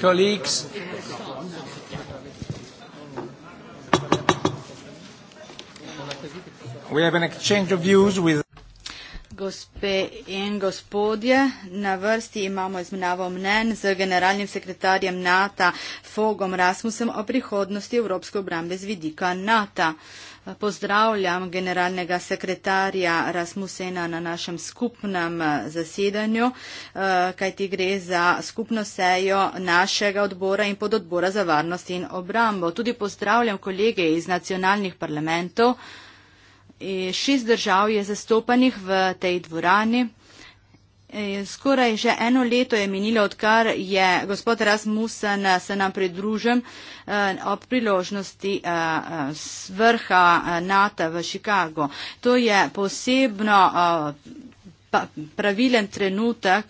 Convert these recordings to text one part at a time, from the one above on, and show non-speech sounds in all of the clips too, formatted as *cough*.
colleagues. We have an exchange of views with Gospe in gospodje, na vrsti imamo izmenjavo mnen z generalnim sekretarjem NATO Fogom Rasmusem o prihodnosti Evropske obrambe z vidika NATO. Pozdravljam generalnega sekretarja Rasmusena na našem skupnem eh, zasedanju, eh, kajti gre za skupno sejo našega odbora in pododbora za varnost in obrambo. Tudi pozdravljam kolege iz nacionalnih parlamentov. Eh, šest držav je zastopanih v tej dvorani. Eh, skoraj že eno leto je minilo, odkar je gospod Rasmussen eh, se nam pridružil eh, ob priložnosti vrha NATO v Chicago. To je posebno pravilen trenutek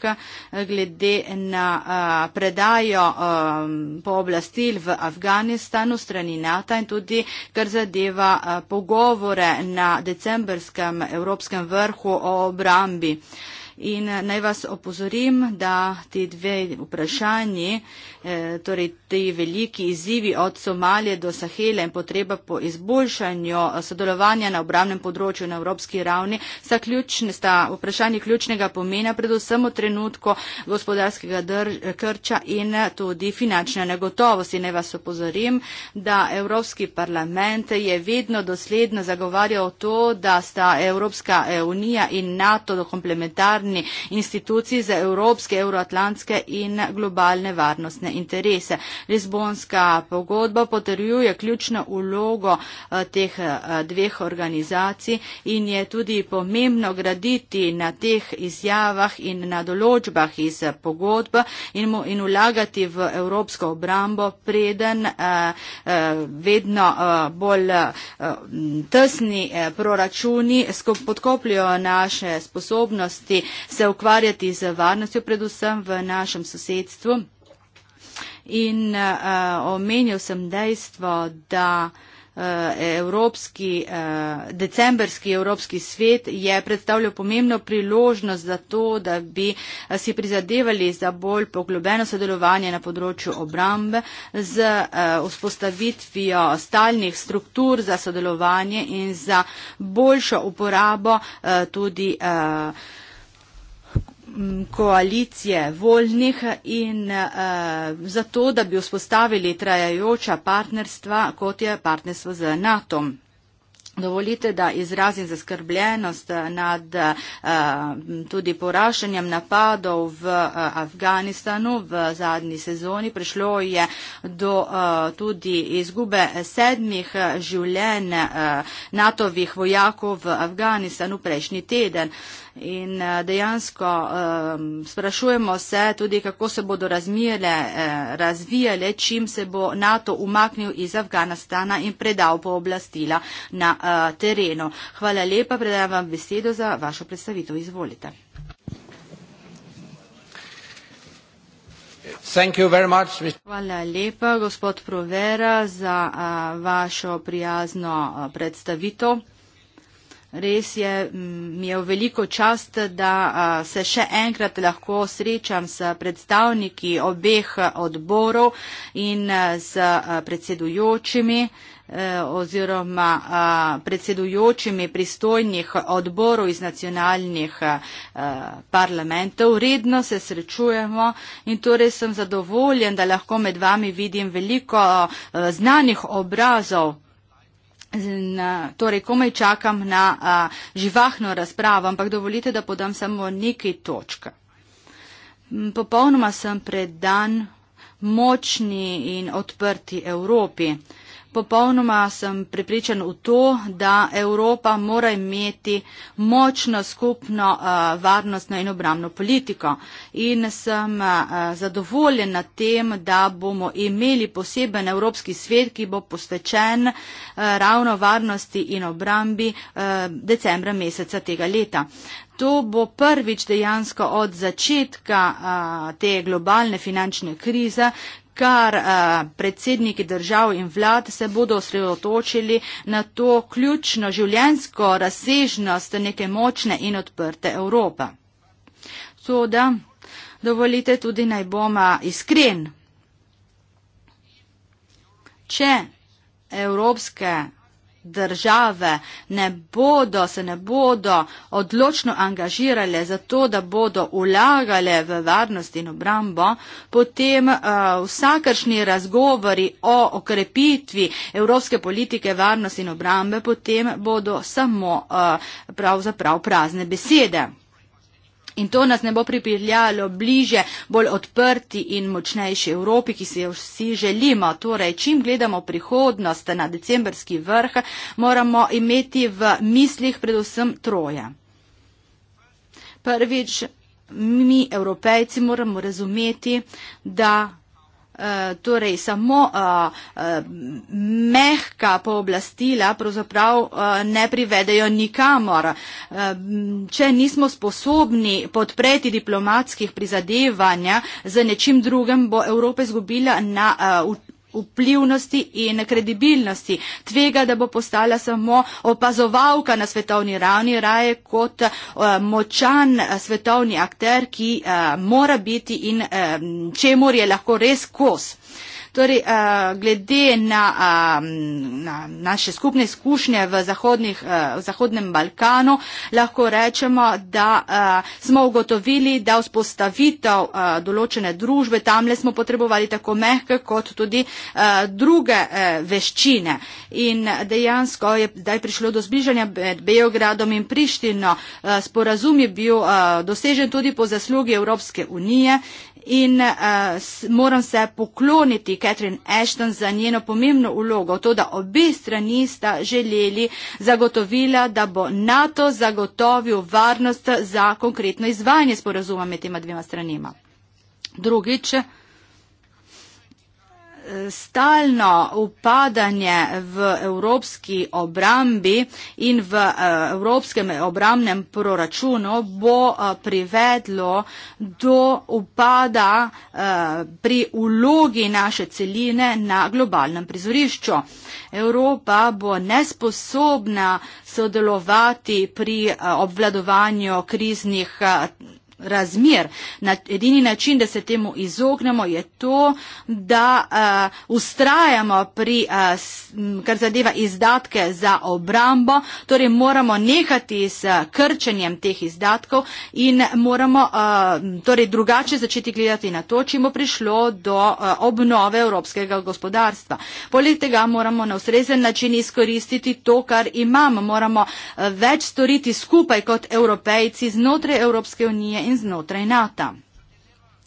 glede na predajo pooblastil v Afganistanu strani NATO in tudi kar zadeva pogovore na decembrskem evropskem vrhu o obrambi. In eh, naj vas opozorim, da ti dve vprašanji, eh, torej ti veliki izzivi od Somalije do Sahele in potreba po izboljšanju eh, sodelovanja na obramnem področju na evropski ravni, sta, ključne, sta vprašanji ključnega pomena predvsem v trenutku gospodarskega drž, krča in tudi finančne negotovosti. Naj vas opozorim, da Evropski parlament je vedno dosledno zagovarjal to, da sta Evropska unija in NATO komplementarni mednarodni instituciji za evropske, euroatlantske in globalne varnostne interese. Lizbonska pogodba potrjuje ključno ulogo eh, teh eh, dveh organizacij in je tudi pomembno graditi na teh izjavah in na določbah iz pogodb in, mu, in vlagati v evropsko obrambo preden eh, vedno bolj tesni proračuni podkopljajo naše sposobnosti se ukvarjati z varnostjo, predvsem v našem sosedstvu. In uh, omenil sem dejstvo, da eh, Evropski, eh, decembrski Evropski svet je predstavljal pomembno priložnost za to, da bi si prizadevali za bolj poglobeno sodelovanje na področju obrambe z vzpostavitvijo stalnih struktur za sodelovanje in za boljšo uporabo tudi Mm, koalicije voljnih in uh, zato, da bi vzpostavili trajajoča partnerstva, kot je partnerstvo z NATO. Dovolite, da izrazim zaskrbljenost nad uh, tudi porašanjem napadov v uh, Afganistanu v zadnji sezoni. Prišlo je do uh, tudi izgube sedmih življenj uh, NATO-vih vojakov v Afganistanu prejšnji teden. Uh, In eh, dejansko eh, sprašujemo se tudi, kako se bodo razmijele, eh, razvijale, čim se bo NATO umaknil iz Afganistana in predal pooblastila na terenu. Hvala lepa, predajam vam besedo za vašo predstavitev. Izvolite. Much, Hvala lepa, gospod Provera, za a, vašo prijazno a, predstavitev. Res je, mi je veliko čast, da se še enkrat lahko srečam s predstavniki obeh odborov in s predsedujočimi e, oziroma predsedujočimi pristojnih odborov iz nacionalnih parlamentov. Redno se srečujemo in torej sem zadovoljen, da lahko med vami vidim veliko znanih obrazov In, torej, komaj čakam na a, živahno razpravo, ampak dovolite, da podam samo nekaj točk. Popolnoma sem predan močni in odprti Evropi popolnoma sem pripričan v to, da Evropa mora imeti močno skupno eh, varnostno in obramno politiko. In sem eh, zadovoljen na tem, da bomo imeli poseben Evropski svet, ki bo posvečen eh, ravno varnosti in obrambi decembra meseca tega leta. To bo prvič dejansko od začetka a, te globalne finančne krize, kar eh, predsedniki držav in vlad se bodo osredotočili na to ključno življensko razsežnost neke močne in odprte Evrope. Soda, dovolite tudi naj bom eh, iskren. Če evropske države ne bodo, se ne bodo odločno angažirale za to, da bodo ulagale v varnost in obrambo, potem uh, vsakršni razgovori o okrepitvi evropske politike varnosti in obrambe potem bodo samo uh, pravzaprav prazne besede. In to nas ne bo pripeljalo bliže bolj odprti in močnejši Evropi, ki si jo vsi želimo. Torej, čim gledamo prihodnost na decembrski vrh, moramo imeti v mislih predvsem troje. Prvič, mi, evropejci, moramo razumeti, da Eh, torej samo uh, uh, mehka pooblastila pravzaprav uh, ne privedejo nikamor. Uh, če nismo sposobni podpreti diplomatskih prizadevanja, z nečim drugim bo Evropa izgubila na uh, vplivnosti in kredibilnosti. Tvega, da bo postala samo opazovalka na svetovni ravni, raje kot eh, močan eh, svetovni akter, ki eh, mora biti in čemu je lahko res kos. Torej, eh, glede na, eh, na naše skupne izkušnje v, eh, v Zahodnem Balkanu, lahko rečemo, da smo ugotovili, da vzpostavitev določene družbe tamle smo potrebovali tako mehke kot tudi druge veščine. In dejansko je zdaj prišlo do zbližanja med Beogradom in Prištino. Sporazum je bil dosežen tudi po zaslugi Evropske unije in uh, moram se pokloniti Catherine Ashton za njeno pomembno ulogo. To, da obe strani sta želeli zagotovila, da bo NATO zagotovil varnost za konkretno izvajanje sporazuma med tema dvema stranima. Drugič, stalno upadanje v evropski obrambi in v eh, evropskem obramnem proračunu bo eh, privedlo do upada eh, pri ulogi naše celine na globalnem prizorišču. Evropa bo nesposobna sodelovati pri obvladovanju kriznih razmer. Na, edini način, da se temu izognemo, je to, da uh, eh, ustrajamo pri, uh, s, kar zadeva izdatke za obrambo, torej moramo nehati s krčenjem teh izdatkov in moramo uh, torej drugače začeti gledati na to, čemu prišlo do uh, obnove evropskega gospodarstva. Poleg tega moramo na ustrezen način izkoristiti to, kar imamo. Moramo uh, več storiti skupaj kot evropejci znotraj Evropske unije in znotraj NATO.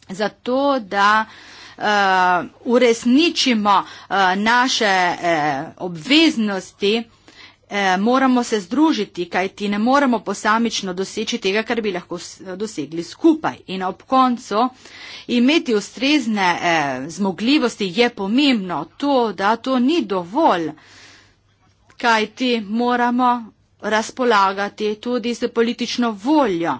Zato, da uh, uresničimo uh, naše uh, obveznosti, moramo se združiti, kajti ne moremo posamično doseči tega, kar bi lahko dosegli skupaj. In ob koncu imeti ustrezne eh, zmogljivosti je pomembno to, da to ni dovolj, kajti moramo razpolagati tudi s politično voljo,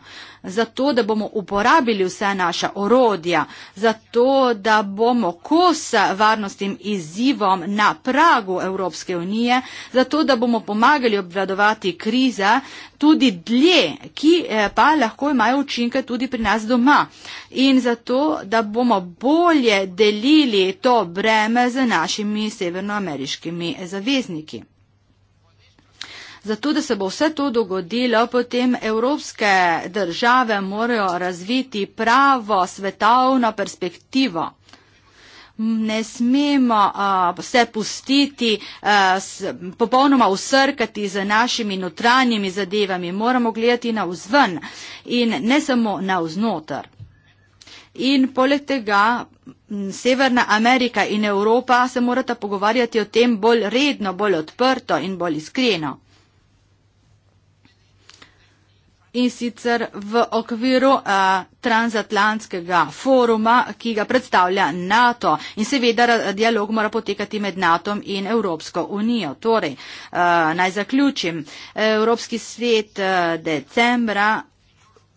zato da bomo uporabili vse naša orodja, zato da bomo kos varnostnim izzivom na pragu Evropske unije, zato da bomo pomagali obvladovati krize tudi dlje, ki eh, pa lahko imajo učinke tudi pri nas doma in zato da bomo bolje delili to breme z našimi severnoameriškimi zavezniki. Zato, da se bo vse to dogodilo, potem evropske države morajo razviti pravo svetovno perspektivo. Ne smemo uh, se pustiti uh, s, popolnoma usrkati z našimi notranjimi zadevami, moramo gledati na vzven in ne samo na vznoter. In poleg tega Severna Amerika in Evropa se morata pogovarjati o tem bolj redno, bolj odprto in bolj iskreno. in sicer v okviru uh, transatlantskega foruma, ki ga predstavlja NATO. In seveda dialog mora potekati med NATO in Evropsko unijo. Torej, uh, naj zaključim. Evropski svet uh, decembra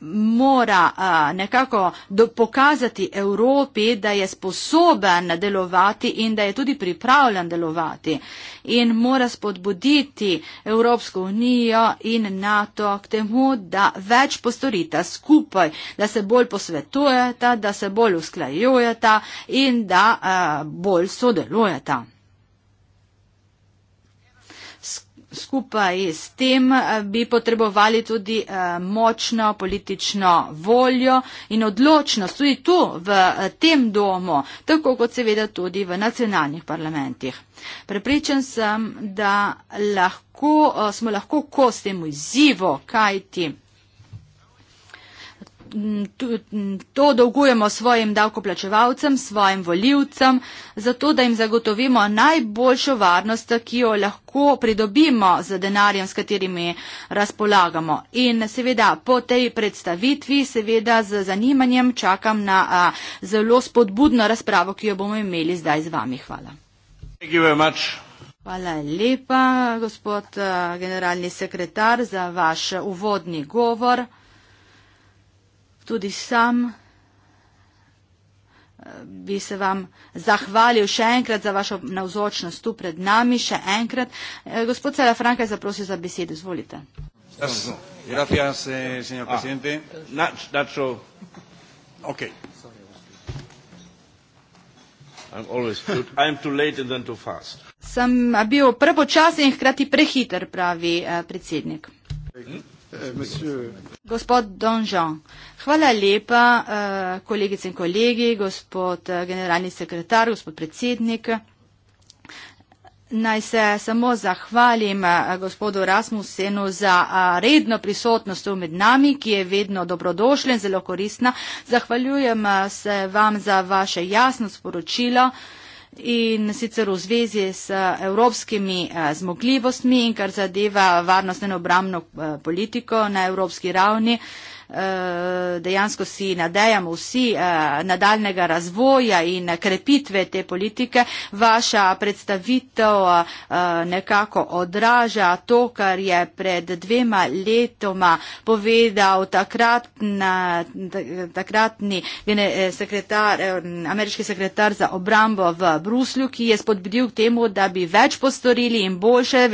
mora uh, nekako do, pokazati Evropi, da je sposoben delovati in da je tudi pripravljen delovati in mora spodbuditi Evropsko unijo in NATO k temu, da več postorita skupaj, da se bolj posvetujeta, da se bolj usklajujeta in da uh, bolj sodelujeta. skupaj s tem eh, bi potrebovali tudi eh, močno politično voljo in odločnost tudi tu v eh, tem domu, tako kot seveda tudi v nacionalnih parlamentih. Prepričan sem, da lahko, smo lahko kos temu izzivu, kajti to dolgujemo svojim davkoplačevalcem, svojim voljivcem, zato da jim zagotovimo najboljšo varnost, ki jo lahko pridobimo z denarjem, s katerimi razpolagamo. In seveda po tej predstavitvi, seveda z zanimanjem čakam na a, zelo spodbudno razpravo, ki jo bomo imeli zdaj z vami. Hvala. Hvala lepa, gospod generalni sekretar, za vaš uvodni govor tudi sam eh, bi se vam zahvalil še enkrat za vašo navzočnost tu pred nami, še enkrat. Eh, gospod Sela Franka je zaprosil za besedo, izvolite. Gracias, eh, señor ah. presidente. Ah, Nacho, okay. I'm always too, I'm too late and then too fast. Sem bil prepočasen in hkrati prehiter, pravi predsednik. Hmm? Eh, gospod Donžon, hvala lepa, eh, kolegice in kolegi, gospod eh, generalni sekretar, gospod predsednik. Naj se samo zahvalim gospodu Rasmusenu za redno prisotnost med nami, ki je vedno dobrodošla in zelo koristna. Zahvaljujem se vam za vaše jasno sporočilo in sicer v zvezi s eh, evropskimi eh, zmogljivostmi in kar zadeva varnostno in obramno eh, politiko na evropski ravni. Eh, dejansko si nadejamo vsi eh, nadaljnega razvoja in krepitve te politike. Vaša predstavitev eh, nekako odraža to, kar je pred dvema letoma povedal takratna, takratni sekretar, ameriški sekretar za obrambo v Bruslju, ki je spodbudil k temu, da bi več postorili in boljše,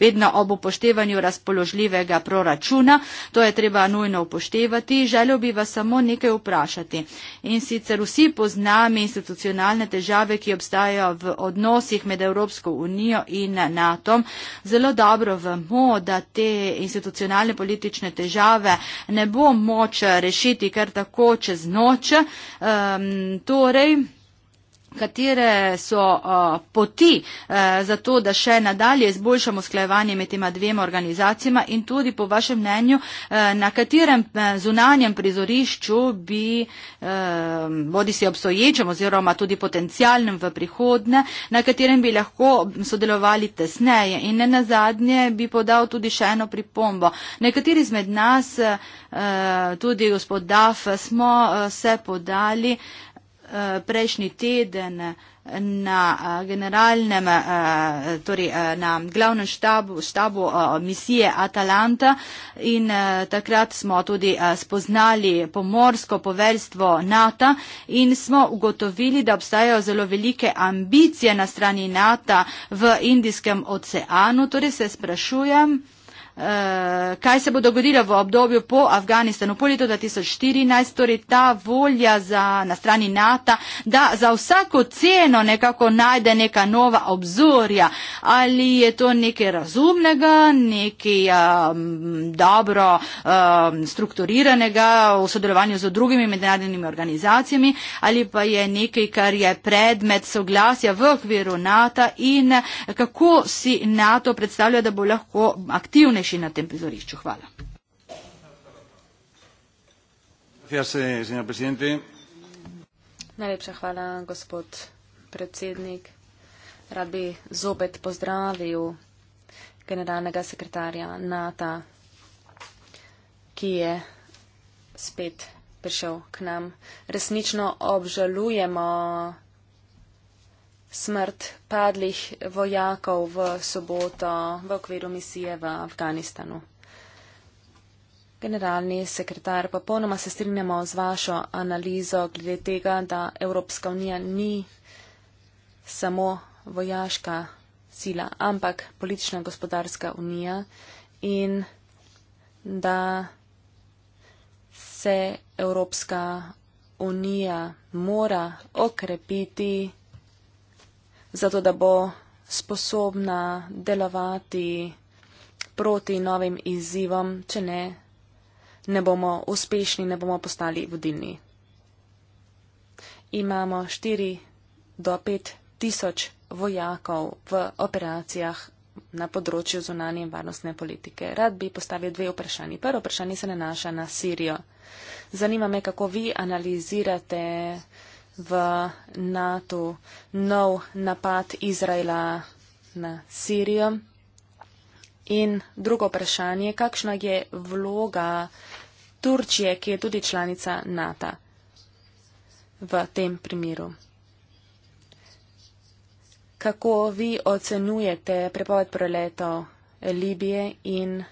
vedno ob upoštevanju razpoložljivega proračuna. To je treba nujno upoštevati prispevati, želel bi vas samo nekaj vprašati. In sicer vsi poznamo institucionalne težave, ki obstajajo v odnosih med Evropsko unijo in NATO. Zelo dobro vemo, da te institucionalne politične težave ne bo moč rešiti kar tako čez noč. Um, torej, katere so uh, poti uh, za to, da še nadalje izboljšamo sklajevanje med tema dvema organizacijama in tudi po vašem mnenju, uh, na katerem uh, zunanjem prizorišču bi, uh, bodi si obstoječem oziroma tudi potencijalnem v prihodne, na katerem bi lahko sodelovali tesneje. In ne nazadnje bi podal tudi še eno pripombo. Nekateri izmed nas, uh, tudi gospod Daf, smo uh, se podali uh, Eh, prejšnji teden na eh, generalnem, eh, torej na glavnem štabu, štabu misije Atalanta in takrat smo tudi spoznali pomorsko poveljstvo NATO in smo ugotovili, da obstajajo zelo velike ambicije na strani NATO v Indijskem oceanu, torej se sprašujem, uh, kaj se bo dogodilo v obdobju po Afganistanu po letu 2014, torej ta volja za, na strani NATO, da za vsako ceno nekako najde neka nova obzorja, ali je to nekaj razumnega, nekaj um, dobro um, strukturiranega v sodelovanju z drugimi mednarodnimi organizacijami, ali pa je nekaj, kar je predmet soglasja v okviru NATO in kako si NATO predstavlja, da bo lahko aktivnejši še na tem prizorišču. Hvala. Eh, Najlepša hvala, gospod predsednik. Rad bi zopet pozdravil generalnega sekretarja NATO, ki je spet prišel k nam. Resnično obžalujemo smrt padlih vojakov v soboto v okviru misije v Afganistanu. Generalni sekretar, popolnoma se strinjamo z vašo analizo glede tega, da Evropska unija ni samo vojaška sila, ampak politična gospodarska unija in da se Evropska unija mora okrepiti zato da bo sposobna delovati proti novim izzivom, če ne, ne bomo uspešni, ne bomo postali vodilni. Imamo 4 do 5 tisoč vojakov v operacijah na področju zunanje in varnostne politike. Rad bi postavil dve vprašanji. Prvo vprašanje se nanaša na Sirijo. Zanima me, kako vi analizirate v NATO nov napad Izraela na Sirijo. In drugo vprašanje, kakšna je vloga Turčije, ki je tudi članica NATO v tem primeru? Kako vi ocenjujete prepoved preletov Libije in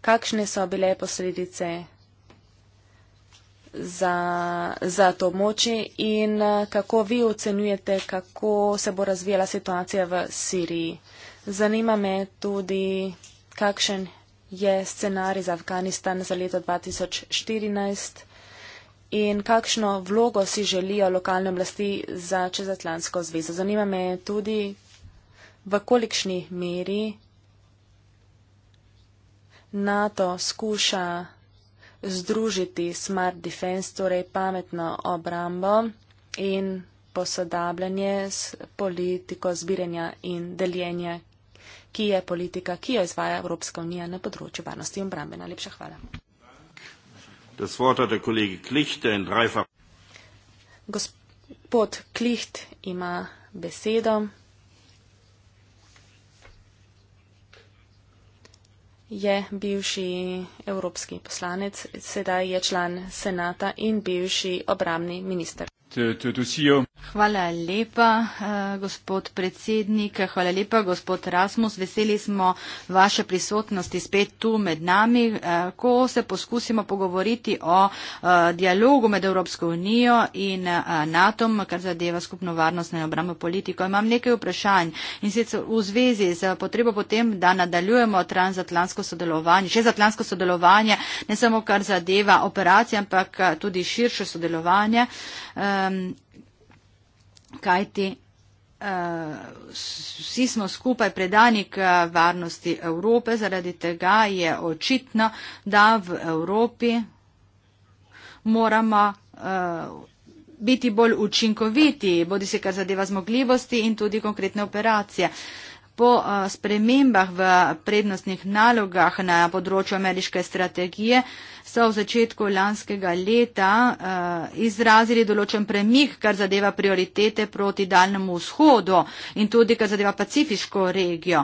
kakšne so bile posledice za, za to moči in eh, kako vi ocenjujete, kako se bo razvijala situacija v Siriji. Zanima me tudi, kakšen je scenarij za Afganistan za leto 2014 in kakšno vlogo si želijo lokalne oblasti za Čezatlantsko zvezo. Zanima me tudi, v kolikšni meri NATO skuša združiti smart defense, torej pametno obrambo in posodabljanje s politiko zbiranja in deljenja, ki je politika, ki jo izvaja Evropska unija na področju varnosti in obrambe. Najlepša hvala. Gospod Klicht ima besedo. je bivši evropski poslanec, sedaj je član senata in bivši obramni minister. Hvala lepa, eh, gospod predsednik. Hvala lepa, gospod Rasmus. Veseli smo vaše prisotnosti spet tu med nami, eh, ko se poskusimo pogovoriti o eh, dialogu med Evropsko unijo in NATO, kar zadeva skupno varnost in obrambo politiko. Imam nekaj vprašanj in sicer v zvezi z potrebo potem, da nadaljujemo transatlantsko sodelovanje, še zatlantsko sodelovanje, ne samo kar zadeva operacije, ampak tudi širše sodelovanje um, kajti uh, vsi smo skupaj predani k varnosti Evrope, zaradi tega je očitno, da v Evropi moramo uh, biti bolj učinkoviti, bodi se kar zadeva zmogljivosti in tudi konkretne operacije. Po eh, spremembah v prednostnih nalogah na področju ameriške strategije uh, so v začetku lanskega leta uh, izrazili določen premik, kar zadeva prioritete proti Daljnemu vzhodu in tudi, kar zadeva pacifiško regijo.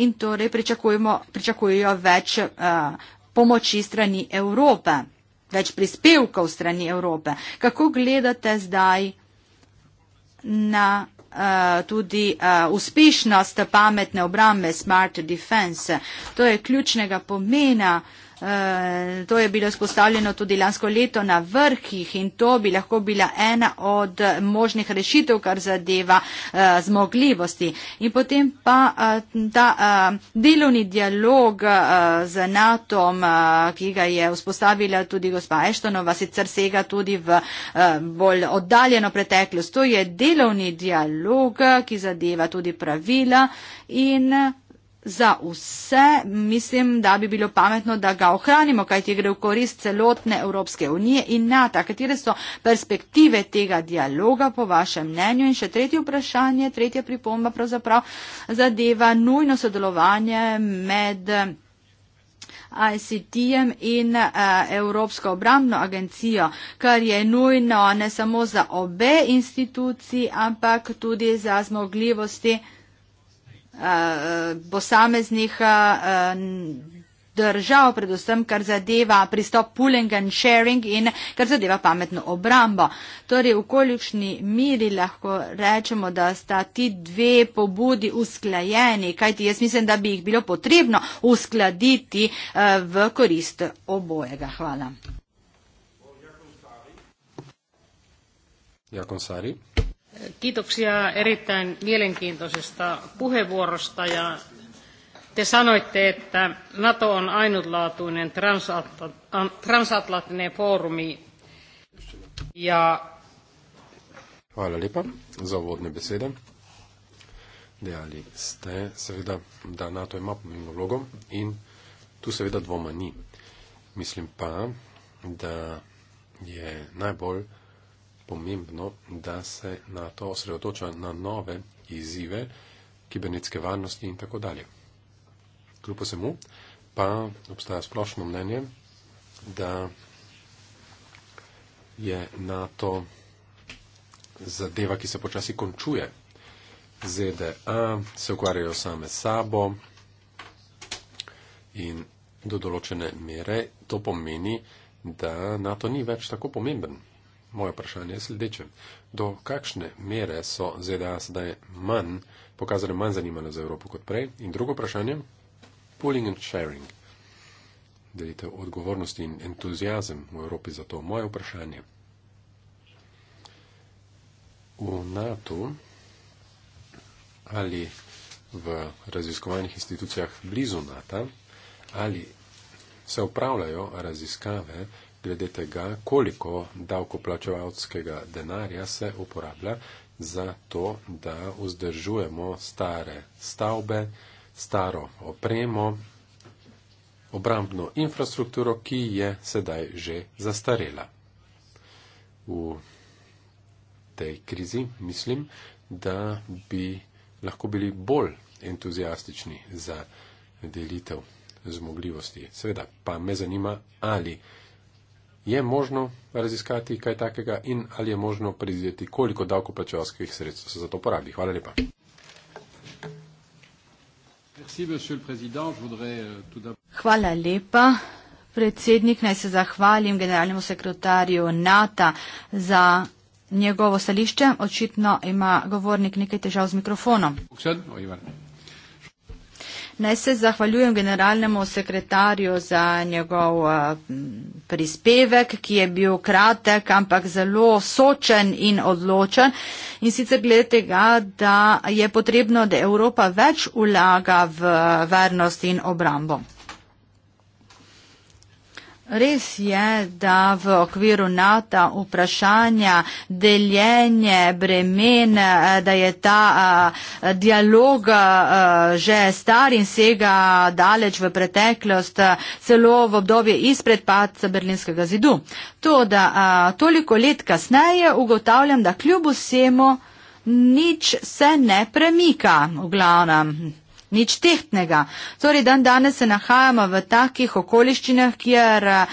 In torej pričakujejo več uh, pomoči strani Evrope, več prispevkov strani Evrope. Kako gledate zdaj na uh, tudi uh, uspešnost pametne obrambe Smart Defense? To je ključnega pomena. Uh, Eh, to je bilo izpostavljeno tudi lansko leto na vrhih in to bi lahko bila ena od možnih rešitev, kar zadeva eh, zmogljivosti. In potem pa eh, ta delovni dialog z NATO, ki ga je vzpostavila tudi gospa Eštonova, sicer sega tudi v bolj oddaljeno preteklost. To je delovni dialog, ki zadeva tudi pravila in za vse, mislim, da bi bilo pametno, da ga ohranimo, kaj ti gre v korist celotne Evropske unije in NATO. Katere so perspektive tega dialoga, po vašem mnenju? In še tretje vprašanje, tretja pripomba pravzaprav zadeva nujno sodelovanje med. ICT-jem in uh, Evropsko obramno agencijo, kar je nujno ne samo za obe instituciji, ampak tudi za zmogljivosti posameznih eh, držav, predvsem kar zadeva pristop pooling and sharing in kar zadeva pametno obrambo. Torej, v kolikšni miri lahko rečemo, da sta ti dve pobudi usklajeni, kajti jaz mislim, da bi jih bilo potrebno uskladiti eh, v korist obojega. Hvala. Jakom Sari. Kiitoksia erittäin mielenkiintoisesta puheenvuorosta. Ja te sanoitte, että NATO on ainutlaatuinen transatlanttinen foorumi. Ja... Hvala lepa za uvodne besede. Dejali ste seveda, da NATO ima pomembno vlogo in tu seveda dvoma ni. Mislim pa, da je najbolj pomembno, da se na to osredotoča na nove izzive kibernetske varnosti in tako dalje. Kljub vsemu pa obstaja splošno mnenje, da je NATO zadeva, ki se počasi končuje. ZDA se ukvarjajo same sabo in do določene mere to pomeni, da NATO ni več tako pomemben. Moje vprašanje je sledeče. Do kakšne mere so ZDA sedaj manj, pokazale manj zanimanja za Evropo kot prej? In drugo vprašanje, pooling and sharing. Delite odgovornosti in entuzijazem v Evropi za to. Moje vprašanje. V NATO ali v raziskovanih institucijah blizu NATO ali se upravljajo raziskave, glede tega, koliko davkoplačevalskega denarja se uporablja za to, da vzdržujemo stare stavbe, staro opremo, obrambno infrastrukturo, ki je sedaj že zastarela. V tej krizi mislim, da bi lahko bili bolj entuzijastični za delitev zmogljivosti. Seveda pa me zanima, ali je možno raziskati kaj takega in ali je možno predvideti, koliko davkoplačevalskih sredstev se za to porabi. Hvala lepa. Euh, Hvala lepa. Predsednik, naj se zahvalim generalnemu sekretarju NATO za njegovo stališče. Očitno ima govornik nekaj težav z mikrofonom. Uksan, Naj se zahvaljujem generalnemu sekretarju za njegov eh, prispevek, ki je bil kratek, ampak zelo sočen in odločen. In sicer glede tega, da je potrebno, da Evropa več ulaga v varnost in obrambo. Res je, da v okviru NATO vprašanja deljenje bremen, da je ta dialog že star in sega daleč v preteklost, celo v obdobje izpred padca Berlinskega zidu. To, da toliko let kasneje ugotavljam, da kljub vsemu nič se ne premika v glavnem. Nič tehtnega. Torej, dan danes se nahajamo v takih okoliščinah, kjer eh,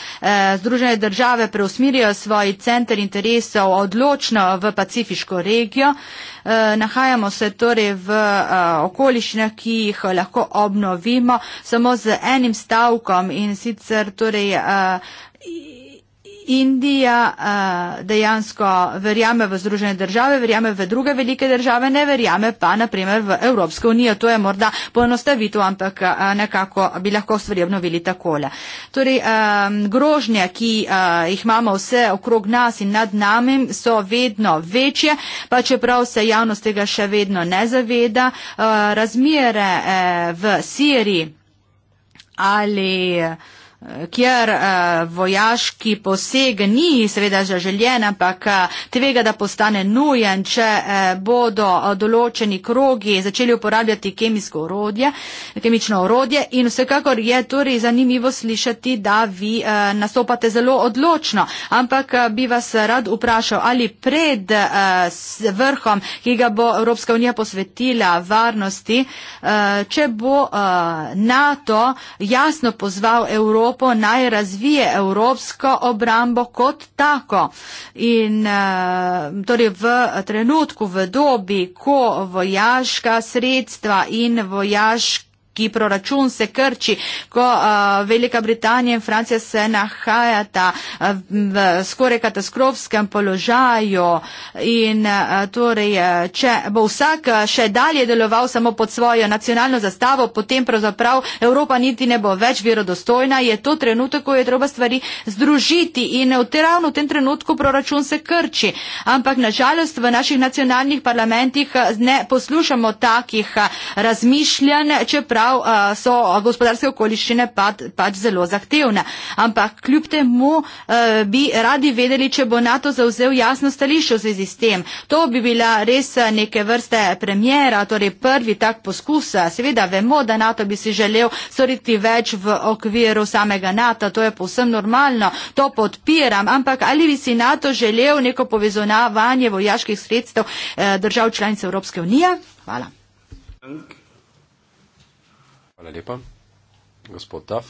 Združene države preusmirijo svoj center interesov odločno v Pacifiško regijo. Eh, nahajamo se torej v eh, okoliščinah, ki jih lahko obnovimo samo z enim stavkom in sicer torej. Eh, Indija uh, dejansko verjame v Združene države, verjame v druge velike države, ne verjame pa naprimer v Evropsko unijo. To je morda poenostavitev, ampak uh, nekako bi lahko stvari obnovili takole. Torej, um, grožnje, ki uh, jih imamo vse okrog nas in nad nami, so vedno večje, pa čeprav se javnost tega še vedno ne zaveda. Uh, razmere uh, v Siriji ali uh, kjer uh, vojaški poseg ni seveda zaželjen, ampak eh, tvega, da postane nujen, če uh, bodo določeni krogi začeli uporabljati kemijsko orodje, kemično orodje in vsekakor je torej zanimivo slišati, da vi uh, nastopate zelo odločno, ampak uh, bi vas rad vprašal, ali pred uh, vrhom, ki ga bo Evropska unija posvetila varnosti, uh, če bo uh, NATO jasno pozval Evropo, Evropo naj razvije evropsko obrambo kot tako. In eh, torej v trenutku, v dobi, ko vojaška sredstva in vojaška ki proračun se krči, ko uh, Velika Britanija in Francija se nahajata uh, v skoraj katastrofskem položaju in uh, torej, če bo vsak še dalje deloval samo pod svojo nacionalno zastavo, potem pravzaprav Evropa niti ne bo več verodostojna, je to trenutek, ko je treba stvari združiti in v te ravno v tem trenutku proračun se krči. Ampak nažalost v naših nacionalnih parlamentih ne poslušamo takih razmišljanj, čeprav čeprav so gospodarske okoliščine pač pa zelo zahtevne. Ampak kljub temu bi radi vedeli, če bo NATO zauzel jasno stališče v zvezi s tem. To bi bila res neke vrste premjera, torej prvi tak poskus. Seveda vemo, da NATO bi si želel storiti več v okviru samega NATO, to je povsem normalno, to podpiram. Ampak ali bi si NATO želel neko povezovanje vojaških sredstev e, držav članic Evropske unije? Hvala. Thank you. Hvala lepa. Gospod Duff.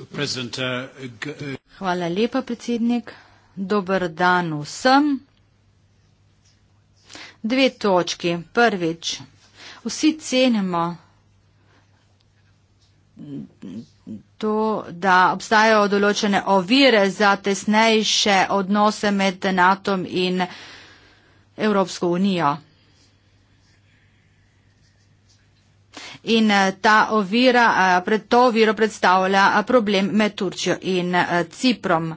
Uh, uh, Hvala lepa, predsednik. Dobr dan vsem. Dve točki. Prvič, vsi cenimo to, da obstajajo določene ovire za tesnejše odnose med NATO in Evropsko unijo. in eh, ta ovira, eh, pred to oviro predstavlja eh, problem med Turčjo in Ciprom.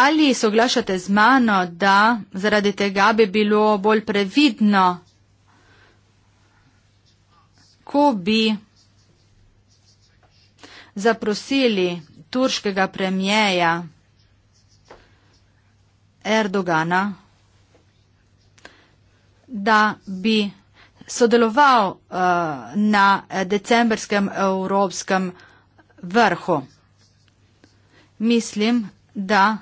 Ali soglašate z mano, da zaradi tega bi bilo bolj previdno, ko bi zaprosili turškega premijeja Erdogana, da bi sodeloval uh, na decembrskem evropskem vrhu. Mislim, da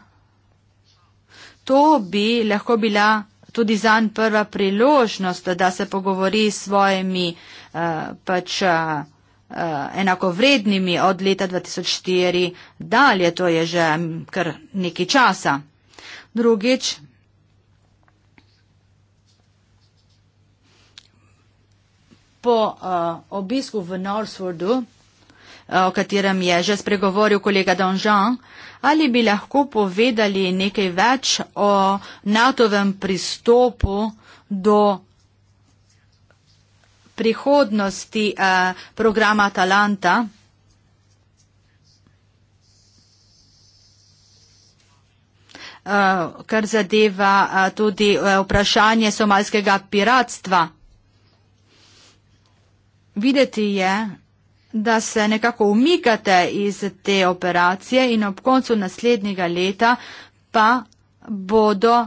to bi lahko bila tudi zanj prva priložnost, da se pogovori s svojimi uh, pač uh, enakovrednimi od leta 2004 dalje, to je že mm, kar nekaj časa. Drugič, po uh, obisku v Norsfordu, eh, o katerem je že spregovoril kolega Donžan, ali bi lahko povedali nekaj več o NATO-vem pristopu do prihodnosti uh, programa Talanta? Uh, kar zadeva uh, tudi uh, vprašanje somalskega piratstva videti je, da se nekako umikate iz te operacije in ob koncu naslednjega leta pa bodo,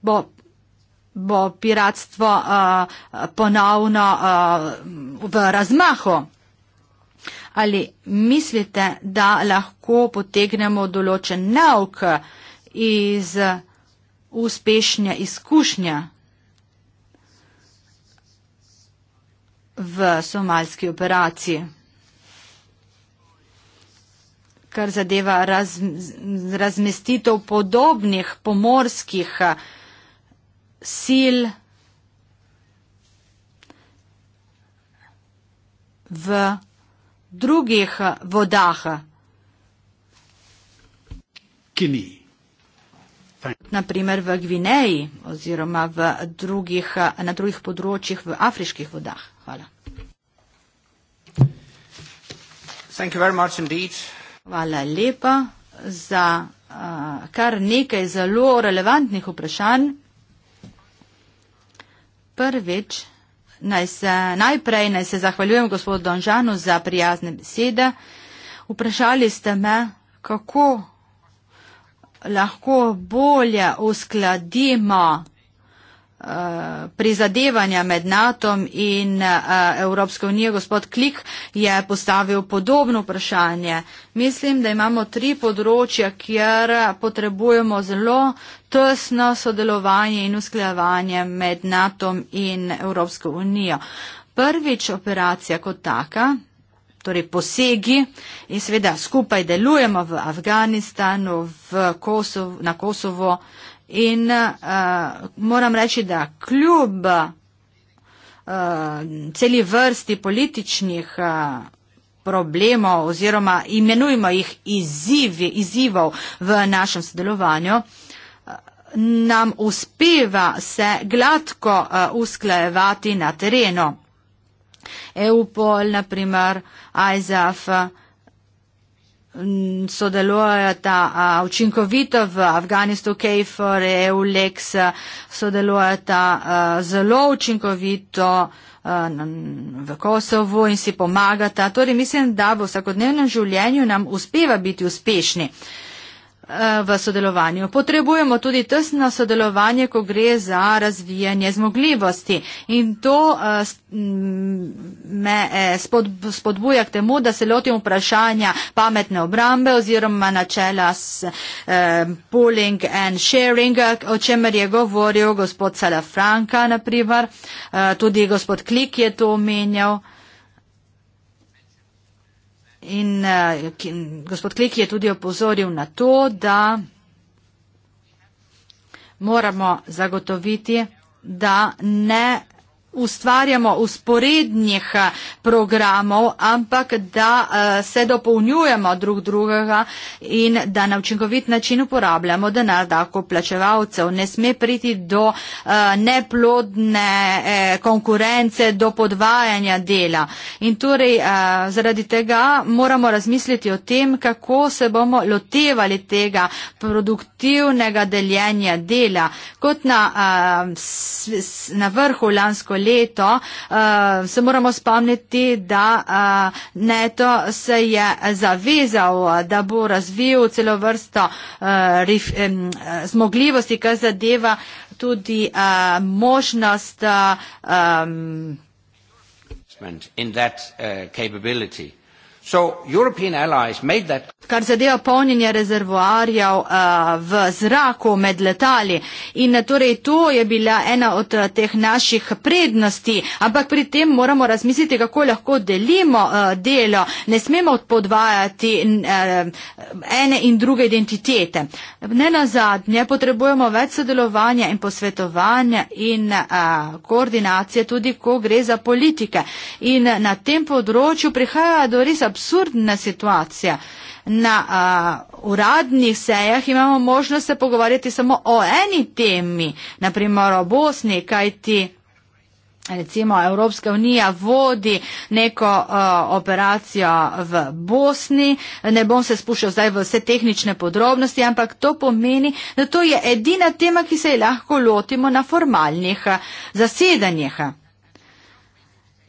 bo, bo piratstvo a, ponovno a, v razmahu. Ali mislite, da lahko potegnemo določen nauk iz uspešne izkušnje? v somalski operaciji. Kar zadeva raz, razmestitev podobnih pomorskih eh, sil v drugih eh, vodah. Naprimer v Gvineji oziroma v drugih, eh, na drugih področjih v afriških vodah. Hvala. Thank you very much indeed. Hvala lepa za uh, kar nekaj zelo relevantnih vprašanj. Prvič, naj se, najprej naj se zahvaljujem gospodu Donžanu za prijazne besede. Vprašali ste me, kako lahko bolje uskladimo Eh, prizadevanja med NATO-om in eh, Evropsko unijo. Gospod Klik je postavil podobno vprašanje. Mislim, da imamo tri področja, kjer potrebujemo zelo tesno sodelovanje in usklajevanje med NATO-om in Evropsko unijo. Prvič operacija kot taka, torej posegi in seveda skupaj delujemo v Afganistanu, v Kosovo, na Kosovo. In uh, moram reči, da kljub uh, celi vrsti političnih uh, problemov oziroma imenujmo jih izzivi, izzivov v našem sodelovanju, nam uspeva se gladko usklajevati na terenu. EUPOL, naprimer, ISAF, sodelujeta učinkovito v Afganistanu, KFOR, EULEX, sodelujeta zelo učinkovito v Kosovu in si pomagata. Torej mislim, da v vsakodnevnem življenju nam uspeva biti uspešni v sodelovanju. Potrebujemo tudi tesno sodelovanje, ko gre za razvijanje zmogljivosti in to eh, mm, me eh, spodbuja k temu, da se lotim vprašanja pametne obrambe oziroma načela s eh, pooling and sharing, o čemer je govoril gospod Salafranka, naprimer, tudi gospod Klik je to omenjal. In uh, gospod Klik je tudi opozoril na to, da moramo zagotoviti, da ne ustvarjamo usporednih eh, programov, ampak da eh, se dopolnjujemo drug drugega in da na učinkovit način uporabljamo denar davkoplačevalcev. Ne sme priti do eh, neplodne konkurence, do podvajanja dela. In torej zaradi tega moramo razmisliti o tem, kako se bomo lotevali tega produktivnega deljenja dela. Kot na, na vrhu lansko leto, leto. Eh, se moramo spomniti, da eh, NATO se je zavezal, da bo razvil celo vrsto eh, zmogljivosti, kar zadeva tudi možnost. In that uh, capability. Kar zadeva polnjenje rezervoarjev uh, v zraku med letali. In eh, torej to je bila ena od uh, teh naših prednosti. Ampak pri tem moramo razmisliti, kako lahko delimo uh, delo. Ne smemo podvajati uh, ene in druge identitete. Ne na zadnje, potrebujemo več sodelovanja in posvetovanja in uh, koordinacije, tudi ko gre za politike. In na tem področju prihaja do res absolutno absurdna situacija. Na a, uradnih sejah imamo možnost se pogovarjati samo o eni temi, naprimer o Bosni, kajti recimo Evropska unija vodi neko a, operacijo v Bosni. Ne bom se spuščal zdaj v vse tehnične podrobnosti, ampak to pomeni, da to je edina tema, ki se je lahko lotimo na formalnih a, zasedanjih. A.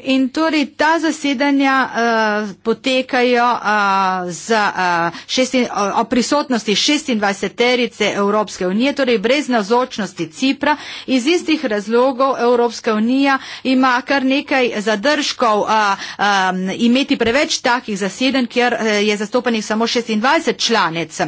In torej ta zasedanja uh, potekajo uh, z, uh, eh, šestin, uh, o prisotnosti 26 terice Evropske unije, torej brez nazočnosti Cipra. Iz istih razlogov Evropska unija ima kar nekaj zadržkov uh, um, imeti preveč takih zasedanj, kjer uh, je zastopanih samo 26 članic.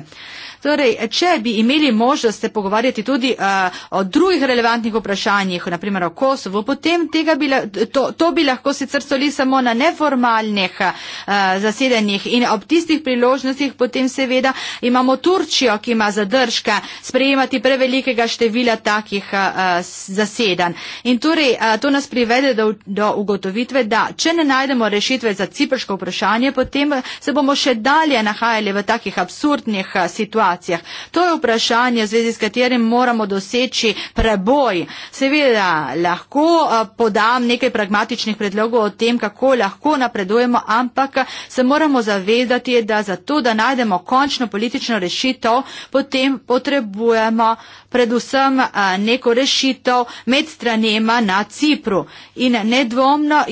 Torej, če bi imeli možnost se pogovarjati tudi uh, o drugih relevantnih vprašanjih, naprimer o Kosovu, potem bi la, to, to bi lahko sicer soli samo na neformalnih uh, zasedanjih in ob tistih priložnostih potem seveda imamo Turčijo, ki ima zadržka sprejemati prevelikega števila takih uh, zasedanj. In torej, uh, to nas privede do, do ugotovitve, da če ne najdemo rešitve za ciprško vprašanje, potem se bomo še dalje nahajali v takih absurdnih uh, situacijah situacijah. To je vprašanje, v zvezi s katerim moramo doseči preboj. Seveda lahko eh, podam nekaj pragmatičnih predlogov o tem, kako lahko napredujemo, ampak eh, se moramo zavedati, da za to, da najdemo končno politično rešitev, potem potrebujemo predvsem eh, neko rešitev med stranema na Cipru. In nedvomno,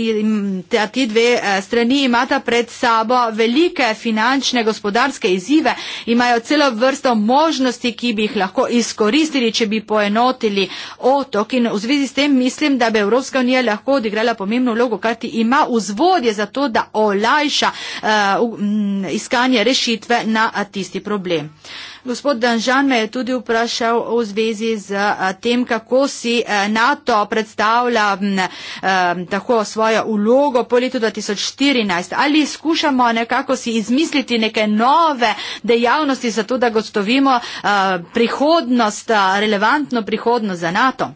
ti dve strani imata pred sabo velike finančne gospodarske izzive, imajo celo v vrsto možnosti, ki bi jih lahko izkoristili, če bi poenotili otok. In v zvezi s tem mislim, da bi Evropska unija lahko odigrala pomembno vlogo, kar ti ima vzvodje za to, da olajša uh, iskanje rešitve na tisti problem. Uh, Gospod Danžan me je tudi vprašal v zvezi z eh, tem, kako si eh, NATO predstavlja mm, eh, tako svojo ulogo po letu 2014. Ali skušamo nekako si izmisliti neke nove dejavnosti za to, da gotovimo prihodnost, relevantno prihodnost za NATO?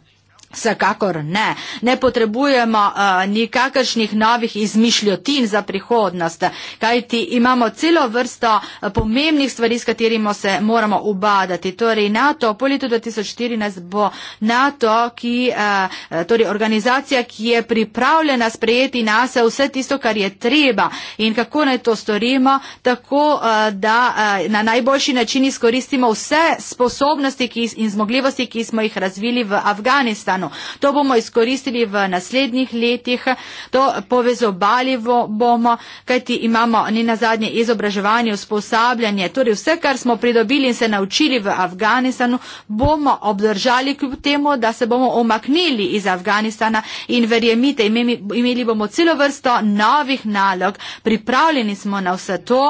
Vsekakor ne. Ne potrebujemo uh, nikakršnih novih izmišljotin za prihodnost, kajti imamo celo vrsto uh, pomembnih stvari, s katerimi se moramo ubadati. Torej, NATO, po letu 2014 bo NATO, ki, uh, torej organizacija, ki je pripravljena sprejeti nase vse tisto, kar je treba in kako naj to storimo, tako uh, da uh, na najboljši način izkoristimo vse sposobnosti in zmogljivosti, ki smo jih razvili v Afganistanu. Jadranu. To bomo izkoristili v naslednjih letih, to povezovali bomo, kajti imamo ni na zadnje izobraževanje, usposabljanje, torej vse, kar smo pridobili in se naučili v Afganistanu, bomo obdržali kljub temu, da se bomo omaknili iz Afganistana in verjemite, imeli bomo celo vrsto novih nalog, pripravljeni smo na vse to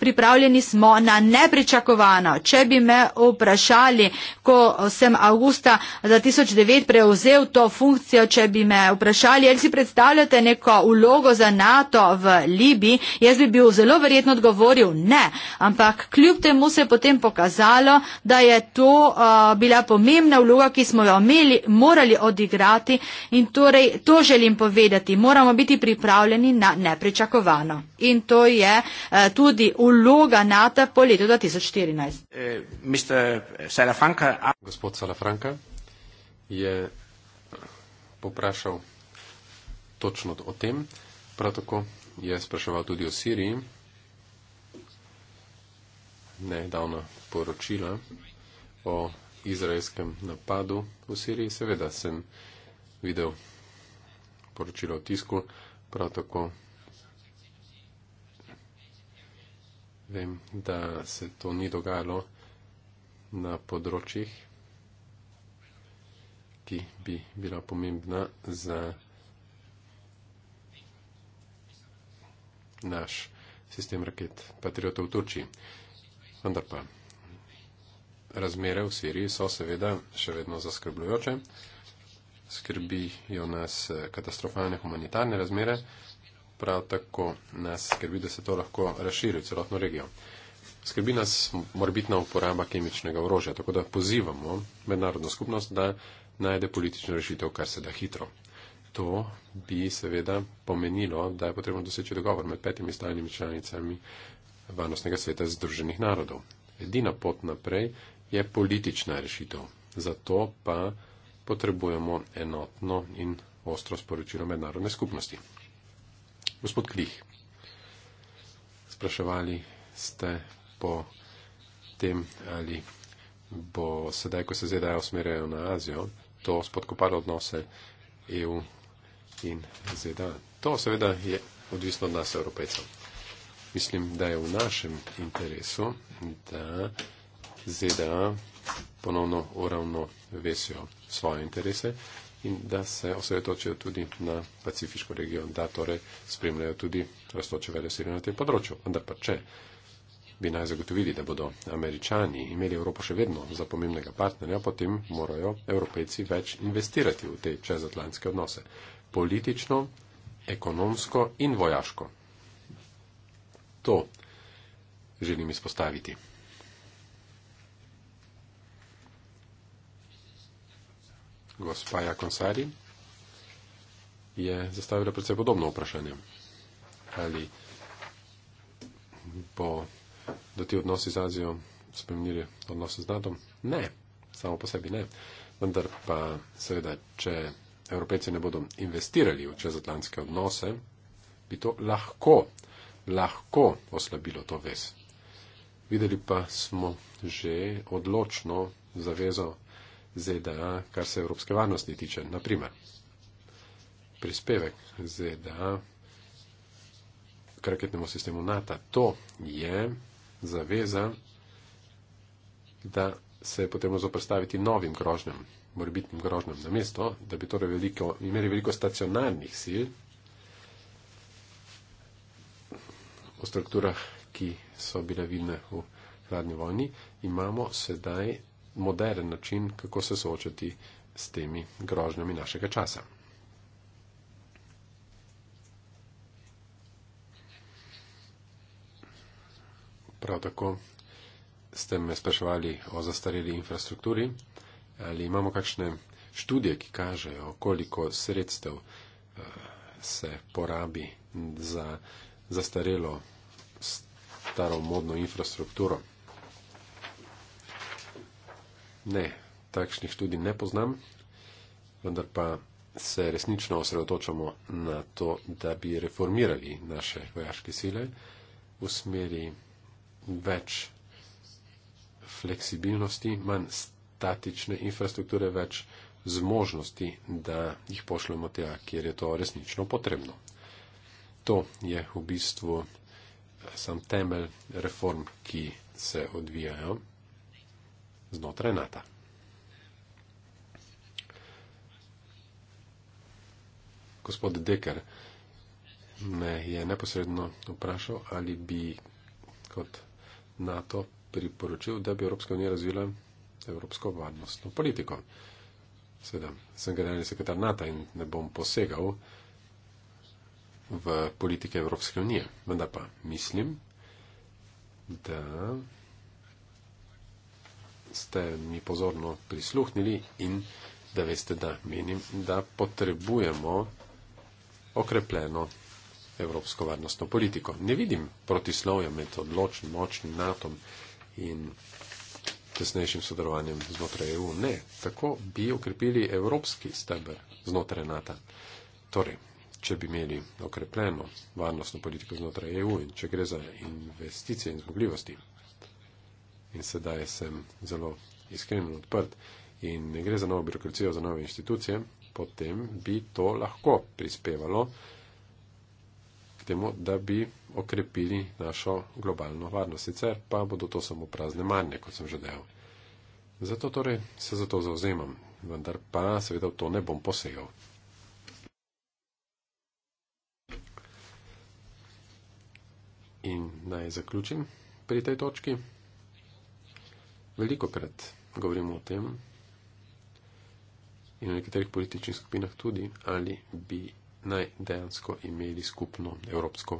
pripravljeni smo na nepričakovano. Če bi me vprašali, ko sem avgusta 2009 prevzel to funkcijo, če bi me vprašali, ali si predstavljate neko ulogo za NATO v Libiji, jaz bi bil zelo verjetno odgovoril ne. Ampak kljub temu se je potem pokazalo, da je to uh, bila pomembna vloga, ki smo jo imeli, morali odigrati in torej to želim povedati. Moramo biti pripravljeni na nepričakovano. In to je uh, tudi vloga NATO po letu 2014. Eh, Gospod Salafranka je poprašal točno o tem, prav tako je spraševal tudi o Siriji. Nedavna poročila o izraelskem napadu v Siriji. Seveda sem videl poročilo o tisku, prav tako Vem, da se to ni dogajalo na področjih, ki bi bila pomembna za naš sistem raket Patriotov v Turčiji. Vendar pa razmere v Siriji so seveda še vedno zaskrbljujoče. Skrbijo nas eh, katastrofalne humanitarne razmere prav tako nas skrbi, da se to lahko razširi v celotno regijo. Skrbi nas morbitna uporaba kemičnega orožja, tako da pozivamo mednarodno skupnost, da najde politično rešitev, kar se da hitro. To bi seveda pomenilo, da je potrebno doseči dogovor med petimi stalnimi članicami Varnostnega sveta Združenih narodov. Edina pot naprej je politična rešitev. Zato pa potrebujemo enotno in ostro sporočilo mednarodne skupnosti. Gospod Klih, spraševali ste po tem, ali bo sedaj, ko se zdaj osmerjajo na Azijo, to spodkopalo odnose EU in ZDA. To seveda je odvisno od nas, evropejcev. Mislim, da je v našem interesu, da ZDA ponovno uravnovesijo svoje interese in da se osredotočijo tudi na pacifiško regijo, da torej spremljajo tudi rastoče velesilje na tem področju. Ampak pa če bi naj zagotovili, da bodo američani imeli Evropo še vedno za pomembnega partnerja, potem morajo evropejci več investirati v te čezatlantske odnose. Politično, ekonomsko in vojaško. To želim izpostaviti. gospa Jakonsari, je zastavila predvsej podobno vprašanje. Ali bo do ti odnosi z Azijo spremenili odnose z NATO? Ne, samo po sebi ne. Vendar pa seveda, če evropejci ne bodo investirali v čezatlantske odnose, bi to lahko, lahko oslabilo to vez. Videli pa smo že odločno zavezo ZDA, kar se evropske varnosti tiče. Naprimer, prispevek ZDA k raketnemu sistemu NATO, to je zaveza, da se je potrebno zoprstaviti novim grožnjam, morbitnim grožnjam, namesto, da bi torej veliko, imeli veliko stacionarnih sil v strukturah, ki so bile vidne v hladni vojni, imamo sedaj moderen način, kako se soočati s temi grožnjami našega časa. Prav tako ste me spraševali o zastareli infrastrukturi, ali imamo kakšne študije, ki kažejo, koliko sredstev eh, se porabi za zastarelo staromodno infrastrukturo. Ne, takšnih študij ne poznam, vendar pa se resnično osredotočamo na to, da bi reformirali naše vojaške sile v smeri več fleksibilnosti, manj statične infrastrukture, več zmožnosti, da jih pošljemo tja, kjer je to resnično potrebno. To je v bistvu sam temelj reform, ki se odvijajo znotraj NATO. Gospod Deker me je neposredno vprašal, ali bi kot NATO priporočil, da bi Evropska unija razvila evropsko varnostno politiko. Sedaj sem generalni sekretar NATO in ne bom posegal v politike Evropske unije. Vendar pa mislim, da ste mi pozorno prisluhnili in da veste, da menim, da potrebujemo okrepljeno evropsko varnostno politiko. Ne vidim protislovja med odločnim, močnim NATO in tesnejšim sodelovanjem znotraj EU. Ne, tako bi okrepili evropski steber znotraj NATO. Torej, če bi imeli okrepljeno varnostno politiko znotraj EU in če gre za investicije in zmogljivosti, in sedaj sem zelo iskren in odprt in ne gre za novo birokracijo, za nove inštitucije, potem bi to lahko prispevalo k temu, da bi okrepili našo globalno varnost. Sicer pa bodo to samo prazne manje, kot sem že dejal. Zato torej se za to zauzemam, vendar pa seveda v to ne bom posegal. In naj zaključim pri tej točki veliko krat govorimo o tem in v nekaterih političnih skupinah tudi, ali bi naj dejansko imeli skupno evropsko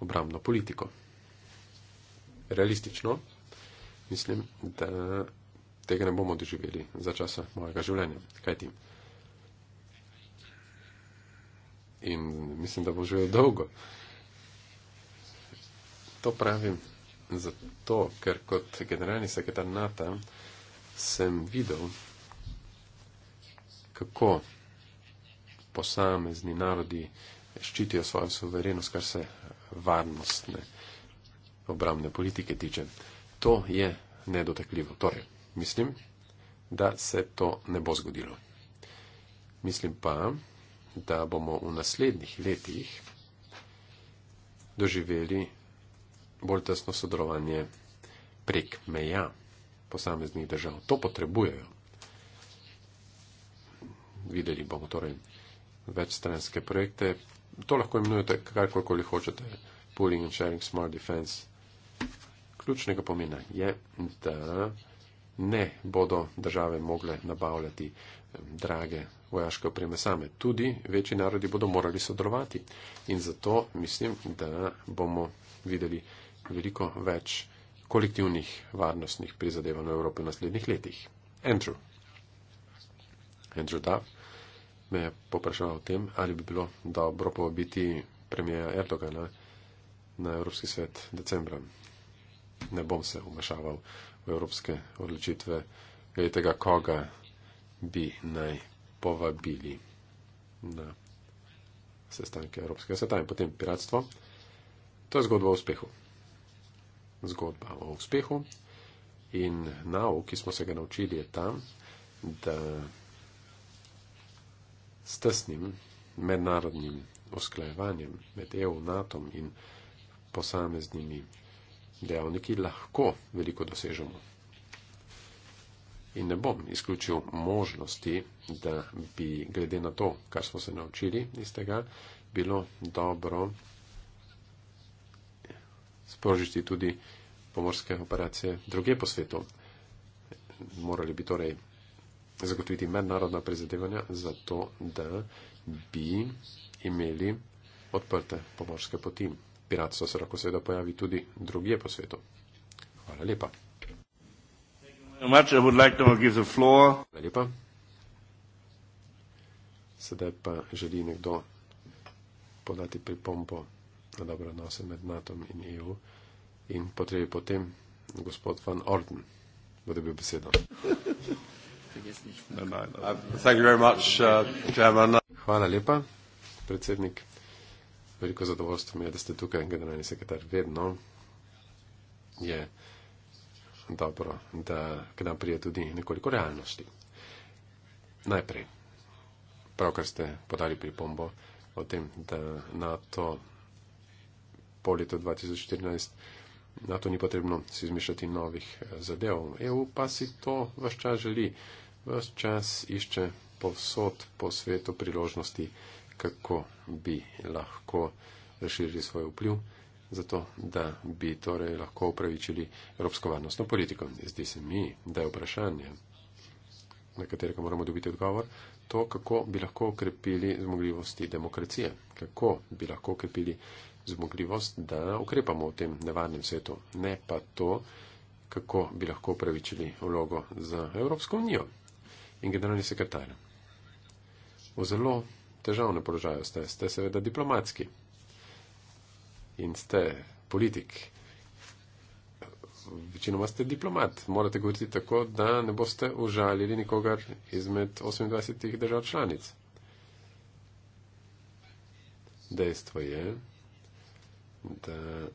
obramno politiko. Realistično mislim, da tega ne bomo doživeli za časa mojega življenja. Kaj ti? In mislim, da bo živel dolgo. To pravim zato, ker kot generalni sekretar NATO sem videl, kako posamezni narodi ščitijo svojo soverenost, kar se varnostne obramne politike tiče. To je nedotekljivo. Torej, mislim, da se to ne bo zgodilo. Mislim pa, da bomo v naslednjih letih doživeli bolj tesno sodelovanje prek meja posameznih držav. To potrebujejo. Videli bomo torej večstranske projekte. To lahko imenujete karkoli hočete. Pooling and sharing smart defense. Ključnega pomena je, da ne bodo države mogle nabavljati drage vojaške opreme same. Tudi večji narodi bodo morali sodelovati. In zato mislim, da bomo videli, veliko več kolektivnih varnostnih prizadevanj v Evropi v naslednjih letih. Andrew. Andrew Duff me je popraševal o tem, ali bi bilo dobro povabiti premijeja Erdogana na Evropski svet decembra. Ne bom se umešaval v evropske odločitve, glede tega, koga bi naj povabili na sestanke Evropskega sveta in potem piratstvo. To je zgodba o uspehu zgodba o uspehu in nauk, ki smo se ga naučili, je ta, da s tesnim mednarodnim usklajevanjem med EU, NATO in posameznimi dejavniki lahko veliko dosežemo. In ne bom izključil možnosti, da bi glede na to, kar smo se naučili iz tega, bilo dobro sprožiti tudi pomorske operacije druge po svetu. Morali bi torej zagotoviti mednarodna prizadevanja za to, da bi imeli odprte pomorske poti. Piratstvo se lahko seveda pojavi tudi druge po svetu. Hvala lepa. Hvala lepa. Sedaj pa želi nekdo podati pripombo na dobre odnose med NATO in EU in potrebi potem gospod van Orden, bo dobil besedo. No, no, no. Uh, uh, Hvala lepa, predsednik. Veliko zadovoljstvo mi je, da ste tukaj, generalni sekretar. Vedno je dobro, da k nam prije tudi nekoliko realnosti. Najprej, pravkar ste podali pripombo o tem, da NATO po letu 2014. Na to ni potrebno si izmišljati novih eh, zadev. EU pa si to vse čas želi. Ves čas išče povsod po svetu priložnosti, kako bi lahko razširili svoj vpliv, zato da bi torej lahko upravičili evropsko varnostno politiko. Zdi se mi, da je vprašanje, na katerega moramo dobiti odgovor, to, kako bi lahko okrepili zmogljivosti demokracije, kako bi lahko okrepili zmogljivost, da ukrepamo v tem nevarnem svetu, ne pa to, kako bi lahko upravičili vlogo za Evropsko unijo in generalni sekretar. V zelo težavnem položaju ste, ste seveda diplomatski in ste politik. Večinoma ste diplomat, morate govoriti tako, da ne boste užalili nikogar izmed 28 držav članic. Dejstvo je, da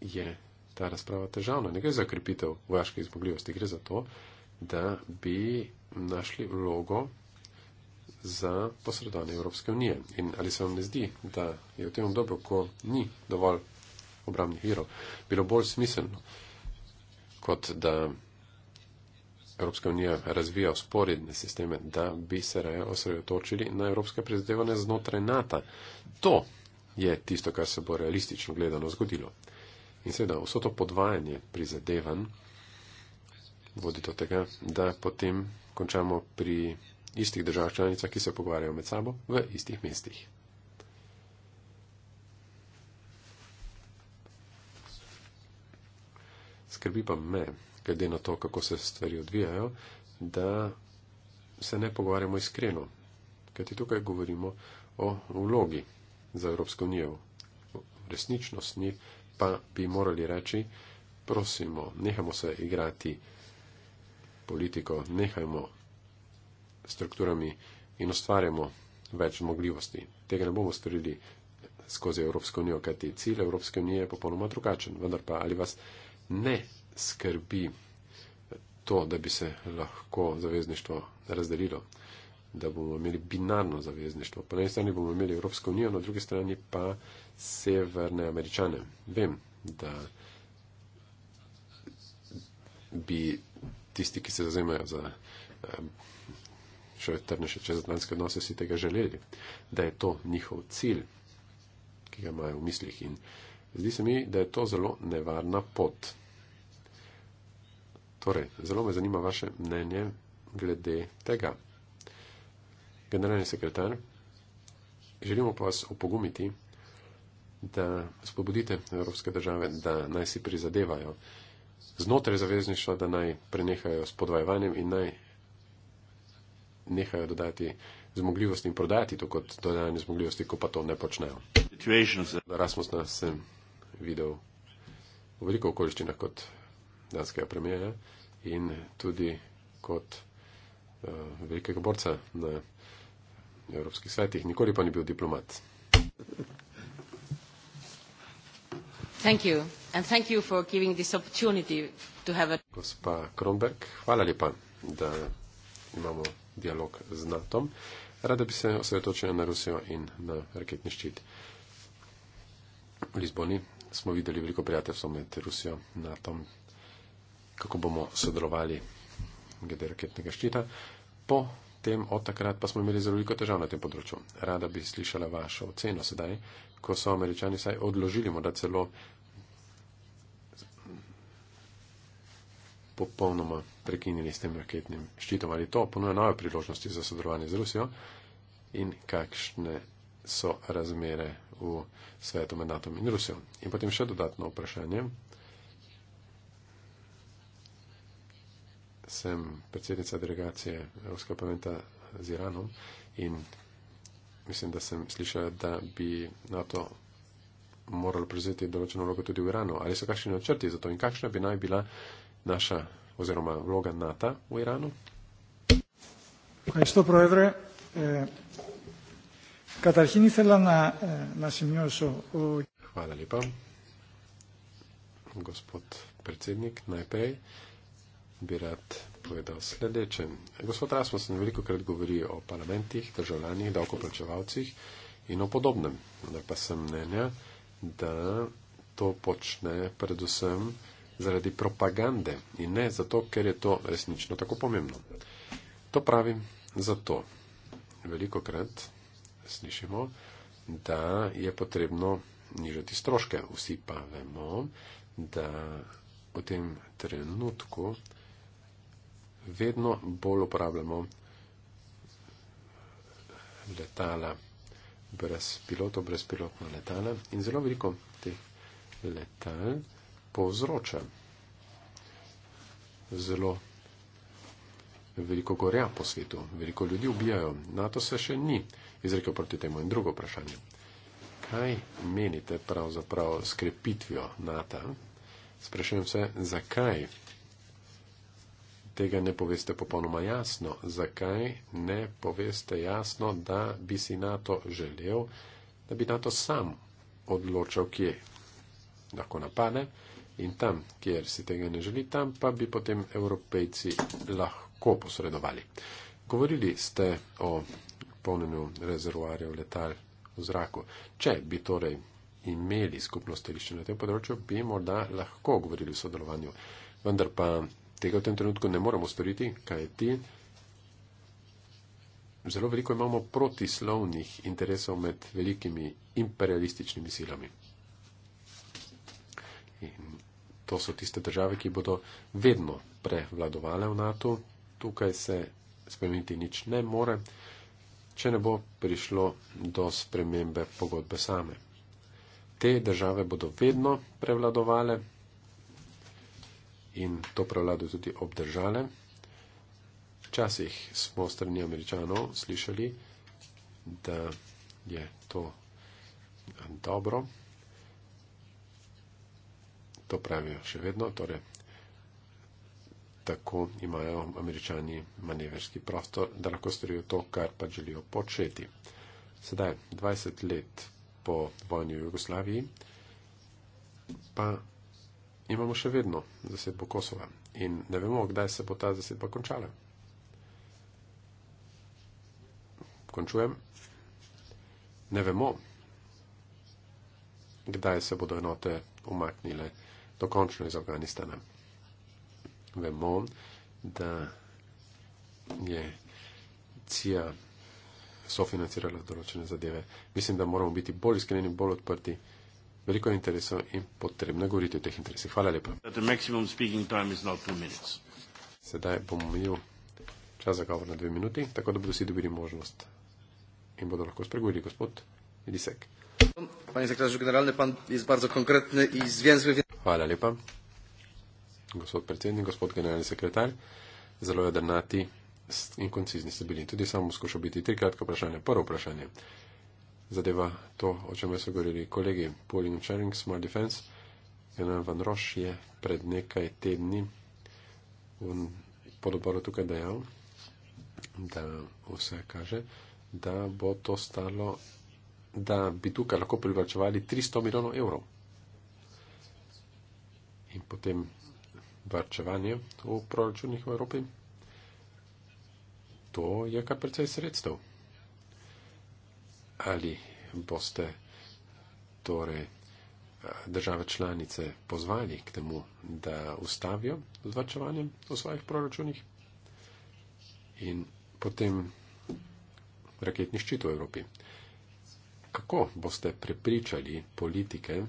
je ta razprava težavna. Ne gre za krepitev vojaških zmogljivosti, gre za to, da bi našli vlogo za posredovanje Evropske unije. In ali se vam ne zdi, da je v tem obdobju, ko ni dovolj obramnih virov, bilo bolj smiselno, kot da Evropska unija razvija usporedne sisteme, da bi se raje osredotočili na evropske prizadevanja znotraj NATO. To je tisto, kar se bo realistično gledano zgodilo. In seveda, vso to podvajanje prizadevan vodi do tega, da potem končamo pri istih državah članicah, ki se pogovarjajo med sabo v istih mestih. Skrbi pa me, glede na to, kako se stvari odvijajo, da se ne pogovarjamo iskreno, kajti tukaj govorimo o vlogi za Evropsko unijo. Resničnostni pa bi morali reči, prosimo, nehamo se igrati politiko, nehajmo strukturami in ustvarjamo več zmogljivosti. Tega ne bomo storili skozi Evropsko unijo, kajti cilj Evropske unije je popolnoma drugačen. Vendar pa ali vas ne skrbi to, da bi se lahko zavezništvo razdelilo? da bomo imeli binarno zavezništvo. Po eni strani bomo imeli Evropsko unijo, na drugi strani pa severne američane. Vem, da bi tisti, ki se zazemajo za eh, še trnejše čezatlantske odnose, si tega želeli, da je to njihov cilj, ki ga imajo v mislih. In zdi se mi, da je to zelo nevarna pot. Torej, zelo me zanima vaše mnenje glede tega generalni sekretar, želimo pa vas opogumiti, da spodbudite evropske države, da naj si prizadevajo znotraj zavezništva, da naj prenehajo s podvajanjem in naj nehajo dodati zmogljivosti in prodajati to kot dodajanje zmogljivosti, ko pa to ne počnejo. Rasmus nas sem videl v veliko okoliščinah kot danskega premijera in tudi kot uh, velikega borca na evropskih svetih, nikoli pa ni bil diplomat. Gospa Kronberg, hvala lepa, da imamo dialog z NATO. Rada bi se osredotočila na Rusijo in na raketni ščit. V Lizboni smo videli veliko prijateljstva med Rusijo in NATO, kako bomo sodelovali glede raketnega ščita. Po tem od takrat pa smo imeli zelo veliko težav na tem področju. Rada bi slišala vašo oceno sedaj, ko so američani saj odložili morda celo popolnoma prekinili s tem raketnim ščitom. Ali to ponuja nove priložnosti za sodelovanje z Rusijo in kakšne so razmere v svetu med NATO in Rusijo. In potem še dodatno vprašanje. sem predsednica delegacije Evropskega parlamenta z Iranom in mislim, da sem slišala, da bi NATO moralo prevzeti določeno vlogo tudi v Iranu. Ali so kakšni načrti za to in kakšna bi naj bila naša oziroma vloga NATO v Iranu? Hvala, proedre. Eh, Katarhini sela eh, na našem njošu. Hvala lepa. Gospod predsednik, najprej bi rad povedal sledeče. Gospod Rasmussen veliko krat govori o parlamentih, državljanih, davkoplačevalcih in o podobnem. Da pa sem mnenja, da to počne predvsem zaradi propagande in ne zato, ker je to resnično tako pomembno. To pravim zato. Veliko krat slišimo, da je potrebno nižati stroške. Vsi pa vemo, da v tem trenutku vedno bolj uporabljamo letala brez pilotov, brez pilotna letala in zelo veliko teh letal povzroča zelo veliko gorja po svetu, veliko ljudi ubijajo. Na to se še ni izrekel proti temu in drugo vprašanje. Kaj menite pravzaprav s krepitvijo NATO? Sprašujem se, zakaj tega ne poveste popolnoma jasno. Zakaj ne poveste jasno, da bi si NATO želel, da bi NATO sam odločal, kje lahko napade in tam, kjer si tega ne želi, tam pa bi potem evropejci lahko posredovali. Govorili ste o polnjenju rezervoarjev letal v zraku. Če bi torej imeli skupno stališče na tem področju, bi morda lahko govorili o sodelovanju. Vendar pa tega v tem trenutku ne moremo storiti, kajti zelo veliko imamo protislovnih interesov med velikimi imperialističnimi silami. In to so tiste države, ki bodo vedno prevladovale v NATO. Tukaj se spremeniti nič ne more, če ne bo prišlo do spremembe pogodbe same. Te države bodo vedno prevladovale in to prevlado tudi obdržale. Včasih smo strani američanov slišali, da je to eh, dobro. To pravijo še vedno, torej tako imajo američani manevrski prostor, da lahko storijo to, kar pa želijo početi. Sedaj, 20 let po vojni v Jugoslaviji, pa imamo še vedno zasedbo Kosova in ne vemo, kdaj se bo ta zasedba končala. Končujem. Ne vemo, kdaj se bodo enote umaknile dokončno iz Afganistana. Vemo, da je CIA sofinancirala določene zadeve. Mislim, da moramo biti bolj iskreni, bolj odprti veliko interesov in potrebno govoriti o teh interesih. Hvala lepa. Sedaj bom omenil čas za govor na dve minuti, tako da bodo vsi dobili možnost in bodo lahko spregovorili gospod Lisek. Pani sekretar generalne, pan je bardzo konkretny i zwięzły. Hvala lepa. Gospod predsednik, gospod generalni sekretar, zelo jedrnati in koncizni ste bili. Tudi sam bom skušal biti tri kratka vprašanja. Prvo vprašanje zadeva to, o čem so govorili kolegi Pauline Charing, Smart Defense. General Van Roš je pred nekaj tedni podoboru tukaj dejal, da vse kaže, da bo to stalo, da bi tukaj lahko privračevali 300 milijonov evrov. In potem varčevanje v proračunih v Evropi. To je kar precej sredstev ali boste torej eh, države članice pozvali k temu, da ustavijo zvačevanje v svojih proračunih in potem raketni ščit v Evropi. Kako boste prepričali politike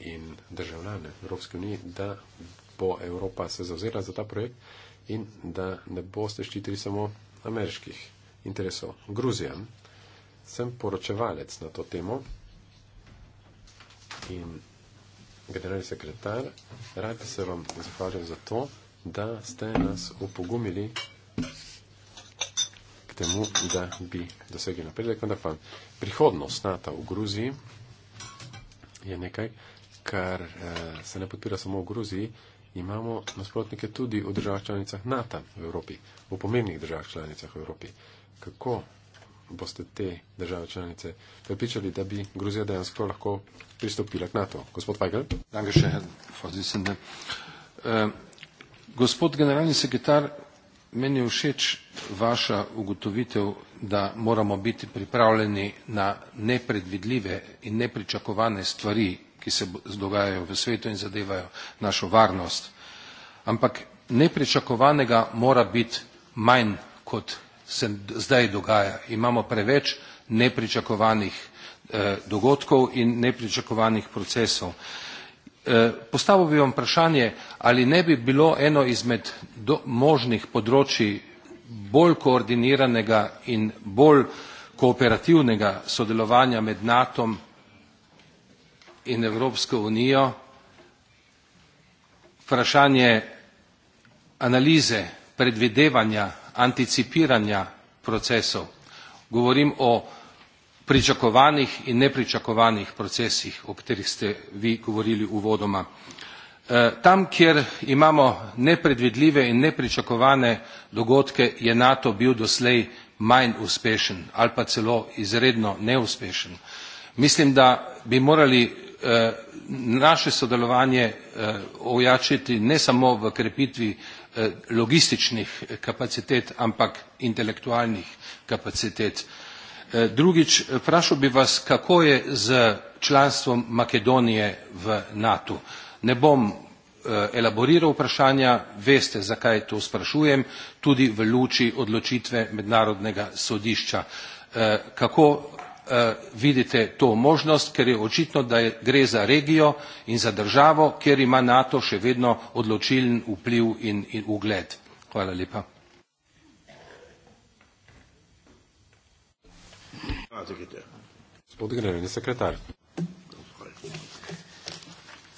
in državljane Evropske unije, da bo Evropa se zauzela za ta projekt in da ne boste ščitili samo ameriških interesov. Gruzija. Sem poročevalec na to temo in generalni sekretar, rad bi se vam zahvalil za to, da ste nas opogumili k temu, da bi dosegli napredek. Prihodnost NATO v Gruziji je nekaj, kar eh, se ne podpira samo v Gruziji, imamo nasprotnike tudi v državah članicah NATO v Evropi, v pomembnih državah članicah v Evropi kako boste te države članice prepričali, da bi Gruzija dejansko lahko pristopila k NATO. Gospod Feigl. Ähm, gospod generalni sekretar, meni je všeč vaša ugotovitev, da moramo biti pripravljeni na nepredvidljive in nepričakovane stvari, ki se dogajajo v svetu in zadevajo našo varnost. Ampak nepričakovanega mora biti manj kot se zdaj dogaja. Imamo preveč nepričakovanih eh, dogodkov in nepričakovanih procesov. Eh, postavil bi vam vprašanje, ali ne bi bilo eno izmed do, možnih področji bolj koordiniranega in bolj kooperativnega sodelovanja med NATO in Evropsko unijo vprašanje analize predvidevanja, anticipiranja procesov. Govorim o pričakovanih in nepričakovanih procesih, o katerih ste vi govorili uvodoma. E, tam, kjer imamo nepredvidljive in nepričakovane dogodke, je NATO bil doslej manj uspešen ali pa celo izredno neuspešen. Mislim, da bi morali e, naše sodelovanje e, ojačiti ne samo v krepitvi Eh, logističnih eh, kapacitet, ampak intelektualnih kapacitet. Eh, drugič, vprašal bi vas, kako je z članstvom Makedonije v NATO. Ne bom elaboriral vprašanja, veste, zakaj to sprašujem, tudi v luči odločitve mednarodnega sodišča. Kako Eh, vidite to možnost, ker je očitno, da je, gre za regijo in za državo, kjer ima NATO še vedno odločilen vpliv in, in ugled. Hvala lepa.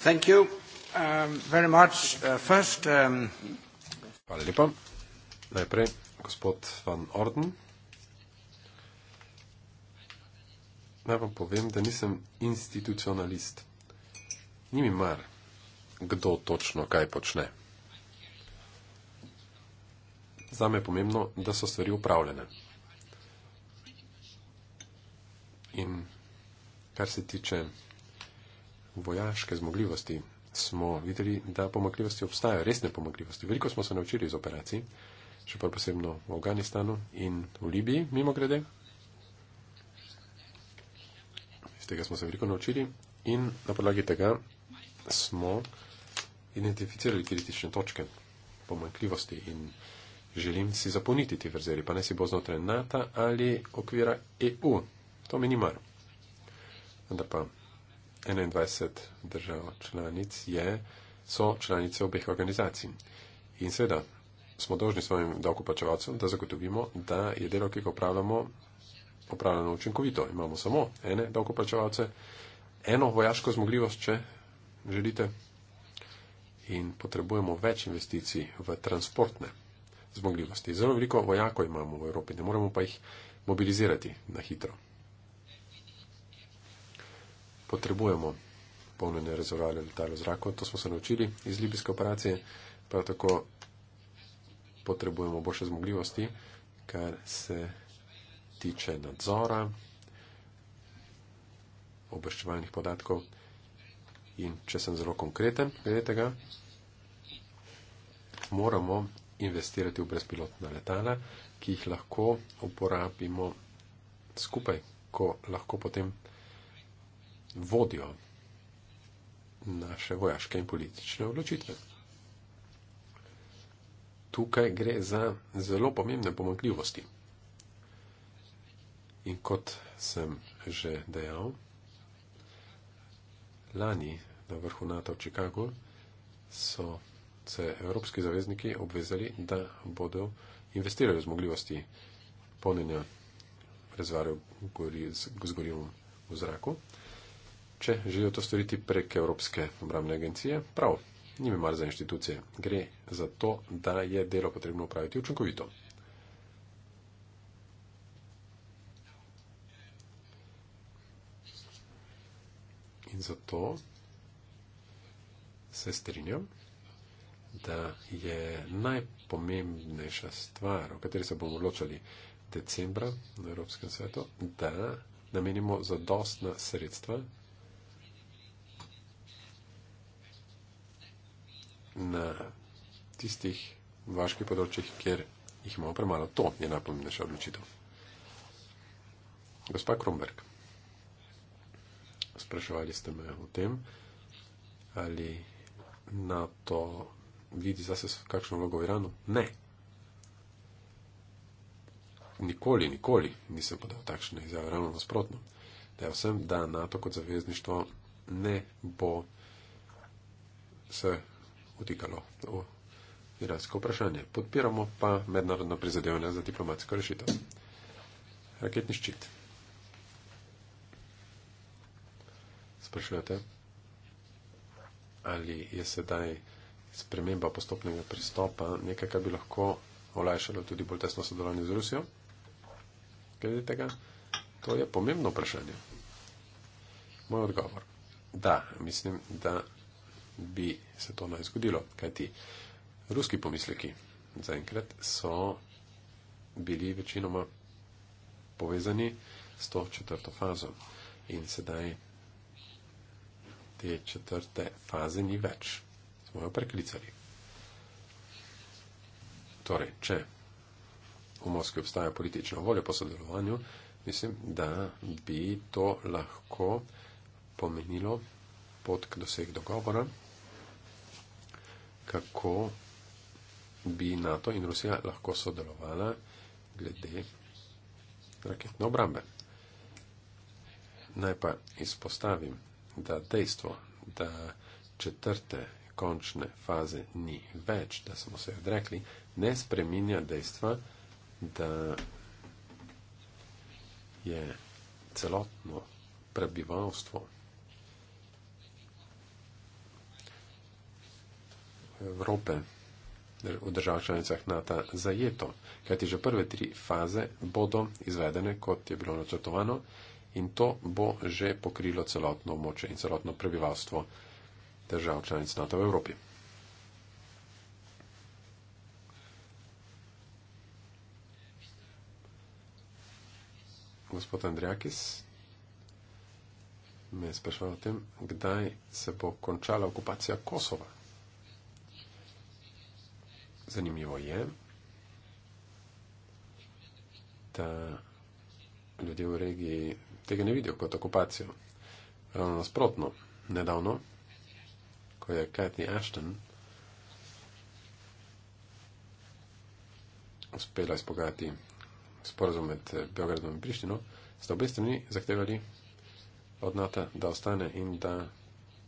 Thank you um, very much. Uh, first, um... Hvala lepa. Najprej gospod Van Orden. Naj vam povem, da nisem institucionalist. Ni mi mar, kdo točno kaj počne. Zame je pomembno, da so stvari upravljene. In kar se tiče vojaške zmogljivosti, smo videli, da pomagljivosti obstajajo, resne pomagljivosti. Veliko smo se naučili iz operacij, še pa posebno v Afganistanu in v Libiji, mimo grede tega smo se veliko naučili in na podlagi tega smo identificirali kritične točke, pomankljivosti in želim si zapolniti te verzeli, pa ne si bo znotraj NATO ali okvira EU. To mi ni mar. Vendar pa 21 držav članic je, so članice obeh organizacij. In seveda smo dožni svojim davkoplačevalcem, da zagotovimo, da je delo, ki ga upravljamo, opravljeno učinkovito. Imamo samo ene davkoplačevalce, eno vojaško zmogljivost, če želite, in potrebujemo več investicij v transportne zmogljivosti. Zelo veliko vojako imamo v Evropi, ne moremo pa jih mobilizirati na hitro. Potrebujemo polnjene rezervoarje letalo zrako, to smo se naučili iz libijske operacije, prav tako potrebujemo boljše zmogljivosti, kar se tiče nadzora, obveščevalnih podatkov in če sem zelo konkreten glede tega, moramo investirati v brezpilotna letala, ki jih lahko uporabimo skupaj, ko lahko potem vodijo naše vojaške in politične odločitve. Tukaj gre za zelo pomembne pomakljivosti. In kot sem že dejal, lani na vrhu NATO v Chicagu so se evropski zavezniki obvezali, da bodo investirali v zmogljivosti polnjenja rezervarjev z gorivom v zraku. Če želijo to storiti prek Evropske obramne agencije, prav, ni mi mar za inštitucije. Gre za to, da je delo potrebno upraviti učinkovito. in zato se strinjam, da je najpomembnejša stvar, o kateri se bomo odločali decembra na Evropskem svetu, da namenimo zadostna sredstva na tistih vaških področjih, kjer jih imamo premalo. To je najpomembnejša odločitev. Gospa Kromberg spraševali ste me o tem, ali na to vidi zase kakšno vlogo v Iranu. Ne. Nikoli, nikoli nisem podal takšne izjave, ravno nasprotno. Da je vsem, da NATO kot zavezništvo ne bo se utikalo v iransko vprašanje. Podpiramo pa mednarodno prizadevanje za diplomatsko rešitev. Raketni ščit. sprašujete, ali je sedaj sprememba postopnega pristopa nekaj, kar bi lahko olajšalo tudi bolj tesno sodelovanje z Rusijo? Glede tega, to je pomembno vprašanje. Moj odgovor. Da, mislim, da bi se to naj zgodilo, kajti ruski pomisleki zaenkrat so bili večinoma povezani s to četrto fazo. In sedaj te četrte faze ni več. Smo jo preklicali. Torej, če v Moskvi obstaja politična volja po sodelovanju, mislim, da bi to lahko pomenilo pot k doseg dogovora, kako bi NATO in Rusija lahko sodelovala glede raketne obrambe. Naj pa izpostavim, da dejstvo, da četrte končne faze ni več, da smo se odrekli, ne spreminja dejstva, da je celotno prebivalstvo Evrope v državah članicah NATO zajeto, kajti že prve tri faze bodo izvedene, kot je bilo načrtovano, in to bo že pokrilo celotno območje in celotno prebivalstvo držav članic NATO v Evropi. Gospod Andrijakis me je sprašval o tem, kdaj se bo končala okupacija Kosova. Zanimivo je, da ljudje v regiji tega ne vidijo kot okupacijo. Ravno nasprotno, nedavno, ko je Kathy Ashton uspela izpogajati sporazum med Beogradom in Prištino, sta obe strani zahtevali od NATO, da ostane in da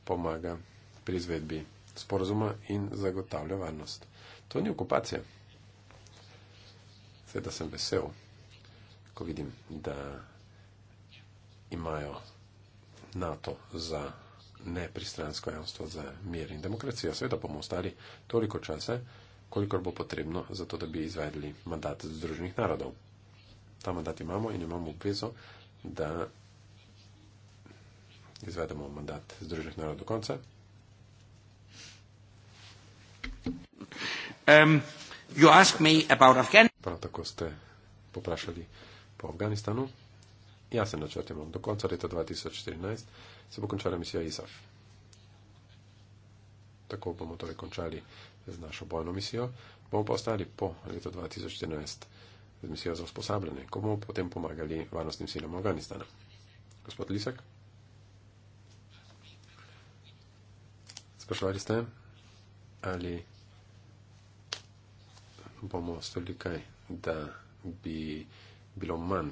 pomaga pri izvedbi sporazuma in zagotavlja varnost. To ni okupacija. Seveda sem vesel, ko vidim, da imajo NATO za nepristransko javnstvo za mir in demokracijo. Sveda bomo ostali toliko časa, kolikor bo potrebno, zato da bi izvedli mandat Združenih narodov. Ta mandat imamo in imamo obvezo, da izvedemo mandat Združenih narodov do konca. Um, Prav tako ste poprašali po Afganistanu jasen načrt imam. Do konca leta 2014 se bo končala misija ISAF. Tako bomo torej končali z našo bojno misijo. Bomo pa ostali po letu 2014 z misijo za usposabljanje, ko bomo potem pomagali varnostnim silam Afganistana. Gospod Lisek? Sprašvali ste, ali bomo storili kaj, da bi bilo manj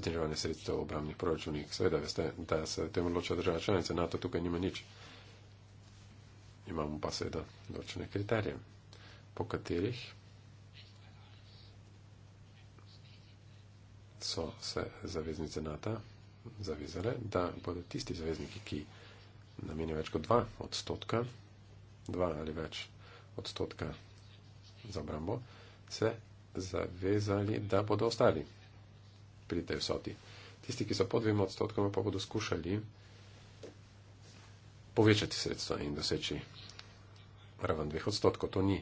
zniževanje sredstev v obramnih proračunih. Seveda, veste, da se tem odloča država članica, NATO tukaj nima nič. Imamo pa seveda določene kriterije, po katerih so se zaveznice NATO zavezale, da bodo tisti zavezniki, ki namenijo več kot 2 odstotka, 2 ali več odstotka za obrambo, se zavezali, da bodo ostali pri tej vsoti. Tisti, ki so pod dvema odstotkoma, pa bodo skušali povečati sredstva in doseči raven dveh odstotkov. To ni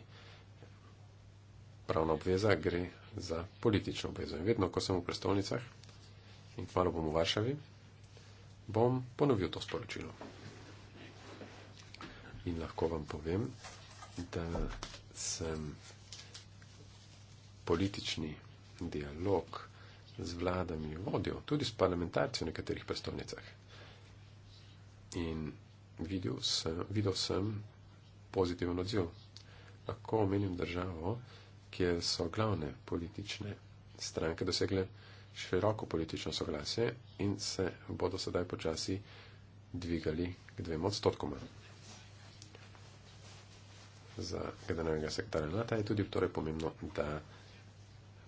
pravna obveza, gre za politično obvezo. In vedno, ko sem v prestolnicah in kmalo bom v Varšavi, bom ponovil to sporočilo. In lahko vam povem, da sem politični dialog, z vladami, vodijo, tudi s parlamentarci v nekaterih prestolnicah. In videl sem, videl sem pozitiven odziv. Lahko omenim državo, kjer so glavne politične stranke dosegle široko politično soglasje in se bodo sedaj počasi dvigali k dvema odstotkoma. Za generalnega sektora NATO je tudi torej pomembno, da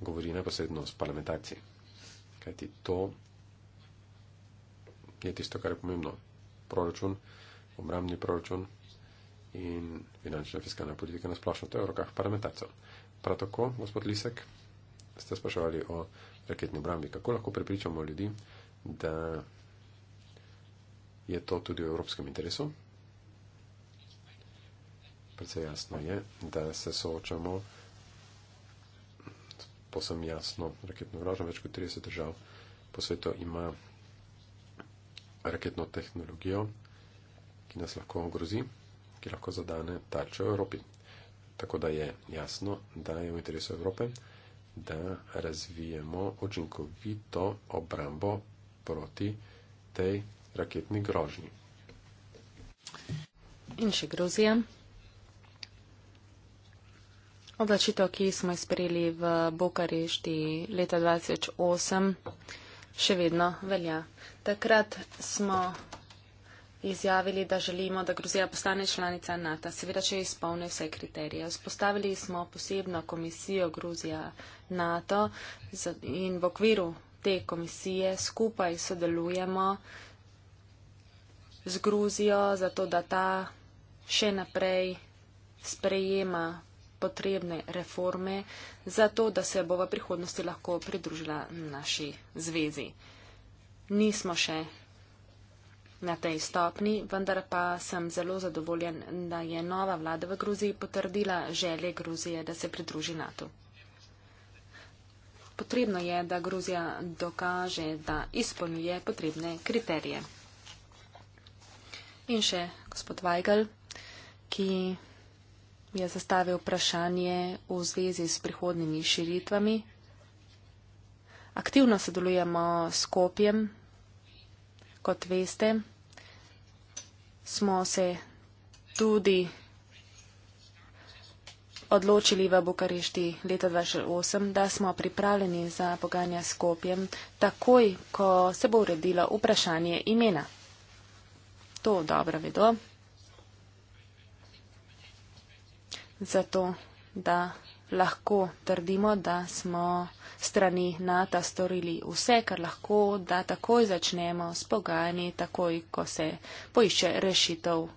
govori neposredno s parlamentarci kajti to je tisto, kar je pomembno. Proračun, obramni proračun in finančna fiskalna politika na splošno, to je v rokah parlamentarcev. Prav tako, gospod Lisek, ste spraševali o raketni obrambi, kako lahko prepričamo ljudi, da je to tudi v evropskem interesu. Predvsej jasno je, da se soočamo posem jasno, raketno vražo več kot 30 držav po svetu ima raketno tehnologijo, ki nas lahko ogrozi, ki lahko zadane tarče v Evropi. Tako da je jasno, da je v interesu Evrope, da razvijemo učinkovito obrambo proti tej raketni grožnji. In še grozijam. Odločitev, ki smo jo sprejeli v Bukarešti leta 2008, še vedno velja. Takrat smo izjavili, da želimo, da Gruzija postane članica NATO, seveda, če izpolne vse kriterije. Vzpostavili smo posebno komisijo Gruzija-NATO in v okviru te komisije skupaj sodelujemo z Gruzijo, zato da ta še naprej sprejema potrebne reforme za to, da se bo v prihodnosti lahko pridružila naši zvezi. Nismo še na tej stopni, vendar pa sem zelo zadovoljen, da je nova vlada v Gruziji potrdila želje Gruzije, da se pridruži NATO. Potrebno je, da Gruzija dokaže, da izpolnjuje potrebne kriterije. In še gospod Weigel, ki je zastavil vprašanje v zvezi s prihodnimi širitvami. Aktivno sodelujemo s Kopjem, kot veste, smo se tudi odločili v Bukarešti leta 2008, da smo pripravljeni za poganja s Kopjem, takoj, ko se bo uredilo vprašanje imena. To dobro vedo. zato, da lahko trdimo, da smo strani NATO storili vse, kar lahko, da takoj začnemo s pogajanji, takoj, ko se poišče rešitev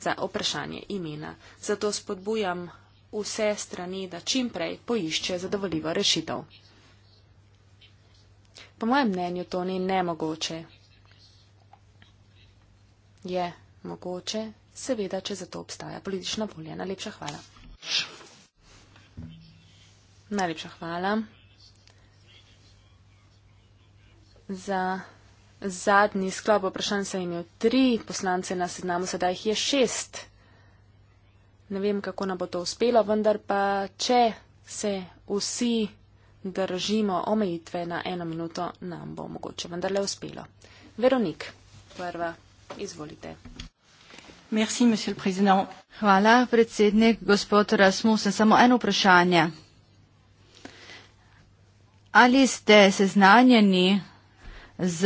za vprašanje imena. Zato spodbujam vse strani, da čim prej poišče zadovoljivo rešitev. Po mojem mnenju to ni nemogoče. Je mogoče, seveda, če za to obstaja politična volja. Najlepša hvala. Najlepša hvala. Za zadnji sklop vprašanj sem imel tri poslance na seznamu, sedaj jih je šest. Ne vem, kako nam bo to uspelo, vendar pa, če se vsi držimo omejitve na eno minuto, nam bo mogoče vendarle uspelo. Veronik, prva, izvolite. Merci, monsieur le président. Hvala, predsednik, gospod Rasmussen. Samo eno vprašanje. Ali ste seznanjeni z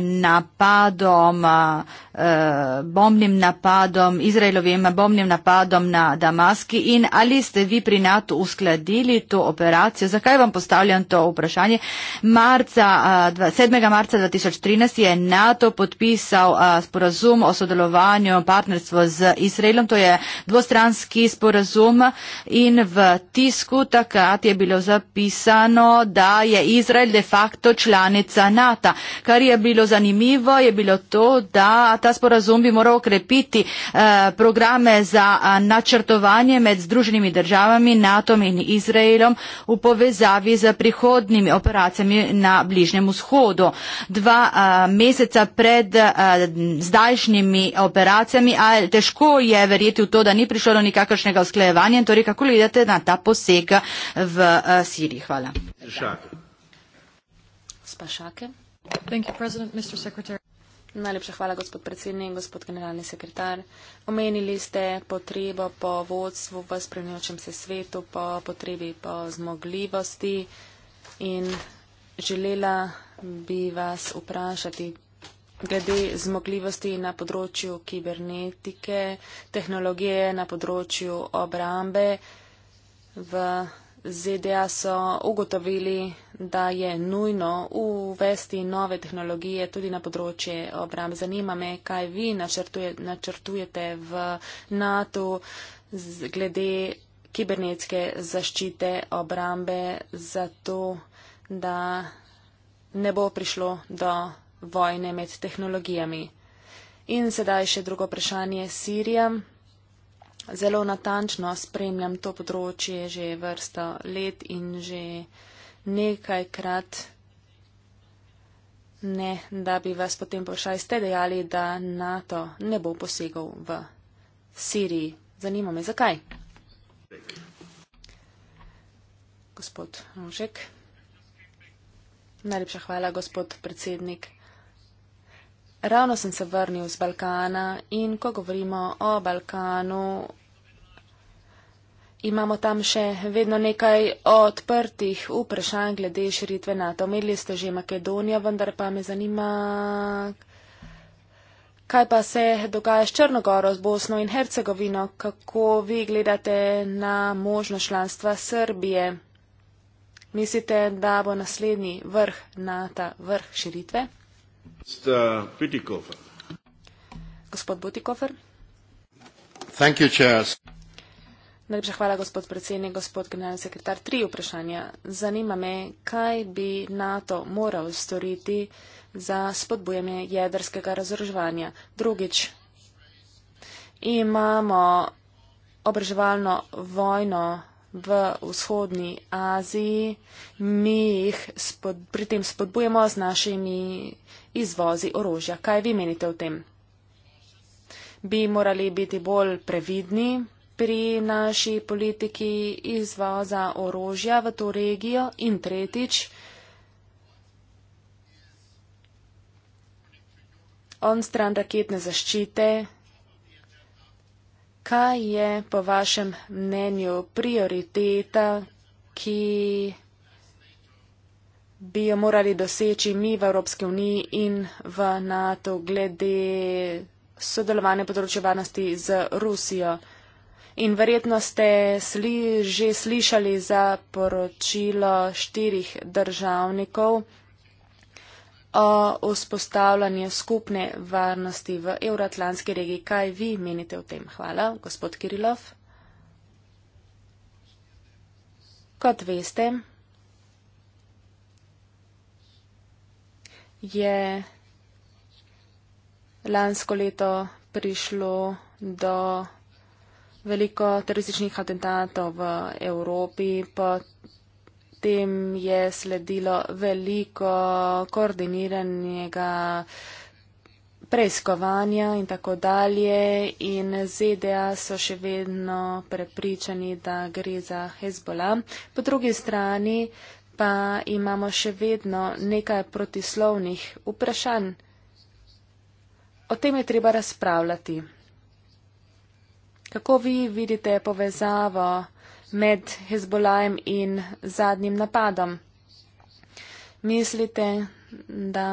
napadom, eh, bombnim napadom, Izraelovim bombnim napadom na Damaski in ali ste vi pri NATO uskladili to operacijo? Zakaj vam postavljam to vprašanje? Marca, 7. Eh, marca 2013 je NATO podpisal eh, sporazum o sodelovanju partnerstvo z Izraelom, to je dvostranski sporazum in v tisku takrat je bilo zapisano, da je Izrael de facto članica NATO. Kar je bilo zanimivo, je bilo to, da ta sporazum bi moral okrepiti eh, programe za eh, načrtovanje med Združenimi državami, NATO in Izraelom v povezavi z prihodnimi operacijami na Bližnjem vzhodu. Dva eh, meseca pred zdajšnjimi operacijami, a težko je verjeti v to, da ni prišlo do nikakršnega usklejevanja, torej kako gledate na ta posega v Siriji. Hvala. Spašake. Spašake. Najlepša hvala, gospod predsednik, gospod generalni sekretar. Omenili ste potrebo po vodstvu v spremljajočem se svetu, po potrebi po zmogljivosti in želela bi vas vprašati glede zmogljivosti na področju kibernetike, tehnologije, na področju obrambe v ZDA so ugotovili, da je nujno uvesti nove tehnologije tudi na področje obramb. Zanima me, kaj vi načrtuje, načrtujete v NATO glede kibernetske zaščite obrambe, zato da ne bo prišlo do vojne med tehnologijami. In sedaj še drugo vprašanje. Sirija zelo natančno spremljam to področje že vrsto let in že nekajkrat. Ne, da bi vas potem vprašali, ste dejali, da NATO ne bo posegal v Siriji. Zanima me, zakaj? Gospod Rožek. Najlepša hvala, gospod predsednik. Ravno sem se vrnil z Balkana in ko govorimo o Balkanu, imamo tam še vedno nekaj odprtih vprašanj glede širitve NATO. Omenili ste že Makedonijo, vendar pa me zanima, kaj pa se dogaja s Črnogoro, z Bosno in Hercegovino, kako vi gledate na možno članstva Srbije. Mislite, da bo naslednji vrh NATO, vrh širitve? Gospod Butikofer. Najlepša hvala, gospod predsednik, gospod generalni sekretar. Tri vprašanja. Zanima me, kaj bi NATO moral storiti za spodbujanje jedrskega razorožovanja. Drugič, imamo obraževalno vojno v vzhodni Aziji, mi jih spod, pri tem spodbujamo z našimi izvozi orožja. Kaj vi menite o tem? Bi morali biti bolj previdni pri naši politiki izvoza orožja v to regijo in tretjič. On stran raketne zaščite, kaj je po vašem mnenju prioriteta, ki bi jo morali doseči mi v Evropski uniji in v NATO glede sodelovanja področja varnosti z Rusijo. In verjetno ste sli, že slišali za poročilo štirih državnikov o vzpostavljanju skupne varnosti v Euroatlantski regiji. Kaj vi menite o tem? Hvala, gospod Kirilov. Kot veste, je lansko leto prišlo do veliko terorističnih atentatov v Evropi, potem je sledilo veliko koordiniranega preiskovanja in tako dalje in ZDA so še vedno prepričani, da gre za Hezbola. Po drugi strani pa imamo še vedno nekaj protislovnih vprašanj. O tem je treba razpravljati. Kako vi vidite povezavo med Hezbolajem in zadnjim napadom? Mislite, da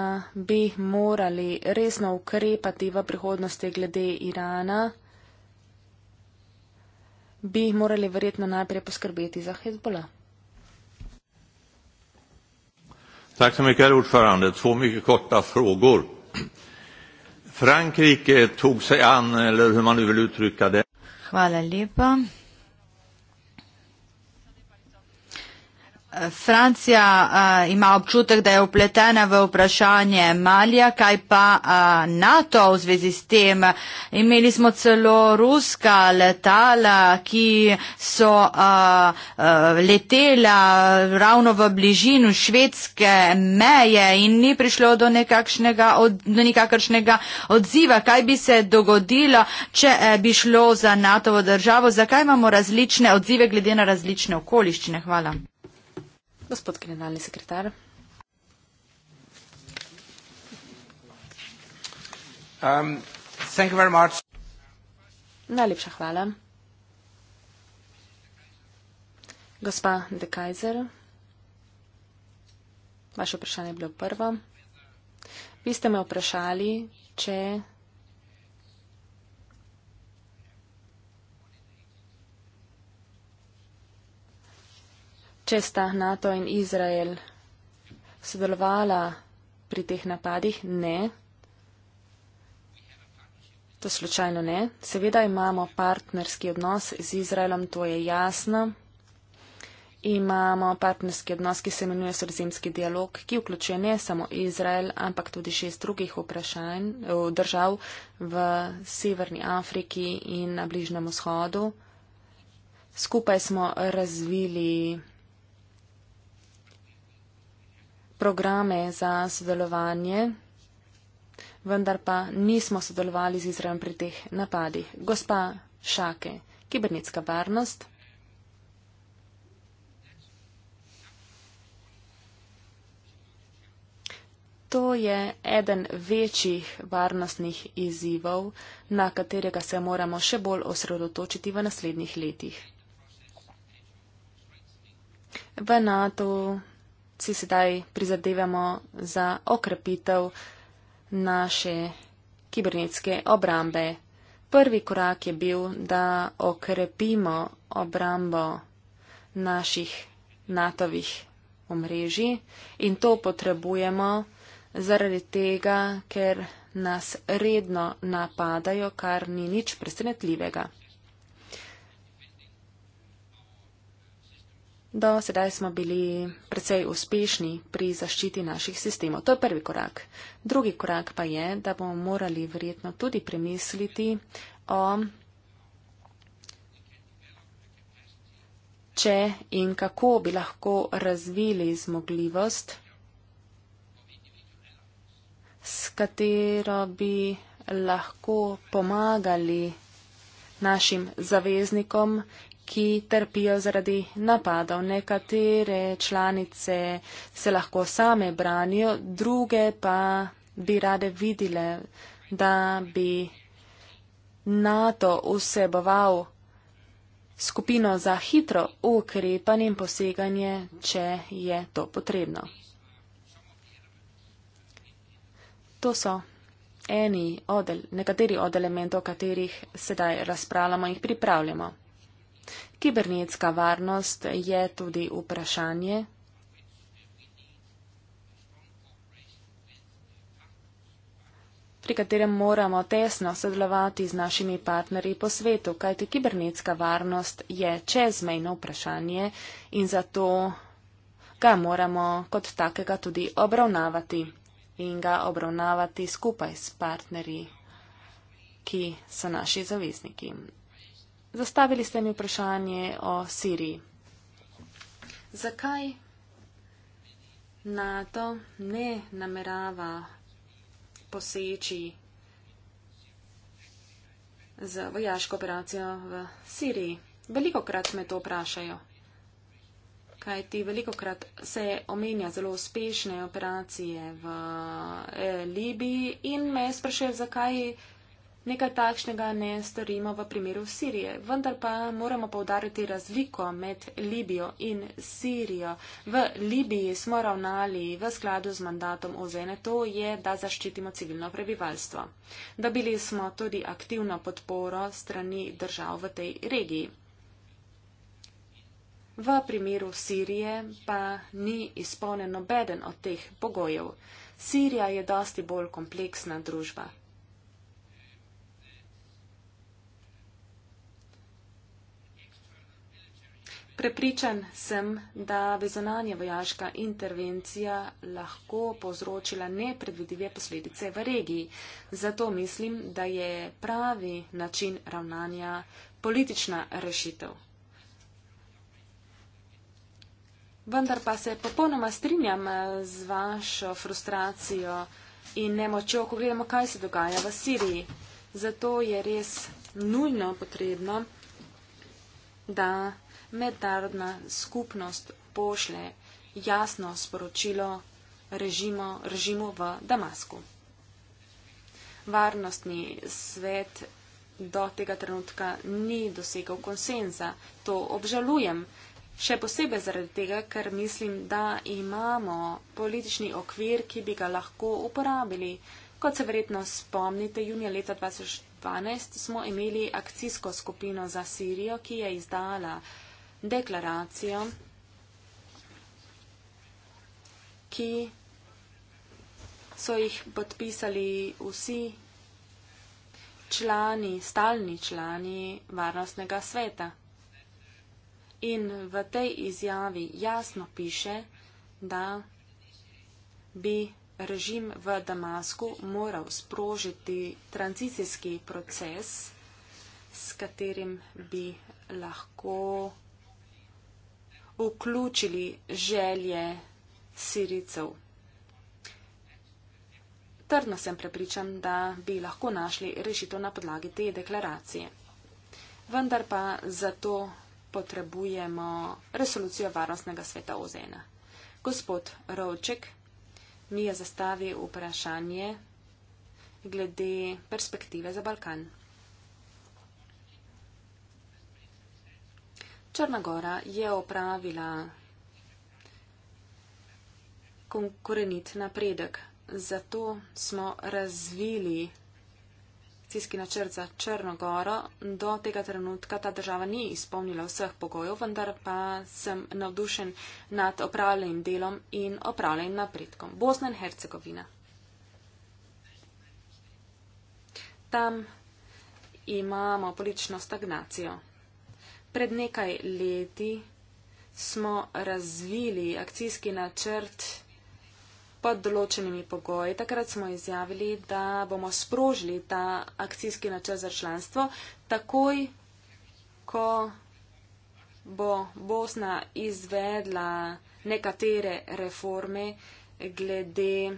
bi morali resno ukrepati v prihodnosti glede Irana? Bi morali verjetno najprej poskrbeti za Hezbolajem? Herr ordförande. Två mycket korta frågor. Frankrike tog sig an, eller hur man nu vill uttrycka det. Hvala lepa. Francija a, ima občutek, da je upletena v vprašanje Malja, kaj pa a, NATO v zvezi s tem. Imeli smo celo ruska letala, ki so a, a, letela ravno v bližino švedske meje in ni prišlo do, od, do nekakršnega odziva. Kaj bi se dogodilo, če e, bi šlo za NATO v državo? Zakaj imamo različne odzive glede na različne okoliščine? Hvala. Gospod generalni sekretar. Um, thank you very much. Najlepša hvala. Gospa De Kaiser, vaše vprašanje je bilo prvo. Vi ste me vprašali, če če sta NATO in Izrael sodelovala pri teh napadih? Ne. To slučajno ne. Seveda imamo partnerski odnos z Izraelom, to je jasno. Imamo partnerski odnos, ki se imenuje sredzemski dialog, ki vključuje ne samo Izrael, ampak tudi šest drugih vprašanj, eh, držav v Severni Afriki in na Bližnem vzhodu. Skupaj smo razvili programe za sodelovanje, vendar pa nismo sodelovali z Izraelom pri teh napadih. Gospa Šake, kibernetska varnost. To je eden večjih varnostnih izzivov, na katerega se moramo še bolj osredotočiti v naslednjih letih. V NATO si sedaj prizadevamo za okrepitev naše kibernetske obrambe. Prvi korak je bil, da okrepimo obrambo naših NATO-vih omrežij in to potrebujemo zaradi tega, ker nas redno napadajo, kar ni nič presenetljivega. Do sedaj smo bili precej uspešni pri zaščiti naših sistemov. To je prvi korak. Drugi korak pa je, da bomo morali verjetno tudi premisliti o če in kako bi lahko razvili zmogljivost, s katero bi lahko pomagali našim zaveznikom ki trpijo zaradi napadov. Nekatere članice se lahko same branijo, druge pa bi rade videle, da bi NATO vseboval skupino za hitro ukrepanje in poseganje, če je to potrebno. To so eni od, nekateri od elementov, o katerih sedaj razpravljamo in jih pripravljamo. Kibernetska varnost je tudi vprašanje, pri katerem moramo tesno sodelovati z našimi partnerji po svetu, kajti kibernetska varnost je čezmejno vprašanje in zato ga moramo kot takega tudi obravnavati in ga obravnavati skupaj s partnerji, ki so naši zavezniki. Zastavili ste mi vprašanje o Siriji. Zakaj NATO ne namerava poseči z vojaško operacijo v Siriji? Veliko krat me to vprašajo, kajti veliko krat se omenja zelo uspešne operacije v eh, Libiji in me sprašujejo, zakaj Nekaj takšnega ne storimo v primeru Sirije, vendar pa moramo povdariti razliko med Libijo in Sirijo. V Libiji smo ravnali v skladu z mandatom OZN, to je, da zaščitimo civilno prebivalstvo. Dobili smo tudi aktivno podporo strani držav v tej regiji. V primeru Sirije pa ni izpolnjen obeden od teh pogojev. Sirija je dosti bolj kompleksna družba. Prepričan sem, da bi zonanje vojaška intervencija lahko povzročila nepredvidive posledice v regiji. Zato mislim, da je pravi način ravnanja politična rešitev. Vendar pa se popolnoma strinjam eh, z vašo frustracijo in nemočjo, ko gledamo, kaj se dogaja v Siriji. Zato je res nujno potrebno, da mednarodna skupnost pošle jasno sporočilo režimo, režimu v Damasku. Varnostni svet do tega trenutka ni dosegal konsenza. To obžalujem, še posebej zaradi tega, ker mislim, da imamo politični okvir, ki bi ga lahko uporabili. Kot se verjetno spomnite, junija leta 2012 smo imeli akcijsko skupino za Sirijo, ki je izdala deklaracijo, ki so jih podpisali vsi člani, stalni člani Varnostnega sveta. In v tej izjavi jasno piše, da bi režim v Damasku moral sprožiti tranzicijski proces, s katerim bi lahko vključili želje siricev. Trdno sem prepričan, da bi lahko našli rešitev na podlagi te deklaracije. Vendar pa zato potrebujemo resolucijo Varnostnega sveta OZN. Gospod Rovček mi je zastavil vprašanje glede perspektive za Balkan. Črnagora je opravila konkurenit napredek. Zato smo razvili akcijski načrt za Črnogoro. Do tega trenutka ta država ni izpolnila vseh pogojev, vendar pa sem navdušen nad opravljenim delom in opravljenim napredkom. Bosna in Hercegovina. Tam imamo politično stagnacijo pred nekaj leti smo razvili akcijski načrt pod določenimi pogoji. Takrat smo izjavili, da bomo sprožili ta akcijski načrt za članstvo takoj, ko bo Bosna izvedla nekatere reforme glede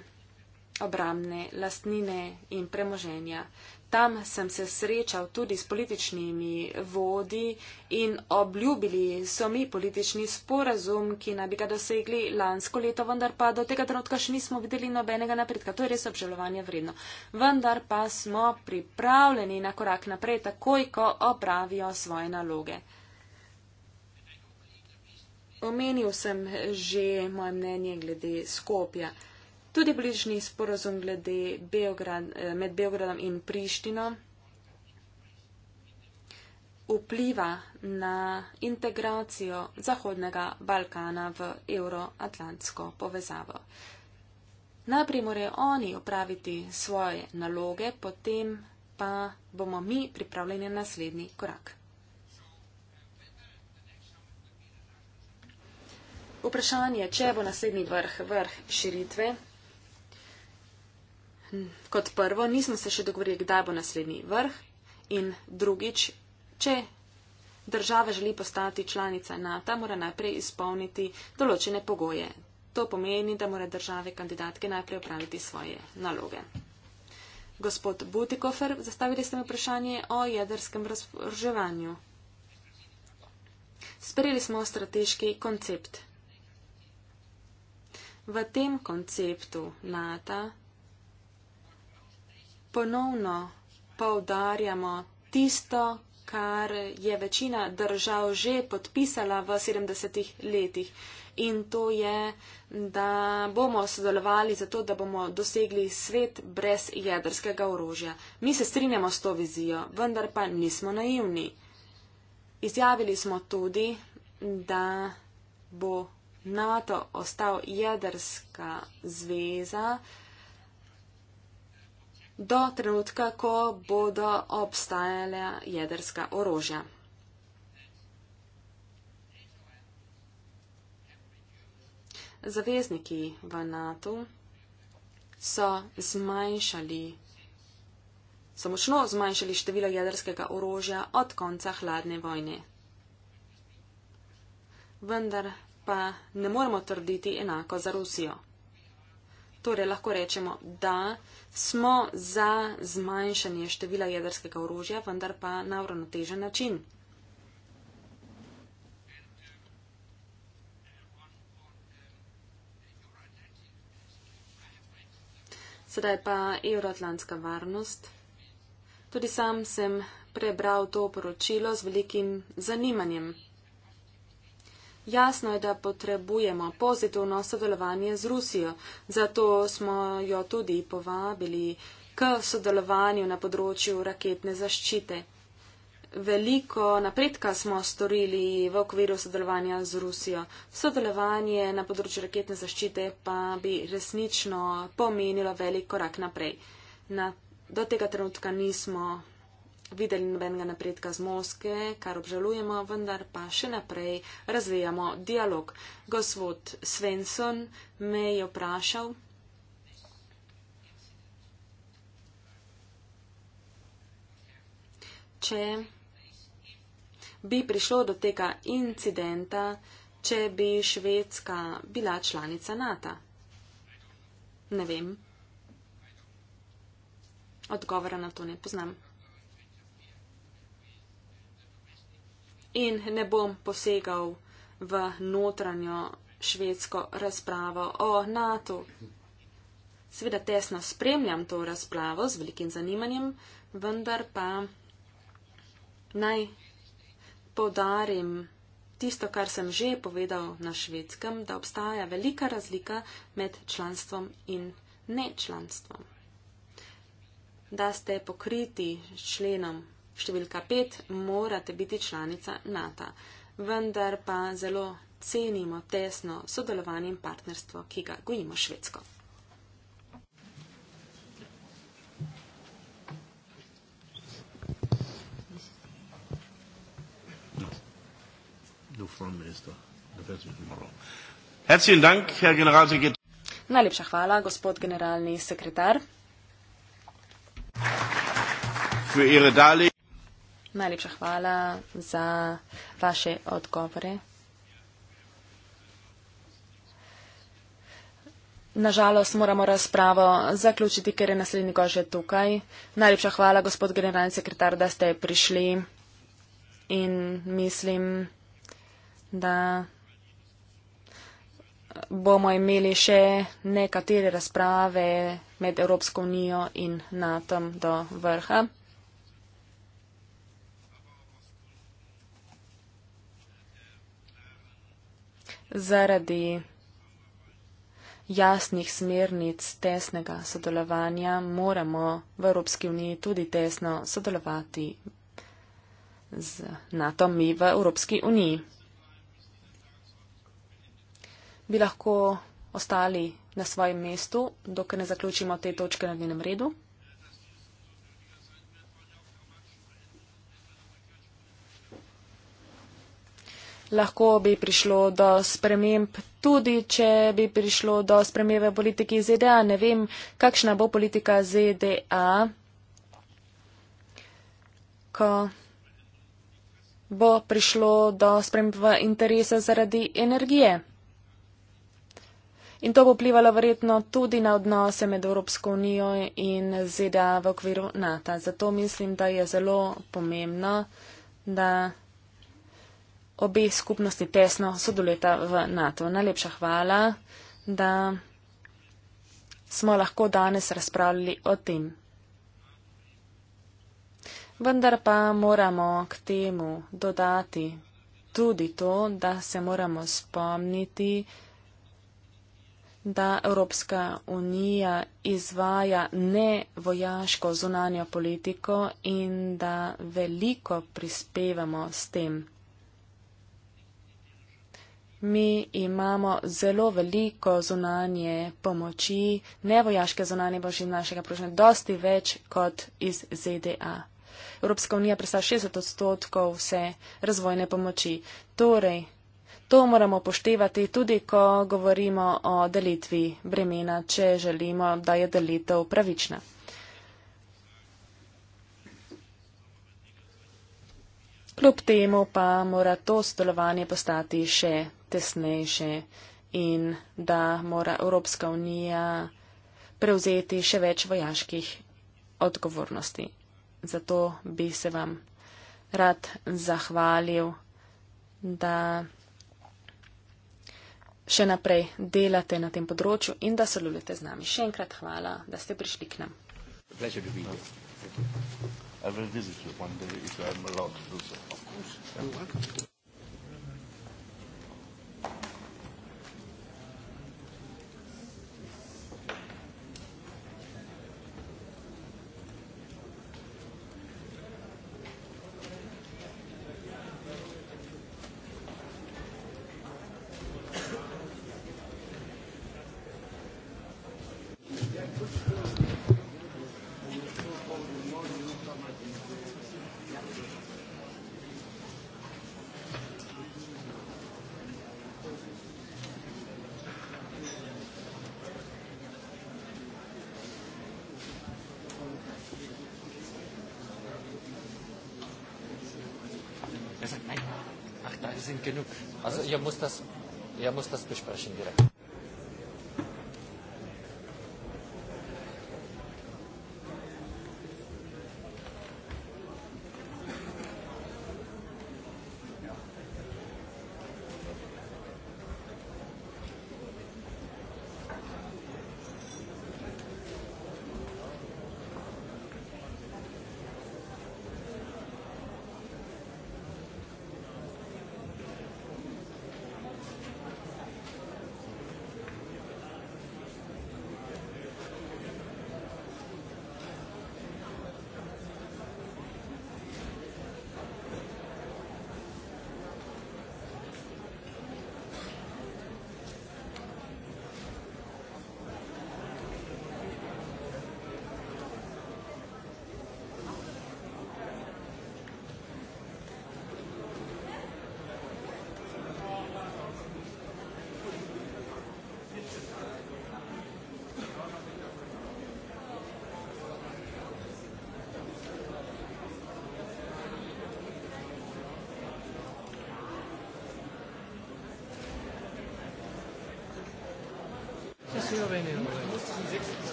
obramne lastnine in premoženja. Tam sem se srečal tudi s političnimi vodi in obljubili so mi politični sporazum, ki naj bi ga dosegli lansko leto, vendar pa do tega trenutka še nismo videli nobenega napredka. To je res obžalovanje vredno. Vendar pa smo pripravljeni na korak naprej, takoj ko opravijo svoje naloge. Omenil sem že moje mnenje glede skopja tudi bližnji sporozum Beograd, eh, med Beogradom in Prištino vpliva na integracijo Zahodnega Balkana v euroatlantsko povezavo. Najprej morajo oni opraviti svoje naloge, potem pa bomo mi pripravljeni na naslednji korak. Vprašanje, če bo naslednji vrh vrh širitve. Kot prvo, nismo se še dogovorili, kdaj bo naslednji vrh in drugič, če država želi postati članica NATO, mora najprej izpolniti določene pogoje. To pomeni, da mora države kandidatke najprej opraviti svoje naloge. Gospod Butikofer, zastavili ste mi vprašanje o jedrskem razvrževanju. Sprejeli smo strateški koncept. V tem konceptu NATO ponovno povdarjamo tisto, kar je večina držav že podpisala v 70 letih. In to je, da bomo sodelovali zato, da bomo dosegli svet brez jedrskega orožja. Mi se strinjamo s to vizijo, vendar pa nismo naivni. Izjavili smo tudi, da bo NATO ostal jedrska zveza, do trenutka, ko bodo obstajale jedrska orožja. Zavezniki v NATO so zmanjšali, so močno zmanjšali število jedrskega orožja od konca hladne vojne. Vendar pa ne moremo trditi enako za Rusijo. Torej lahko rečemo, da smo za zmanjšanje števila jedrskega orožja, vendar pa na uravnotežen način. Sedaj pa Euroatlantska varnost. Tudi sam sem prebral to poročilo z velikim zanimanjem. Jasno je, da potrebujemo pozitivno sodelovanje z Rusijo, zato smo jo tudi povabili k sodelovanju na področju raketne zaščite. Veliko napredka smo storili v okviru sodelovanja z Rusijo. Sodelovanje na področju raketne zaščite pa bi resnično pomenilo velik korak naprej. Na, do tega trenutka nismo videli nobenega napredka z Moske, kar obžalujemo, vendar pa še naprej razvijamo dialog. Gospod Svensson me je vprašal. Če bi prišlo do tega incidenta, če bi Švedska bila članica NATO? Ne vem. Odgovora na to ne poznam. in ne bom posegal v notranjo švedsko razpravo o NATO. Seveda tesno spremljam to razpravo z velikim zanimanjem, vendar pa naj podarim tisto, kar sem že povedal na švedskem, da obstaja velika razlika med članstvom in nečlanstvom. Da ste pokriti členom Številka 5. Morate biti članica NATO. Vendar pa zelo cenimo tesno sodelovanje in partnerstvo, ki ga gojimo švedsko. No, no no, Najlepša hvala, gospod generalni sekretar. Najlepša hvala za vaše odgovore. Nažalost moramo razpravo zaključiti, ker je naslednji gost že tukaj. Najlepša hvala, gospod generalni sekretar, da ste prišli in mislim, da bomo imeli še nekatere razprave med Evropsko unijo in NATO do vrha. zaradi jasnih smernic tesnega sodelovanja moramo v Evropski uniji tudi tesno sodelovati z NATO mi v Evropski uniji. Bi lahko ostali na svojem mestu, dokler ne zaključimo te točke na dnevnem redu? lahko bi prišlo do sprememb, tudi če bi prišlo do spremembe politiki ZDA. Ne vem, kakšna bo politika ZDA, ko bo prišlo do sprememb v interese zaradi energije. In to bo vplivalo verjetno tudi na odnose med Evropsko unijo in ZDA v okviru NATO. Zato mislim, da je zelo pomembno, da obe skupnosti tesno sodelujeta v NATO. Najlepša hvala, da smo lahko danes razpravljali o tem. Vendar pa moramo k temu dodati tudi to, da se moramo spomniti, da Evropska unija izvaja ne vojaško zunanjo politiko in da veliko prispevamo s tem. Mi imamo zelo veliko zunanje pomoči, nevojaške zunanje pomoči našega proženja, dosti več kot iz ZDA. Evropska unija prestaja 60 odstotkov vse razvojne pomoči. Torej, to moramo poštevati tudi, ko govorimo o delitvi bremena, če želimo, da je delitev pravična. Kljub temu pa mora to stolovanje postati še tesnejše in da mora Evropska unija prevzeti še več vojaških odgovornosti. Zato bi se vam rad zahvalil, da še naprej delate na tem področju in da sodelujete z nami. Še enkrat hvala, da ste prišli k nam. I will visit you one day if I am allowed to do so, of course. You're welcome. genug. Also ihr müsst das, ihr müsst das besprechen direkt.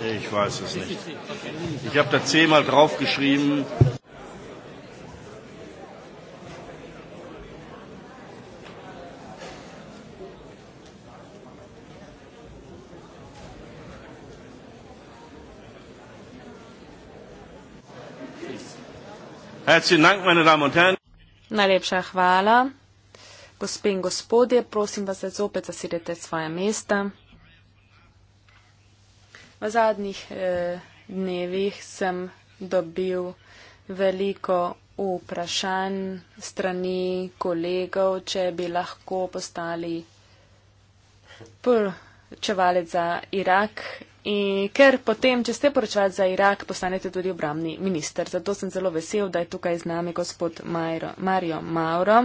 Ich weiß es nicht. Ich habe da zehnmal drauf geschrieben. Herzlichen Dank, meine Damen und Herren. Najlepša hvala. Gospe in gospodje, prosim vas, da zopet zasedete svoje mesta. V zadnjih eh, dnevih sem dobil veliko vprašanj strani kolegov, če bi lahko postali poročevalec za Irak. In ker potem, če ste poročevalec za Irak, postanete tudi obramni minister. Zato sem zelo vesel, da je tukaj z nami gospod Mario, Mario Mauro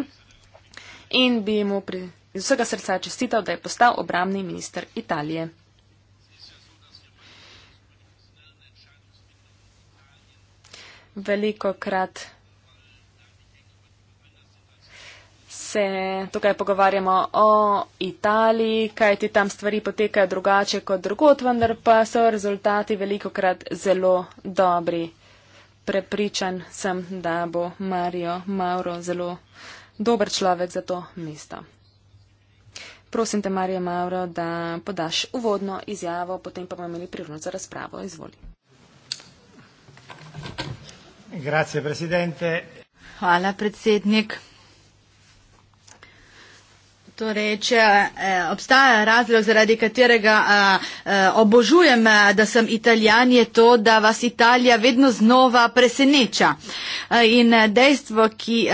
in bi mu pri vsega srca čestital, da je postal obramni minister Italije. Veliko krat se tukaj pogovarjamo o Italiji, kaj ti tam stvari potekajo drugače kot drugot, vendar pa so rezultati veliko krat zelo dobri. Prepričan sem, da bo Mario Mauro zelo dober človek za to mesto. Prosim te, Marija Mauro, da podaš uvodno izjavo, potem pa bomo imeli priložnost za razpravo. Izvoli. Grazie, Hvala, predsednik. Torej, če eh, obstaja razlog, zaradi katerega eh, eh obožujem, eh, da sem italijan, je to, da vas Italija vedno znova preseneča. Eh, in dejstvo, ki eh,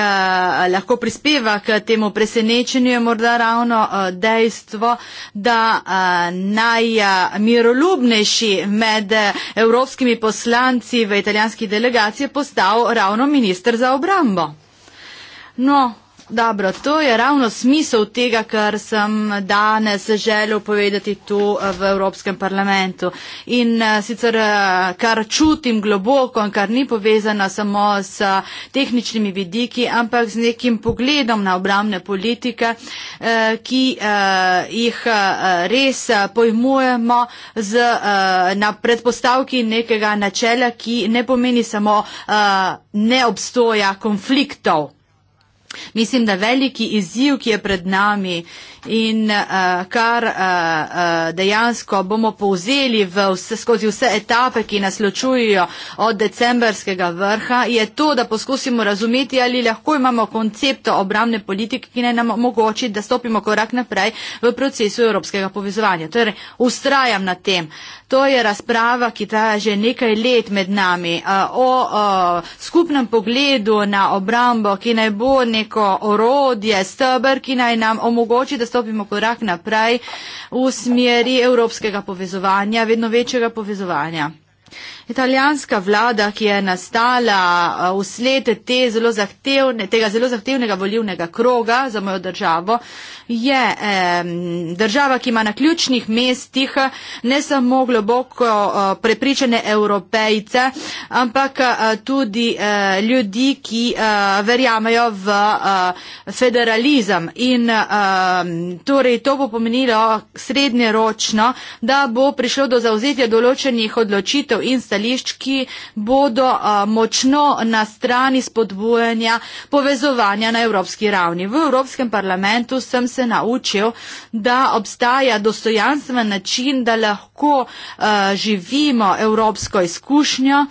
lahko prispeva k temu presenečenju, je morda ravno eh, dejstvo, da eh, najmiroljubnejši med evropskimi poslanci v italijanski delegaciji postal ravno ministr za obrambo. No, Dobro, to je ravno smisel tega, kar sem danes želel povedati tu eh, v Evropskem parlamentu. In eh, sicer, eh, kar čutim globoko in kar ni povezano samo s tehničnimi vidiki, ampak z nekim pogledom na obramne politike, ki jih res pojmujemo z, na predpostavki nekega načela, ki ne pomeni samo neobstoja konfliktov. Mislim, da veliki izziv, ki je pred nami, in uh, kar uh, uh, dejansko bomo povzeli v vse, skozi vse etape, ki nas ločujejo od decembrskega vrha, je to, da poskusimo razumeti, ali lahko imamo koncept obramne politike, ki naj nam omogoči, da stopimo korak naprej v procesu evropskega povezovanja. Torej, ustrajam na tem. To je razprava, ki traja že nekaj let med nami uh, o uh, skupnem pogledu na obrambo, ki naj bo neko orodje, stebr, ki naj nam omogoči, da stopimo korak naprej v smeri evropskega povezovanja, vedno večjega povezovanja. Italijanska vlada, ki je nastala uh, vsled te zelo zahtevne, tega zelo zahtevnega volivnega kroga za mojo državo, je eh, država, ki ima na ključnih mestih uh, ne samo globoko eh, prepričane evropejce, ampak eh, tudi eh, ljudi, ki eh, verjamejo v eh, federalizem. In eh, torej to bo pomenilo srednjeročno, da bo prišlo do zauzetja določenih odločitev in stavitev stališč, ki bodo močno na strani spodbujanja povezovanja na evropski ravni. V Evropskem parlamentu sem se naučil, da obstaja dostojanstven način, da lahko živimo evropsko izkušnjo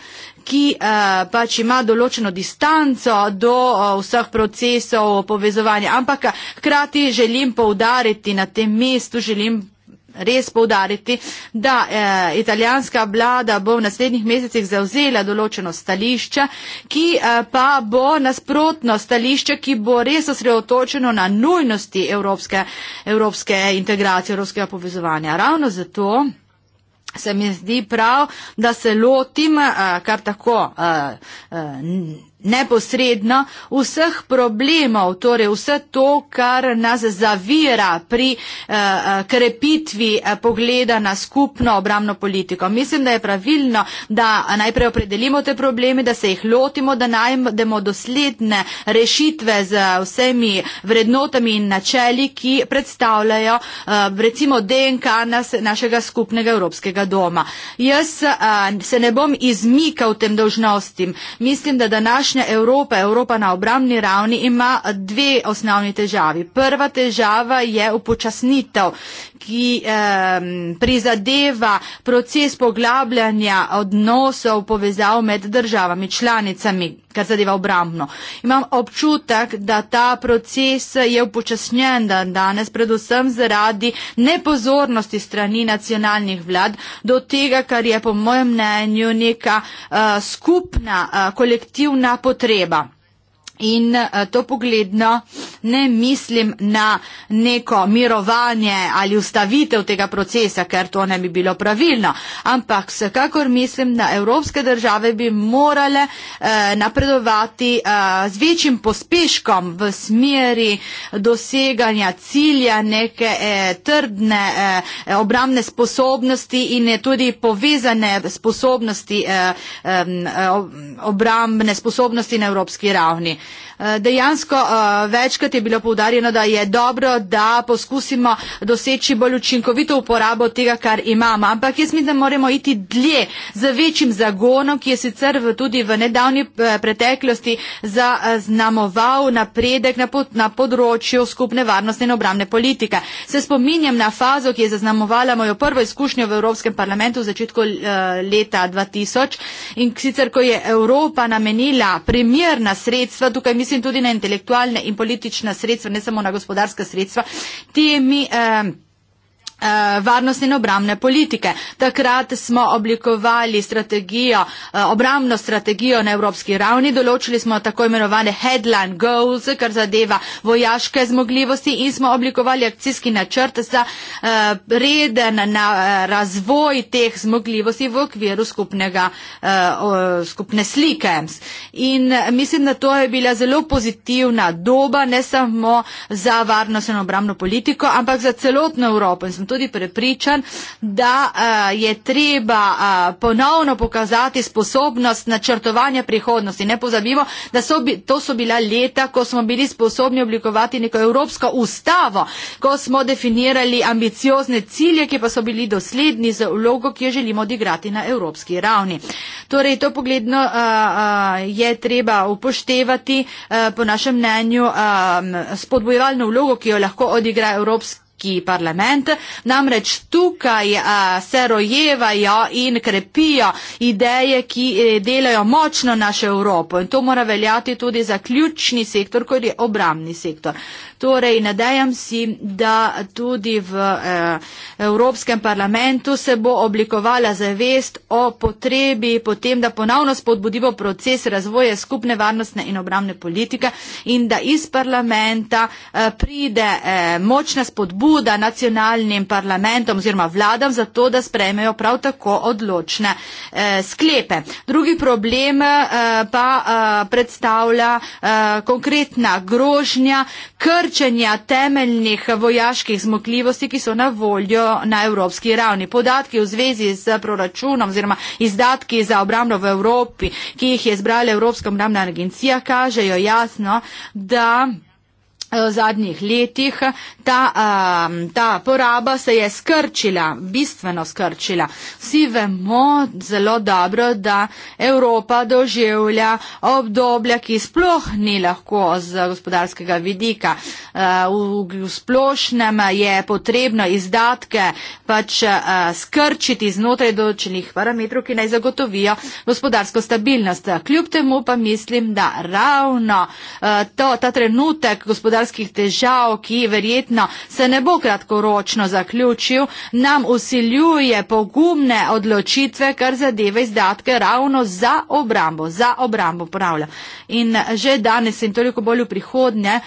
ki eh, pač ima določeno distanco do eh, vseh procesov povezovanja. Ampak hkrati želim poudariti na tem mestu, želim res povdariti, da eh, italijanska vlada bo v naslednjih mesecih zavzela določeno stališče, ki eh, pa bo nasprotno stališče, ki bo res osredotočeno na nujnosti evropske, evropske integracije, evropskega povezovanja. Ravno zato se mi zdi prav, da se lotim eh, kar tako. Eh, eh, neposredno vseh problemov, torej vse to, kar nas zavira pri eh, eh krepitvi eh, pogleda na skupno obramno politiko. Mislim, da je pravilno, da najprej opredelimo te probleme, da se jih lotimo, da najdemo dosledne rešitve z eh, vsemi vrednotami in načeli, ki predstavljajo eh, recimo DNK nas, našega skupnega evropskega doma. Jaz eh, se ne bom izmikal tem dožnostim. Mislim, da današnji današnja Evropa, Evropa na obramni ravni, ima dve osnovni težavi. Prva težava je upočasnitev ki um, prizadeva proces poglabljanja odnosov povezav med državami članicami, kar zadeva obrambno. Imam občutek, da ta proces je upočasnjen dan danes, predvsem zaradi nepozornosti strani nacionalnih vlad do tega, kar je po mojem mnenju neka uh, skupna uh, kolektivna potreba. In uh, to pogledno. Uh, ne mislim na neko mirovanje ali ustavitev tega procesa, ker to ne bi bilo pravilno, ampak vsekakor mislim, da evropske države bi morale eh, napredovati eh, z večjim pospeškom v smeri doseganja cilja neke eh, trdne eh, obramne sposobnosti in tudi povezane sposobnosti, eh, eh, obramne sposobnosti na evropski ravni. Eh, dejansko eh, večkrat večkrat je bilo povdarjeno, da je dobro, da poskusimo doseči bolj učinkovito uporabo tega, kar imamo. Ampak jaz mislim, da moramo iti dlje z večjim zagonom, ki je sicer v, tudi v nedavni eh, preteklosti zaznamoval napredek na, pot, na področju skupne varnostne in obramne politike. Se spominjam na fazo, ki je zaznamovala mojo prvo izkušnjo v Evropskem parlamentu v začetku eh, leta 2000 in sicer, ko je Evropa namenila primerna sredstva, tukaj mislim tudi na intelektualne in politične finančna sredstva, ne samo na gospodarska sredstva, ti mi eh, Eh, varnostne in obramne politike. Takrat smo oblikovali strategijo, eh, obramno strategijo na evropski ravni, določili smo tako imenovane headline goals, kar zadeva vojaške zmogljivosti in smo oblikovali akcijski načrt za eh, reden na razvoj teh zmogljivosti v okviru skupnega, skupne slike. In mislim, da to je bila zelo pozitivna doba, ne samo za varnostno in obramno politiko, ampak za celotno Evropo. In tudi prepričan, da eh, je treba eh, ponovno pokazati sposobnost načrtovanja prihodnosti. Ne pozabimo, da so, to so bila leta, ko smo bili sposobni oblikovati neko evropsko ustavo, ko smo definirali ambiciozne cilje, ki pa so bili dosledni z vlogo, ki jo želimo odigrati na evropski ravni. Torej, to pogledno eh, je treba upoštevati po našem mnenju spodbojevalno vlogo, ki jo lahko odigra evropski Evropski parlament. Namreč tukaj a, se rojevajo in krepijo ideje, ki e, delajo močno našo Evropo in to mora veljati tudi za ključni sektor, kot je obramni sektor. Torej, nadejam si, da tudi v eh, Evropskem parlamentu se bo oblikovala zavest o potrebi potem, da ponovno spodbudimo proces razvoja skupne varnostne in obramne politike in da iz parlamenta eh, pride eh, močna spodbuda nacionalnim parlamentom oziroma vladam za to, da sprejmejo prav tako odločne eh, sklepe. Drugi problem eh, pa eh, predstavlja eh, konkretna grožnja, kr krčenja temeljnih vojaških zmogljivosti, ki so na voljo na evropski ravni. Podatki v zvezi z proračunom oziroma izdatki za obrambno v Evropi, ki jih je zbrala Evropska obrambna agencija, kažejo jasno, da V zadnjih letih ta, um, ta poraba se je skrčila, bistveno skrčila. Vsi vemo zelo dobro, da Evropa doživlja obdobja, ki sploh ni lahko z gospodarskega vidika. Uh, v, v splošnem je potrebno izdatke pač uh, skrčiti znotraj določenih parametrov, ki naj zagotovijo gospodarsko stabilnost. Kljub temu pa mislim, da ravno uh, to, ta trenutek gospodarskega gospodarskih težav, ki verjetno se ne bo kratkoročno zaključil, nam usiljuje pogumne odločitve, kar zadeve izdatke ravno za obrambo, za obrambo pravlja. In eh, že danes in toliko bolj v prihodnje,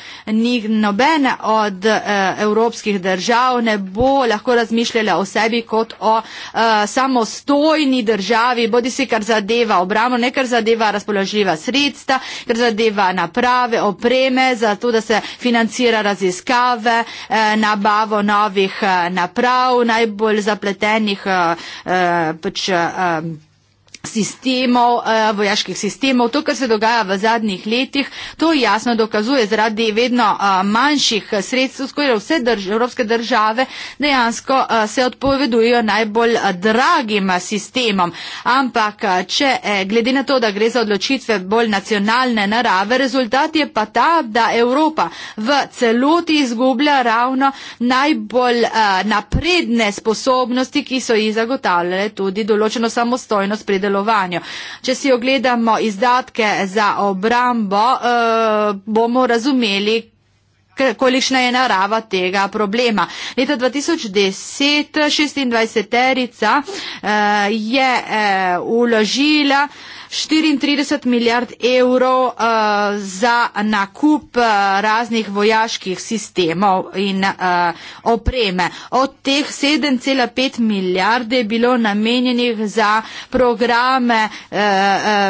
nobene od eh, evropskih držav ne bo lahko razmišljala o sebi kot o eh, samostojni državi, bodi si kar zadeva obrambo, ne kar zadeva razpoložljiva sredstva, kar zadeva naprave, opreme, zato da se financira raziskave, eh, nabavo novih eh, naprav, najbolj zapletenih eh, pač, sistemov, eh, vojaških sistemov. To, kar se dogaja v zadnjih letih, to jasno dokazuje zaradi vedno eh, manjših eh, sredstev, skoraj vse drž evropske države dejansko se odpovedujejo najbolj dragim sistemom. Ampak, če glede na to, da gre za odločitve bolj nacionalne narave, rezultat je pa ta, da Evropa v celoti izgublja ravno najbolj napredne sposobnosti, ki so ji zagotavljale tudi določeno samostojnost pri delovanju sodelovanju. Če si ogledamo izdatke za obrambo, eh, bomo razumeli, kolikšna je narava tega problema. Leta 2010, 26. terica je eh, uložila 34 milijard evrov uh, za nakup uh, raznih vojaških sistemov in uh, opreme. Od teh 7,5 milijarde je bilo namenjenih za programe, uh,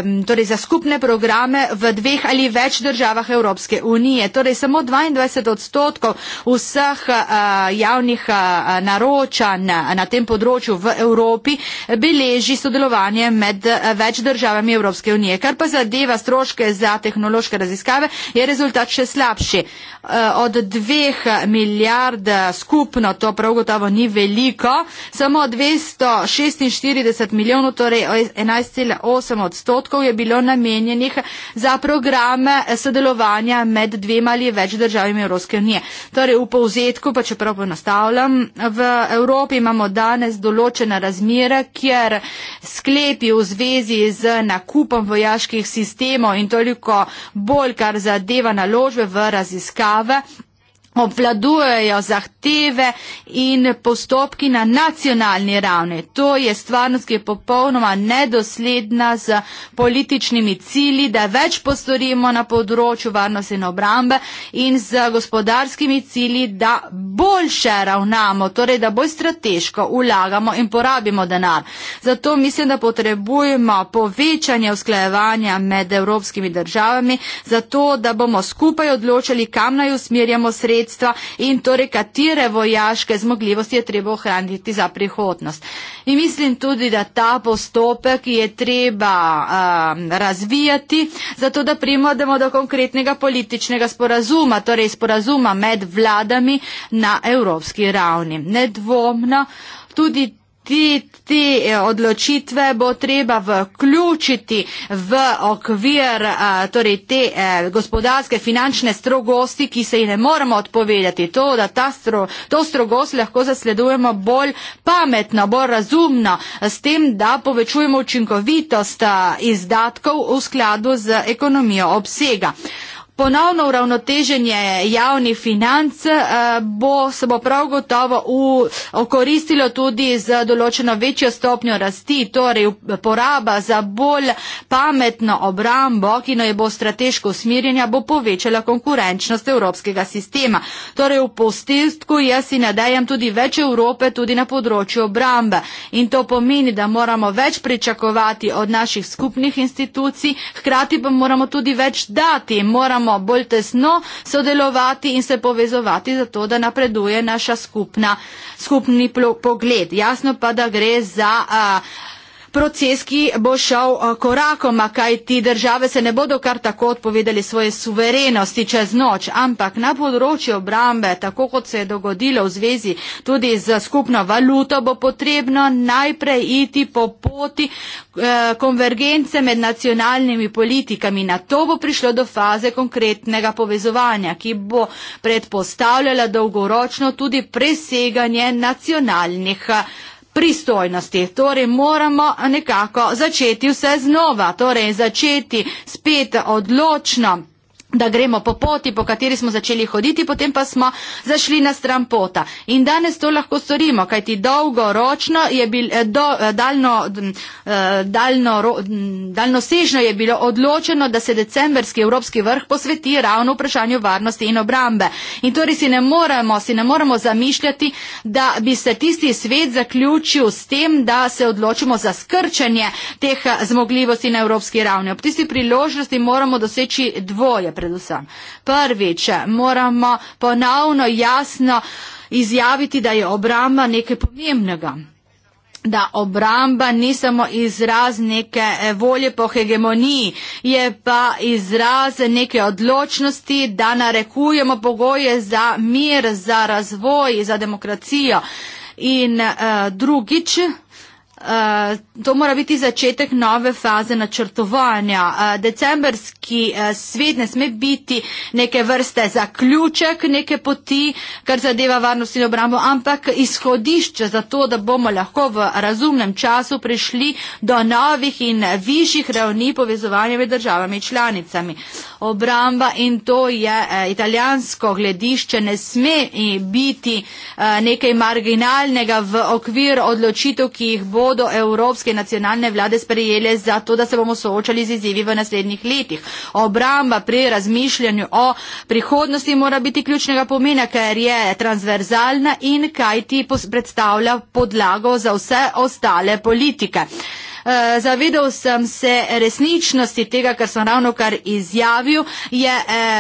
um, torej za skupne programe v dveh ali več državah Evropske unije. Torej samo 22 odstotkov vseh uh, javnih uh, naročanj na, na tem področju v Evropi beleži sodelovanje med uh, več državami državami Evropske unije. Kar pa zadeva stroške za tehnološke raziskave, je rezultat še slabši. Eh, od dveh milijard skupno, to prav gotovo ni veliko, samo 246 milijonov, torej 11,8 odstotkov je bilo namenjenih za program sodelovanja med dvema ali več državami Evropske unije. Torej, v povzetku, pa čeprav ponastavljam, v Evropi imamo danes določena razmira, kjer sklepi v zvezi z nakupom vojaških sistemov in toliko bolj, kar zadeva naložbe v raziskave obvladujejo zahteve in postopki na nacionalni ravni. To je stvarnost, ki je popolnoma nedosledna z političnimi cili, da več postorimo na področju varnosti in obrambe in z gospodarskimi cili, da boljše ravnamo, torej da bolj strateško ulagamo in porabimo denar. Zato mislim, da potrebujemo povečanje usklajevanja med evropskimi državami, zato da bomo skupaj odločili, kam naj usmerjamo sredstva, sredstva in torej katere vojaške zmogljivosti je treba ohraniti za prihodnost. In mislim tudi, da ta postopek je treba um, razvijati, zato da primodemo do konkretnega političnega sporazuma, torej sporazuma med vladami na evropski ravni. Nedvomno tudi ti, ti eh, odločitve bo treba vključiti v okvir eh, torej te eh, gospodarske finančne strogosti, ki se jih ne moramo odpovedati. To, da stro, to strogost lahko zasledujemo bolj pametno, bolj razumno, s tem, da povečujemo učinkovitost izdatkov v skladu z ekonomijo obsega. Ponovno uravnoteženje javnih financ eh, bo, se bo prav gotovo u, okoristilo tudi z določeno večjo stopnjo rasti, torej poraba za bolj pametno obrambo, ki jo bo strateško usmirjenja, bo povečala konkurenčnost evropskega sistema. Torej v postestku jaz si nadajam tudi več Evrope tudi na področju obrambe in to pomeni, da moramo več pričakovati od naših skupnih institucij, hkrati pa moramo tudi več dati. Moramo moramo bolj tesno sodelovati in se povezovati za to, da napreduje naša skupna, skupni pogled. Jasno pa, da gre za. Uh, proces, ki bo šel eh, korakoma, kaj ti države se ne bodo kar tako odpovedali svoje suverenosti čez noč, ampak na področju obrambe, tako kot se je dogodilo v zvezi tudi z skupno valuto, bo potrebno najprej iti po poti eh, konvergence med nacionalnimi politikami. Na to bo prišlo do faze konkretnega povezovanja, ki bo predpostavljala dolgoročno tudi preseganje nacionalnih politik. Eh, pristojnosti. Torej moramo nekako začeti vse znova, torej začeti spet odločno da gremo po poti, po kateri smo začeli hoditi, potem pa smo zašli na stran pota. In danes to lahko storimo, kajti dolgoročno je bil, eh, do, eh, daljno, mm, eh, daljno, mm, daljnosežno je bilo odločeno, da se decembrski Evropski vrh posveti ravno vprašanju varnosti in obrambe. In torej si ne moremo, si ne moremo zamišljati, da bi se tisti svet zaključil s tem, da se odločimo za skrčenje teh zmogljivosti na evropski ravni. Ob tisti priložnosti moramo doseči dvoje predvsem. Prvič, moramo ponovno jasno izjaviti, da je obramba nekaj pomembnega da obramba ni samo izraz neke eh, volje po hegemoniji, je pa izraz neke odločnosti, da narekujemo pogoje za mir, za razvoj, za demokracijo. In uh, drugič, Eh, to mora biti začetek nove faze načrtovanja. Uh, decembrski uh, svet ne sme biti neke vrste zaključek neke poti, kar zadeva varnost in obrambo, ampak izhodišče za to, da bomo lahko v razumnem času prišli do novih in višjih ravni povezovanja med državami članicami. Obramba in to je uh, italijansko gledišče ne sme biti uh, nekaj marginalnega v okvir odločitev, ki jih bodo bodo evropske nacionalne vlade sprejele za to, da se bomo soočali z izzivi v naslednjih letih. Obramba pri razmišljanju o prihodnosti mora biti ključnega pomena, ker je transverzalna in kaj ti predstavlja podlago za vse ostale politike. Eh, zavedal sem se resničnosti tega, kar sem ravno kar izjavil. Je,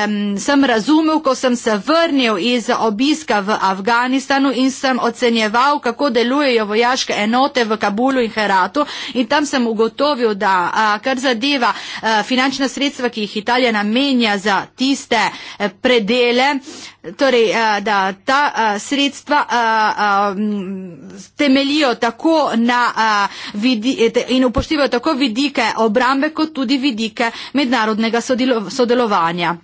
um, sem razumel, ko sem se vrnil iz obiska v Afganistanu in sem ocenjeval, kako delujejo vojaške enote v Kabulu in Heratu. In tam sem ugotovil, da uh, kar zadeva uh, finančna sredstva, ki jih Italija namenja za tiste uh, predele, uh, Torej, eh, da ta eh, sredstva eh, temeljijo tako na in upoštevajo tako vidike obrambe, kot tudi vidike mednarodnega sodelovanja.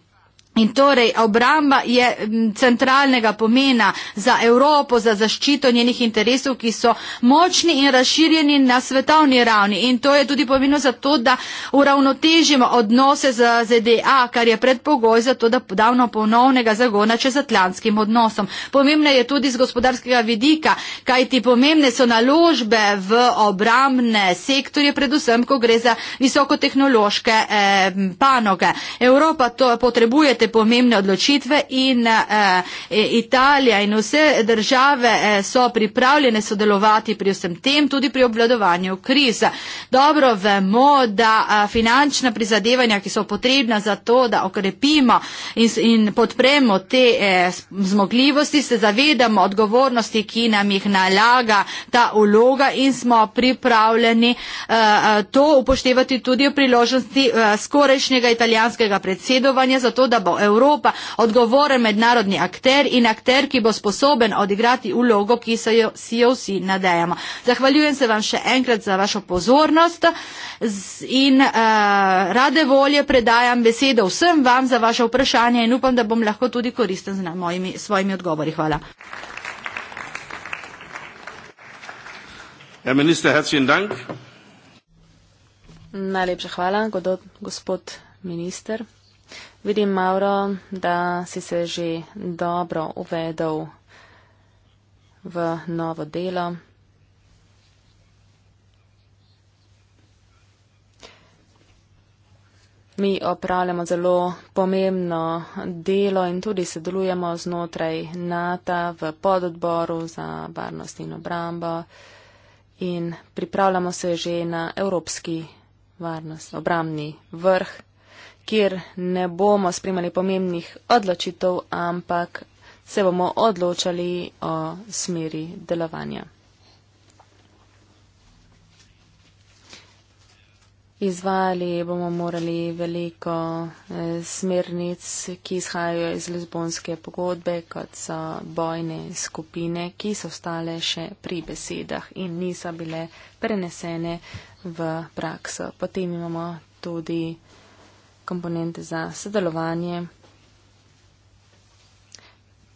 In torej obramba je centralnega pomena za Evropo, za zaščito njenih interesov, ki so močni in razširjeni na svetovni ravni. In to je tudi pomenilo za to, da uravnotežimo odnose z ZDA, kar je predpogoj za to, da podavno ponovnega zagona čez atlantskim odnosom. Pomembne je tudi z gospodarskega vidika, kajti pomembne so naložbe v obramne sektorje, predvsem, ko gre za visokotehnološke eh, panoge. Evropa to potrebuje te pomembne odločitve in uh, Italija in vse države uh, so pripravljene sodelovati pri vsem tem, tudi pri obvladovanju kriza. Dobro vemo, da uh, finančna prizadevanja, ki so potrebna za to, da okrepimo in, in podpremo te uh, zmogljivosti, se zavedamo odgovornosti, ki nam jih nalaga ta uloga in smo pripravljeni uh, to upoštevati tudi v priložnosti uh, skorešnjega italijanskega predsedovanja, zato da bo bo Evropa odgovoren mednarodni akter in akter, ki bo sposoben odigrati ulogo, ki se jo, si jo vsi nadejamo. Zahvaljujem se vam še enkrat za vašo pozornost in uh, rade volje predajam besedo vsem vam za vaše vprašanje in upam, da bom lahko tudi koristen z mojimi, svojimi odgovori. Hvala. Herr Minister, herzlichen Dank. Najlepša hvala, gospod minister. Vidim, Mauro, da si se že dobro uvedel v novo delo. Mi opravljamo zelo pomembno delo in tudi sodelujemo znotraj NATO v pododboru za varnost in obrambo in pripravljamo se že na Evropski varnost, obramni vrh, kjer ne bomo spremali pomembnih odločitev, ampak se bomo odločali o smeri delovanja. Izvali bomo morali veliko eh, smernic, ki izhajajo iz Lizbonske pogodbe, kot so bojne skupine, ki so ostale še pri besedah in niso bile prenesene v prakso. Potem imamo tudi komponente za sodelovanje,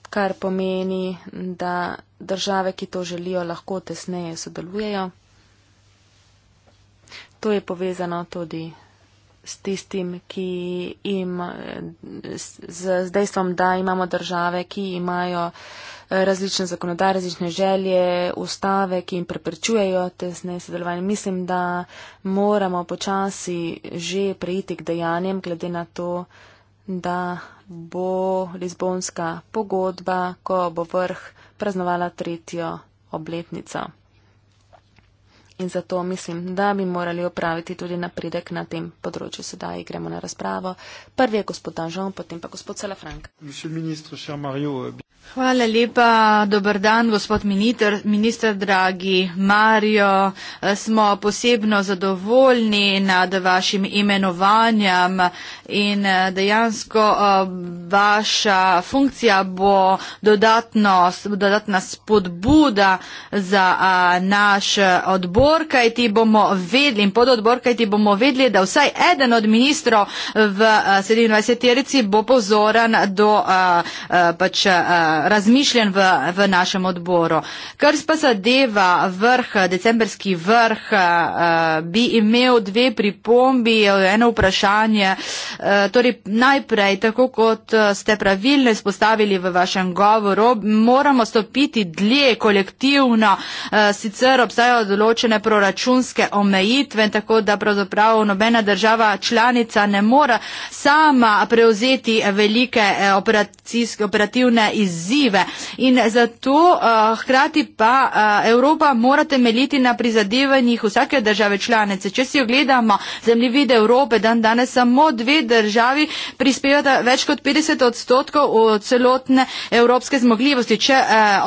kar pomeni, da države, ki to želijo, lahko tesneje sodelujejo. To je povezano tudi s tistim, ki im, z, z dejstvom, da imamo države, ki imajo uh, različne zakonodaje, različne želje, ustave, ki jim preprečujejo tesne sodelovanje. Mislim, da moramo počasi že preiti k dejanjem, glede na to, da bo Lizbonska pogodba, ko bo vrh praznovala tretjo obletnico. In zato mislim, da bi morali opraviti tudi napredek na tem področju. Sedaj gremo na razpravo. Prvi je gospod Danžon, potem pa gospod Salafrank. Euh, Hvala lepa, dober dan, gospod minister, minister dragi Mario. Eh, smo posebno zadovoljni nad vašim imenovanjem in eh, dejansko eh, vaša funkcija bo dodatno, dodatna spodbuda za naš odbor odbor, kaj ti bomo vedli in pod odbor, kaj ti bomo vedli, da vsaj eden od ministrov v 27-terici eh, bo pozoran do eh, eh, pač razmišljen v, v našem odboru. Kar pa zadeva vrh, decembrski vrh, bi imel dve pripombi, eno vprašanje. Torej, najprej, tako kot ste pravilno izpostavili v vašem govoru, moramo stopiti dlje kolektivno, sicer obstajajo določene določene proračunske omejitve, tako da pravzaprav nobena država članica ne mora sama prevzeti velike eh, operativne izzive. In zato eh, hkrati pa eh, Evropa mora temeljiti na prizadevanjih vsake države članice. Če si ogledamo zemljevide Evrope, dan danes samo dve državi prispevata več kot 50 odstotkov celotne evropske zmogljivosti. Če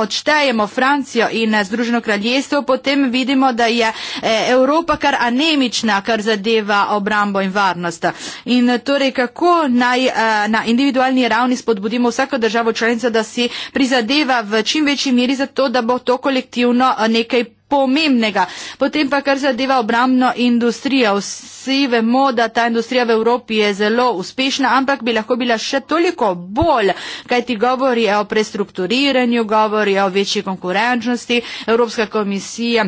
odštejemo Francijo in Združeno kraljestvo, potem vidimo, da je je eh, Evropa kar anemična, kar zadeva obrambo in varnost. In eh, torej, kako naj eh, na individualni ravni spodbudimo vsako državo članico, da si prizadeva v čim večji meri za to, da bo to kolektivno nekaj pomembnega. Potem pa kar zadeva obrambno industrijo. Vsi vemo, da ta industrija v Evropi je zelo uspešna, ampak bi lahko bila še toliko bolj, kaj ti govori o prestrukturiranju, govori o večji konkurenčnosti. Evropska komisija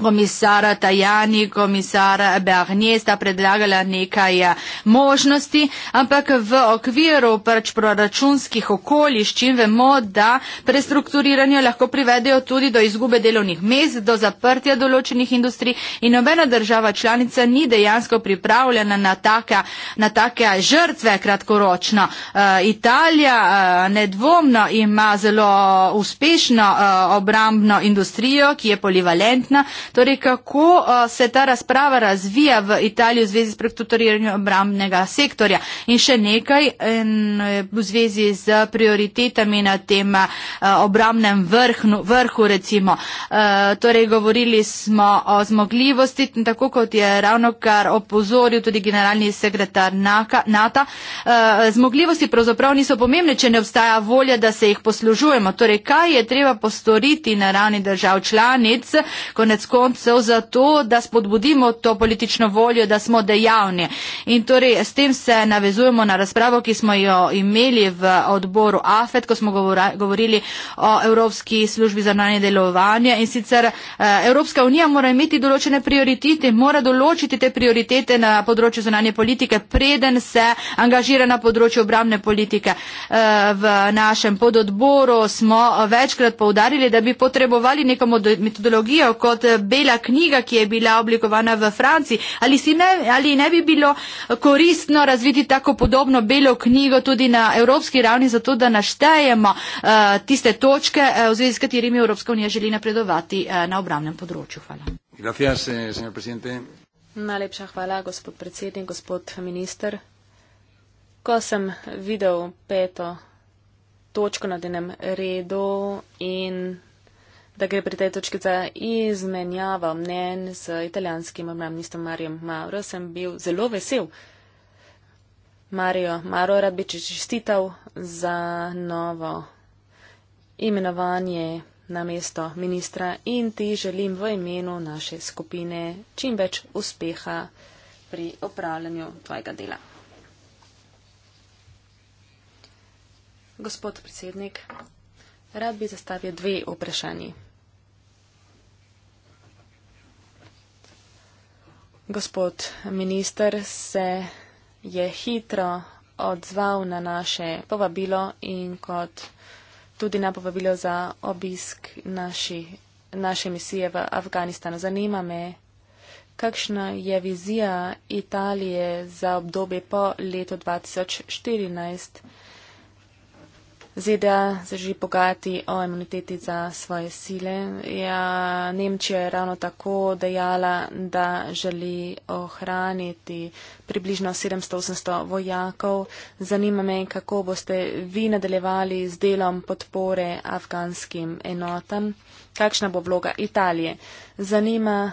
komisara Tajani, komisara Bernier sta predlagala nekaj eh, možnosti, ampak v okviru pač proračunskih okoliščin vemo, da prestrukturiranje lahko privedejo tudi do izgube delovnih mest, do zaprtja določenih industrij in nobena država članica ni dejansko pripravljena na take, na take žrtve kratkoročno. E, Italija e, nedvomno ima zelo uspešno e, obrambno industrijo, ki je polivalentna, Torej, kako uh, se ta razprava razvija v Italiji v zvezi s prekturiranjem obramnega sektorja? In še nekaj in, eh, v zvezi z prioritetami na tem uh, eh, obramnem vrhnu, vrhu, recimo. Uh, torej, govorili smo o zmogljivosti, tako kot je ravno kar opozoril tudi generalni sekretar NATO. Uh, zmogljivosti pravzaprav niso pomembne, če ne obstaja volja, da se jih poslužujemo. Torej, kaj je treba postoriti na ravni držav članic, konec koncev zato, da spodbudimo to politično voljo, da smo dejavni. In torej s tem se navezujemo na razpravo, ki smo jo imeli v odboru AFET, ko smo govorili o Evropski službi za nanje delovanje. In sicer eh, Evropska unija mora imeti določene prioritete, mora določiti te prioritete na področju zunanje politike, preden se angažira na področju obramne politike. Eh, v našem pododboru smo večkrat poudarili, da bi potrebovali neko metodologijo kot bela knjiga, ki je bila oblikovana v Franciji. Ali, ne, ali ne bi bilo koristno razviti tako podobno belo knjigo tudi na evropski ravni, zato da naštejemo uh, tiste točke, uh, v zvezi s katerimi Evropska unija želi napredovati uh, na obramnem področju? Hvala. Gracias, señor presidente. Najlepša hvala, gospod predsednik, gospod minister. Ko sem videl peto točko na denem redu in da gre pri tej točki za izmenjavo mnen s italijanskim obramnistom Marijem Mauro, sem bil zelo vesel. Mario Mauro, rad bi čestital za novo imenovanje na mesto ministra in ti želim v imenu naše skupine čim več uspeha pri opravljanju tvojega dela. Gospod predsednik, rad bi zastavil dve vprašanje. gospod minister se je hitro odzval na naše povabilo in kot tudi na povabilo za obisk naši, naše misije v Afganistanu. Zanima me, kakšna je vizija Italije za obdobje po letu 2014. ZDA se želi pogajati o imuniteti za svoje sile. Ja, Nemčija je ravno tako dejala, da želi ohraniti približno 700-800 vojakov. Zanima me, kako boste vi nadaljevali z delom podpore afganskim enotam. Kakšna bo vloga Italije? Zanima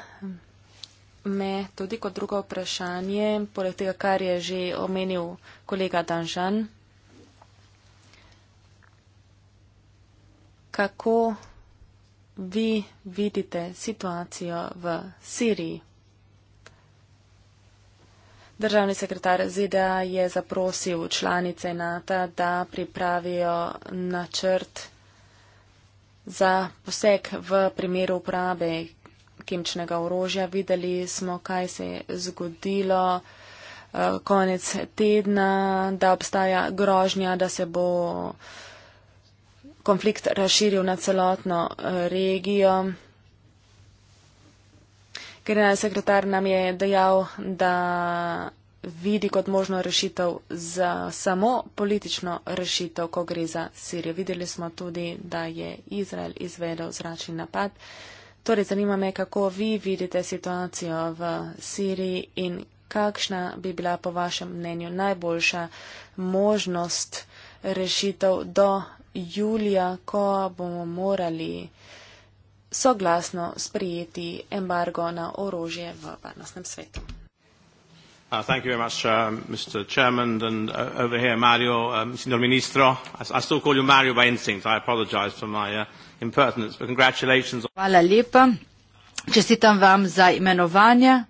me tudi kot drugo vprašanje, poleg tega, kar je že omenil kolega Danžan. kako vi vidite situacijo v Siriji. Državni sekretar ZDA je zaprosil članice NATO, da pripravijo načrt za poseg v primeru uporabe kemičnega orožja. Videli smo, kaj se je zgodilo eh, konec tedna, da obstaja grožnja, da se bo. Uh, konflikt razširil na celotno eh, regijo. Generalni sekretar nam je dejal, da vidi kot možno rešitev za samo politično rešitev, ko gre za Sirijo. Videli smo tudi, da je Izrael izvedel zračni napad. Torej, zanima me, kako vi vidite situacijo v Siriji in kakšna bi bila po vašem mnenju najboljša možnost rešitev do julija, ko bomo morali soglasno sprijeti embargo na orožje v varnostnem svetu. Uh, thank you very much, uh, Mr. Chairman, and uh, over here, Mario, um, Signor Ministro. I, I still call you Mario by instinct. I apologize for my uh, impertinence, but congratulations. Hvala lepa. Čestitam vam za imenovanje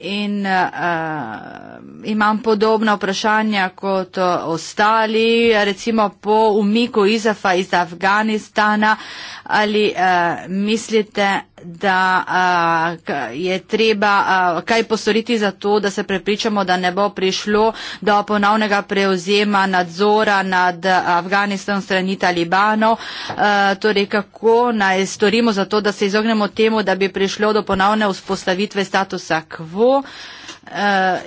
in uh, imam podobna vprašanja kot eh, ostali, recimo po umiku ISAF-a iz Afganistana, ali uh, mislite, da a, je treba a, kaj postoriti za to, da se prepričamo, da ne bo prišlo do ponovnega prevzema nadzora nad Afganistanom strani talibanov. A, torej, kako naj storimo za to, da se izognemo temu, da bi prišlo do ponovne vzpostavitve statusa quo. Uh,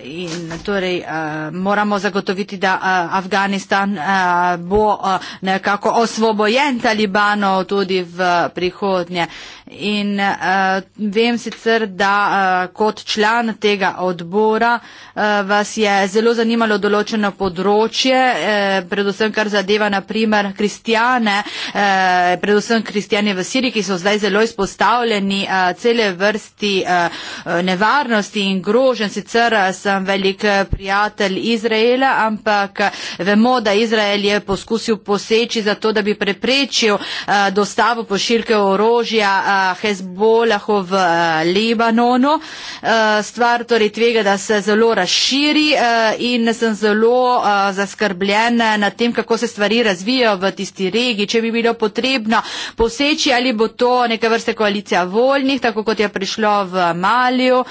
in torej uh, moramo zagotoviti, da uh, Afganistan uh, bo uh, nekako osvobojen talibanov tudi v prihodnje. Uh, In uh, vem sicer, da uh, kot član tega odbora uh, vas je zelo zanimalo določeno področje, eh, predvsem kar zadeva naprimer kristijane, eh, predvsem kristijane v Siriji, ki so zdaj zelo izpostavljeni eh, cele vrsti eh, nevarnosti in grožen. Sicer sem velik prijatelj Izraela, ampak vemo, da Izrael je poskusil poseči za to, da bi preprečil eh, dostavo pošiljke orožja. Eh, Hezbolahu v eh, Libanonu. Eh, stvar torej tvega, da se zelo razširi eh, in sem zelo zaskrbljen nad tem, kako se stvari razvijajo v tisti regiji. Če bi bilo potrebno poseči, ali bo to neka vrsta koalicija voljnih, tako kot je prišlo v Malju,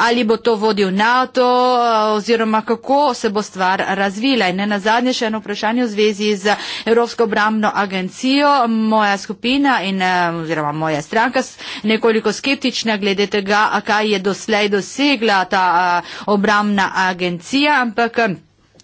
ali bo to vodil NATO oziroma kako se bo stvar razvila. In ne na zadnje še eno vprašanje v zvezi z Evropsko obramno agencijo. Moja skupina in, oziroma moje Stranka nekoliko skeptična glede tega, kaj je doslej dosegla ta obramna agencija, ampak.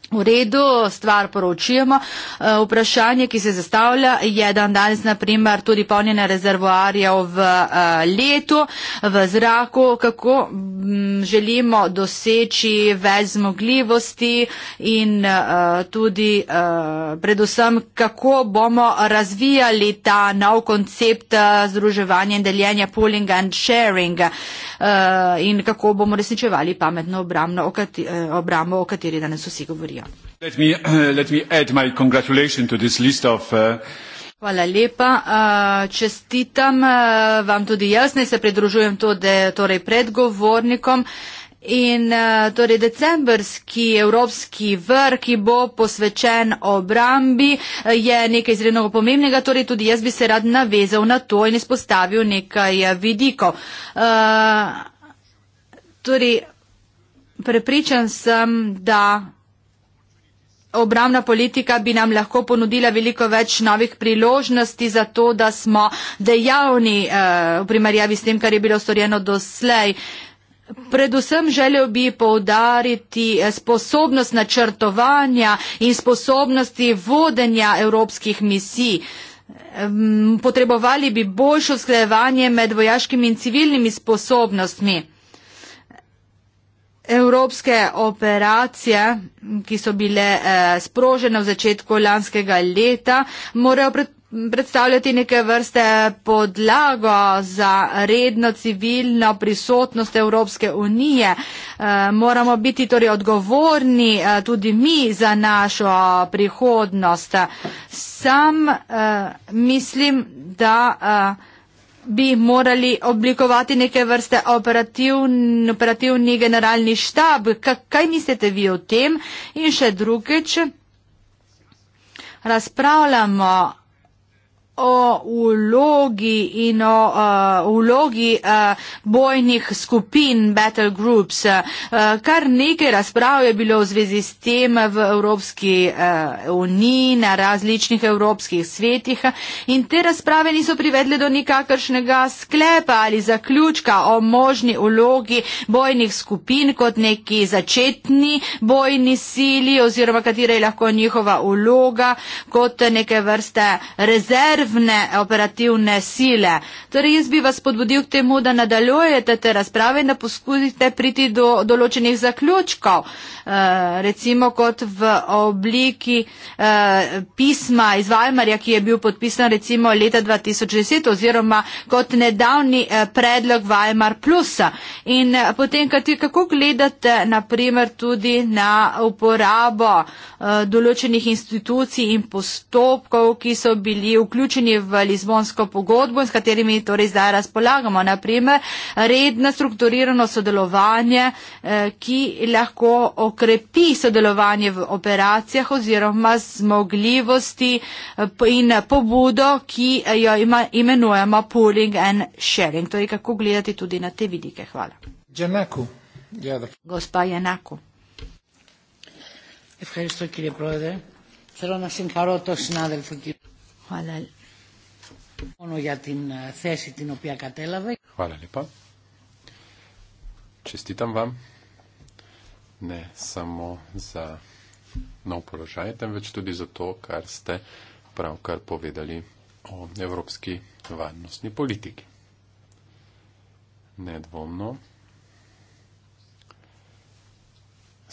V redu, stvar poročujemo. Eh, vprašanje, ki se zastavlja, je dan danes, naprimer, tudi polnjene rezervoarje v eh, letu, v zraku, kako mm, želimo doseči več zmogljivosti in eh, tudi predvsem, kako bomo razvijali ta nov koncept združevanja in deljenja pooling and sharing in kako bomo resničevali pametno obrambo, o kateri danes vsi govorijo. Radia. Let me, uh, *clears throat* let me of, uh... Hvala lepa. Uh, čestitam uh, vam tudi jaz, ne se pridružujem tudi torej predgovornikom. In uh, torej decembrski evropski vrh, ki bo posvečen obrambi, uh, je nekaj izrednega pomembnega, torej tudi jaz bi se rad navezal na to in izpostavil nekaj uh, vidikov. Uh, torej, prepričan sem, da obramna politika bi nam lahko ponudila veliko več novih priložnosti za to, da smo dejavni eh, v primerjavi s tem, kar je bilo storjeno doslej. Predvsem želel bi povdariti eh, sposobnost načrtovanja in sposobnosti vodenja evropskih misij. Potrebovali bi boljšo sklevanje med vojaškimi in civilnimi sposobnostmi. Evropske operacije, ki so bile eh, sprožene v začetku lanskega leta, morajo pred, predstavljati neke vrste podlago za redno civilno prisotnost Evropske unije. Eh, moramo biti torej odgovorni eh, tudi mi za našo prihodnost. Sam eh, mislim, da. Eh, bi morali oblikovati neke vrste operativn, operativni generalni štab. Kaj mislite vi o tem? In še drugič, razpravljamo o vlogi in o uh, vlogi uh, bojnih skupin, battle groups. Uh, kar nekaj razprav je bilo v zvezi s tem v Evropski uh, uniji, na različnih evropskih svetih in te razprave niso privedle do nikakršnega sklepa ali zaključka o možni vlogi bojnih skupin kot neki začetni bojni sili oziroma katera je lahko njihova vloga kot neke vrste rezerv rezervne operativne sile. Torej, jaz bi vas podbudil k temu, da nadaljujete te razprave in da poskusite priti do določenih zaključkov, e, recimo kot v obliki e, pisma iz Weimarja, ki je bil podpisan recimo leta 2010 oziroma kot nedavni e, predlog Weimar plusa. In potem, kako gledate naprimer tudi na uporabo e, določenih institucij in postopkov, ki so bili vključeni vključeni v Lizbonsko pogodbo in s katerimi torej zdaj razpolagamo. Naprimer, redno strukturirano sodelovanje, eh, ki lahko okrepi sodelovanje v operacijah oziroma zmogljivosti eh, in pobudo, ki eh, jo ima, imenujemo pooling and sharing. Torej, kako gledati tudi na te vidike. Hvala. Janaku. Ja, Gospa Janaku. Hvala. Μόνο για την θέση την οποία κατέλαβε. Χαλά λοιπόν. Честитам вам не само за нов положай, temveč tudi за то, kar сте pravkar povedali o evropski varnostni politiki. Nedvomno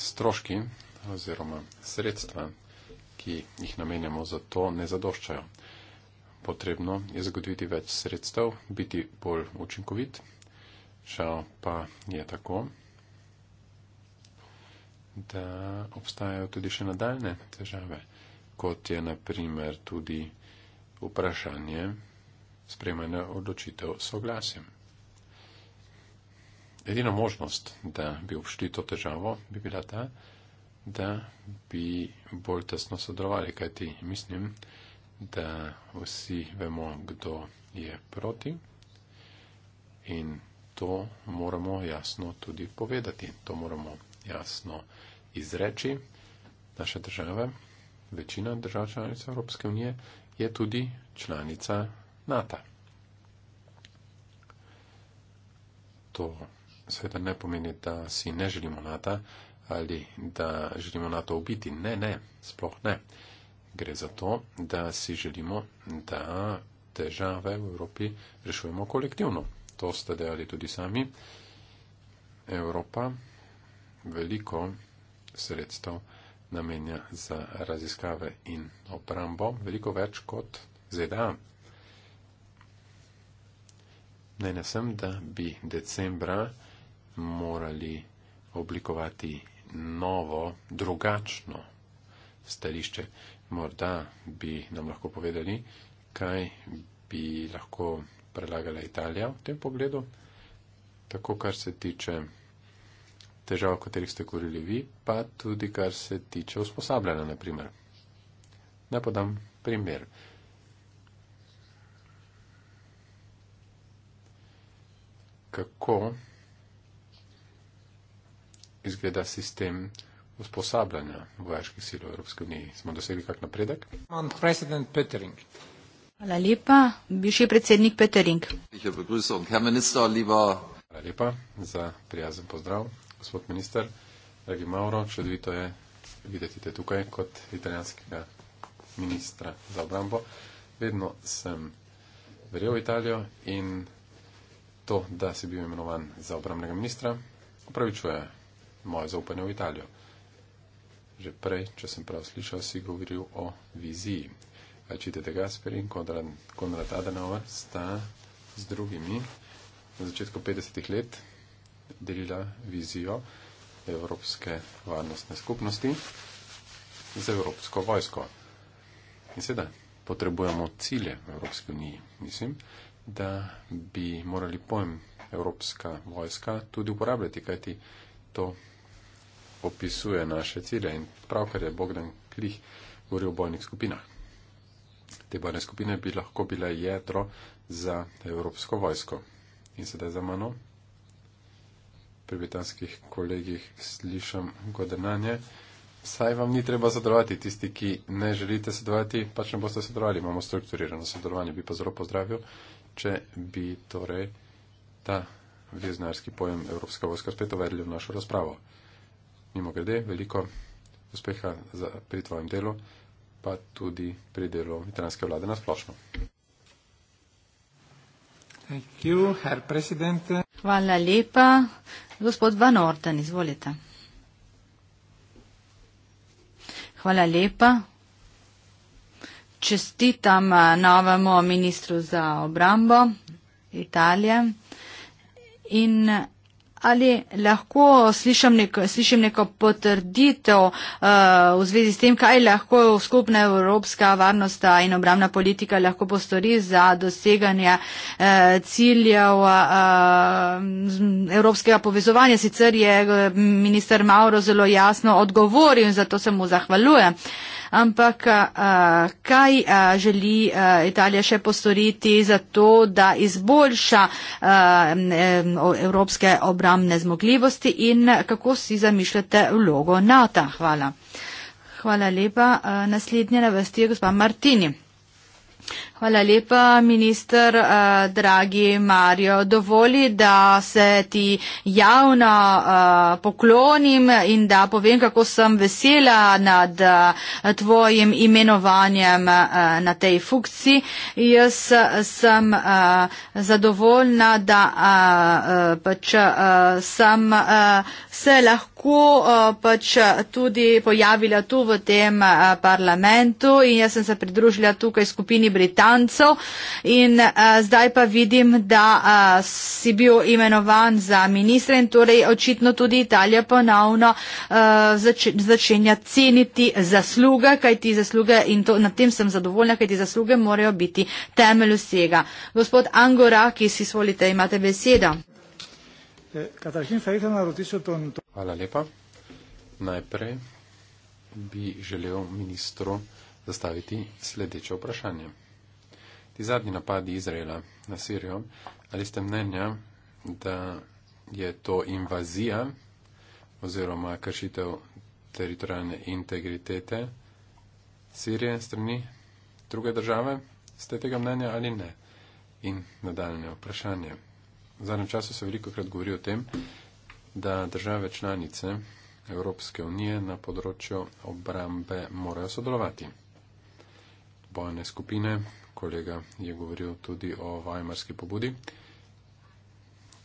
stroški oziroma sredstva, ki jih namenjamo za to, ne zadoščajo potrebno je zagotoviti več sredstev, biti bolj učinkovit. Žal pa je tako, da obstajajo tudi še nadaljne težave, kot je naprimer tudi vprašanje spremenja odločitev soglasjem. Edina možnost, da bi obšli to težavo, bi bila ta, da bi bolj tesno sodelovali, kajti mislim, da da vsi vemo, kdo je proti in to moramo jasno tudi povedati, to moramo jasno izreči. Naša država, večina držav članic Evropske unije je tudi članica NATO. To seveda ne pomeni, da si ne želimo NATO ali da želimo NATO ubiti. Ne, ne, sploh ne. Uh, Gre za to, da si želimo, da težave v Evropi rešujemo kolektivno. To ste dejali tudi sami. Evropa veliko sredstev namenja za raziskave in obrambo, veliko več kot ZDA. Mnenja sem, da bi decembra morali oblikovati novo, drugačno stališče morda bi nam lahko povedali, kaj bi lahko prelagala Italija v tem pogledu, tako kar se tiče težav, katerih ste govorili vi, pa tudi kar se tiče usposabljanja, naprimer. Naj podam primer. Kako izgleda sistem, usposabljanja vojaških sil v Evropski uniji. Smo dosegli kak napredek? Hvala lepa, bivši predsednik Petering. Hvala lepa za prijazen pozdrav, gospod minister. Dragi Mauro, čudovito je videti te tukaj kot italijanskega ministra za obrambo. Vedno sem verjel v Italijo in to, da si bil imenovan za obramnega ministra, upravičuje moje zaupanje v Italijo že prej, če sem prav slišal, si govoril o viziji. Čite de Gasperi in Konrad, Konrad Adenauer sta z drugimi na začetku 50-ih let delila vizijo Evropske varnostne skupnosti z Evropsko vojsko. In seveda potrebujemo cilje v Evropski uniji. Mislim, da bi morali pojem Evropska vojska tudi uporabljati, kajti to opisuje naše cilje in pravkar je Bogdan Krih govoril o bojnih skupinah. Te bojne skupine bi lahko bile jedro za evropsko vojsko. In sedaj za mano pri britanskih kolegih slišam godenanje. Saj vam ni treba sodelovati, tisti, ki ne želite sodelovati, pač ne boste sodelovali. Imamo strukturirano sodelovanje, bi pa zelo pozdravil, če bi torej ta vizionarski pojem Evropska vojska spet uvedli v našo razpravo mimo grede, veliko uspeha za, pri tvojem delu, pa tudi pri delu italijanske vlade na splošno. Hvala lepa. Gospod Van Orden, izvolite. Hvala lepa. Čestitam eh, novemu ministru za obrambo Italije in Ali lahko slišim, nek, slišim neko potrditev uh, v zvezi s tem, kaj lahko skupna evropska varnosta in obramna politika lahko postori za doseganje uh, ciljev uh, evropskega povezovanja? Sicer je minister Mauro zelo jasno odgovoril in zato se mu zahvaljujem. Uh, ampak kaj želi Italija še postoriti za to, da izboljša evropske obramne zmogljivosti in kako si zamišljate vlogo NATO? Hvala. Hvala lepa. Naslednja na vrsti je gospa Martini. Hvala lepa, minister. Eh, dragi Mario, dovoli, da se ti javno eh, poklonim in da povem, kako sem vesela nad eh, tvojim imenovanjem na tej funkciji. Jaz sem zadovoljna, da pač sem se lahko pač tudi pojavila tu v tem parlamentu in jaz sem se pridružila tukaj skupini Britanije poslancev. In uh, zdaj pa vidim, da uh, si bil imenovan za ministra in torej očitno tudi Italija ponovno uh, zač začenja ceniti zasluge, kajti zasluge in to, nad tem sem zadovoljna, kajti zasluge morajo biti temelj vsega. Gospod Angorakis, izvolite, imate besedo. Hvala lepa. Najprej bi želel ministru zastaviti sledeče vprašanje ti zadnji napadi Izraela na Sirijo, ali ste mnenja, da je to invazija oziroma kršitev teritorijalne integritete Sirije strani druge države? Ste tega mnenja ali ne? In nadaljne vprašanje. V zadnjem času se veliko krat govori o tem, da države članice Evropske unije na področju obrambe morajo sodelovati. Bojne skupine kolega je govoril tudi o vajmarski pobudi.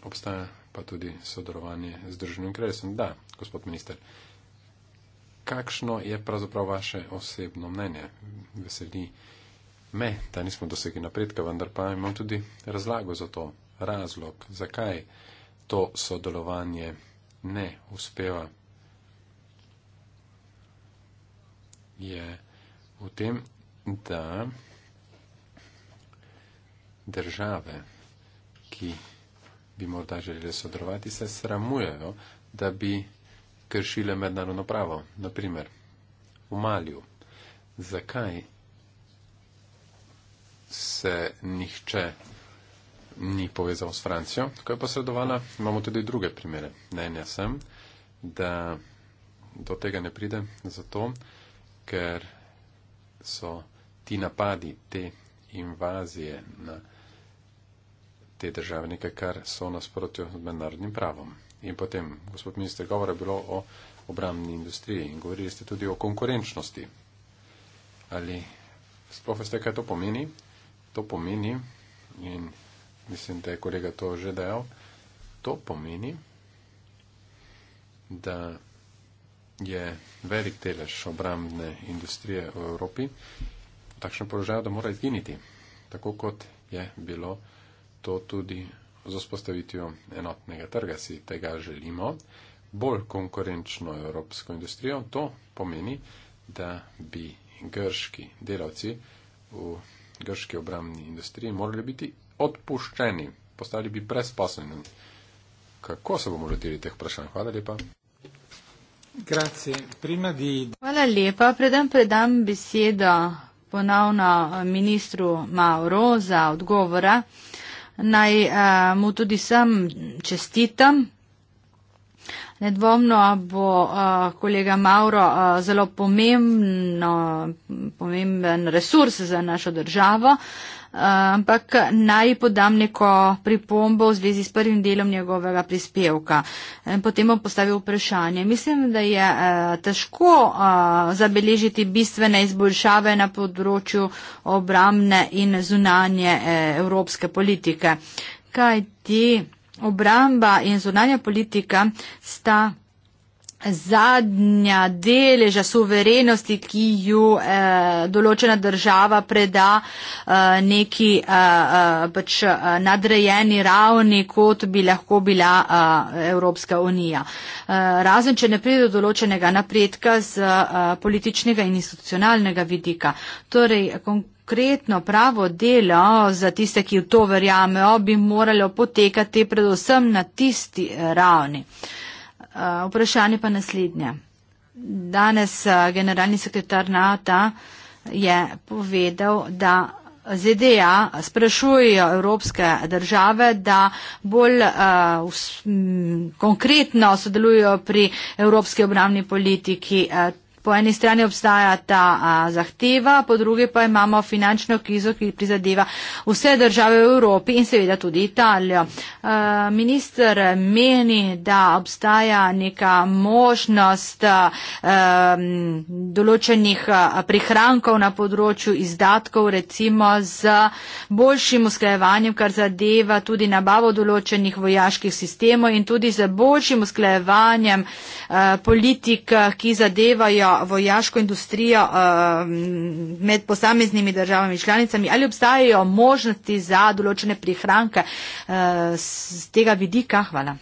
Obstaja pa tudi sodelovanje z Združenim kraljestvom. Da, gospod minister, kakšno je pravzaprav vaše osebno mnenje? Veseli me, da nismo dosegli napredka, vendar pa imam tudi razlago za to, razlog, zakaj to sodelovanje ne uspeva. Je v tem, da države, ki bi morda želeli sodelovati, se sramujejo, da bi kršile mednarodno pravo. Naprimer, v Malju. Zakaj se nihče ni povezal s Francijo, ko je posredovala, imamo tudi druge primere. Mnenja sem, da do tega ne pride zato, ker so ti napadi, te invazije na te države, nekaj, kar so nasprotjo z mednarodnim pravom. In potem, gospod minister, govora je bilo o obramni industriji in govorili ste tudi o konkurenčnosti. Ali sploh veste, kaj to pomeni? To pomeni, in mislim, da je kolega to že dejal, to pomeni, da je velik delež obramne industrije v Evropi v takšnem položaju, da mora izginiti, tako kot je bilo to tudi z vzpostavitvijo enotnega trga si tega želimo, bolj konkurenčno evropsko industrijo, to pomeni, da bi grški delavci v grški obramni industriji morali biti odpuščeni, postali bi brezposleni. Kako se bomo lotili teh vprašanj? Hvala lepa. Di... Hvala lepa. Predam predam besedo ponovno eh, ministru Mauro za odgovora. Uh, Naj a, eh, mu tudi sem čestitam. Nedvomno bo a, eh, kolega Mauro a, eh, zelo pomembno, pomemben resurs za našo državo. A, Eh, ampak naj podam neko pripombo v zvezi s prvim delom njegovega prispevka. Potem bom postavil vprašanje. Mislim, da je eh, težko eh, zabeležiti bistvene izboljšave na področju obramne in zunanje evropske politike. Kaj ti obramba in zunanja politika sta zadnja deleža suverenosti, ki ju eh, določena država preda eh, neki eh, eh pač eh, nadrejeni ravni, kot bi lahko bila eh, Evropska unija. Eh, razen, če ne pride do določenega napredka z eh, političnega in institucionalnega vidika. Torej, Konkretno pravo delo za tiste, ki v to verjamejo, bi moralo potekati predvsem na tisti eh, ravni. Uh, vprašanje pa naslednje. Danes generalni sekretar NATO je povedal, da ZDA sprašujejo evropske države, da bolj uh, konkretno sodelujo pri evropski obramni politiki. Uh, Po eni strani obstaja ta a, zahteva, po drugi pa imamo finančno krizo, ki prizadeva vse države v Evropi in seveda tudi Italijo. A, minister meni, da obstaja neka možnost a, a, določenih prihrankov na področju izdatkov, recimo z boljšim usklajevanjem, kar zadeva tudi nabavo določenih vojaških sistemov in tudi z boljšim usklajevanjem a, politik, ki zadevajo vojaško industrijo uh, med posameznimi državami članicami? Ali obstajajo možnosti za določene prihranke uh, eh, z tega vidika? Hvala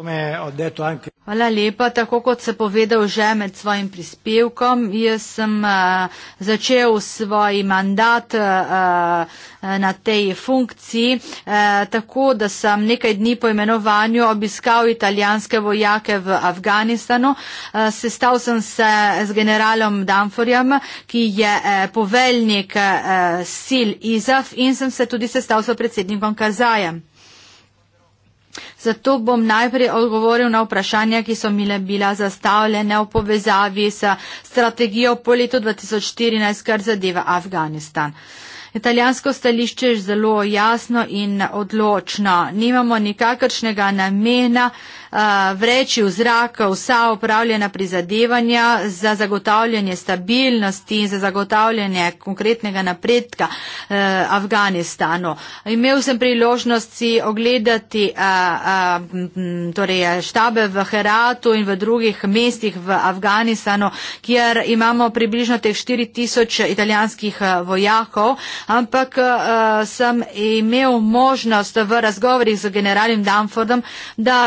come ho detto anche Hvala lepa, tako kot se povedal že med svojim prispevkom, jaz sem uh, začel svoj mandat uh, na tej funkciji, uh, tako da sem nekaj dni po imenovanju obiskal italijanske vojake v Afganistanu. Uh, sestal sem se z generalom Danforjem, ki je uh, poveljnik uh, sil ISAF in sem se tudi sestal s predsednikom Kazajem. Zato bom najprej odgovoril na vprašanja, ki so mi le bila zastavljena v povezavi s strategijo po letu 2014, kar zadeva Afganistan. Italijansko stališče je zelo jasno in odločno. Nimamo nikakršnega namena uh, vreči v zrak vsa upravljena prizadevanja za zagotavljanje stabilnosti in za zagotavljanje konkretnega napredka Afganistanu. Imel sem priložnost si ogledati torej štabe v Heratu in v drugih mestih v Afganistanu, kjer imamo približno teh 4000 italijanskih vojakov, ampak sem imel možnost v razgovorih z generalim Danfordom, da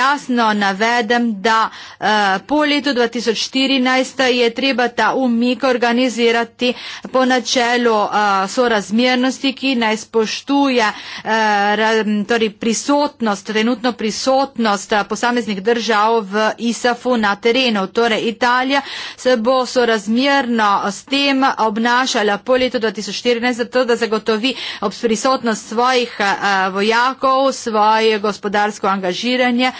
jasno navedem, da eh, po letu 2014 je treba ta umik organizirati po načelu eh, sorazmernosti, ki naj spoštuje eh, torej prisotnost, trenutno prisotnost posameznih držav v ISAF-u na terenu. Torej Italija se bo sorazmerno s tem obnašala po letu 2014, zato da zagotovi ob prisotnost svojih vojakov, svoje gospodarsko angažiranje.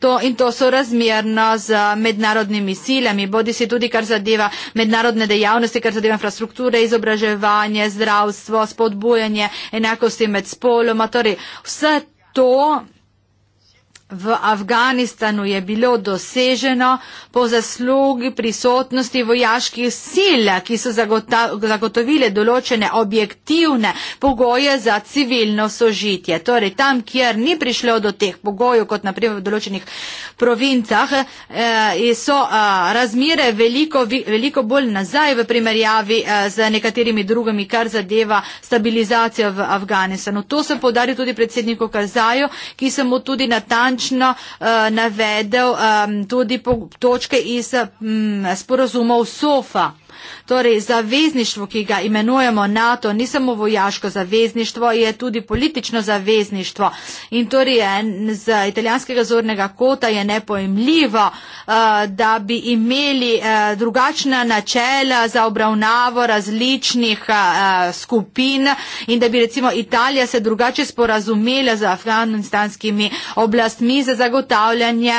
To, in to sorazmerno z mednarodnimi silami, bodi si tudi kar zadeva mednarodne dejavnosti, kar zadeva infrastrukture, izobraževanje, zdravstvo, spodbujanje enakosti med spoloma, torej vse to V Afganistanu je bilo doseženo po zaslugi prisotnosti vojaških sil, ki so zagota, zagotovile določene objektivne pogoje za civilno sožitje. Torej, tam, kjer ni prišlo do teh pogojev, kot naprimer v določenih provincah, eh, so eh, razmire veliko, vi, veliko bolj nazaj v primerjavi eh, z nekaterimi drugimi, kar zadeva stabilizacijo v Afganistanu. To sem podaril tudi predsedniku Kazaju, ki sem mu tudi natančno natančno uh, eh, navedel um, tudi po, točke iz um, mm, sporozumov SOFA. Torej, zavezništvo, ki ga imenujemo NATO, ni samo vojaško zavezništvo, je tudi politično zavezništvo. In torej, z italijanskega zornega kota je nepojemljivo, eh, da bi imeli eh, drugačna načela za obravnavo različnih eh, skupin in da bi recimo Italija se drugače sporazumela z afganistanskimi oblastmi za zagotavljanje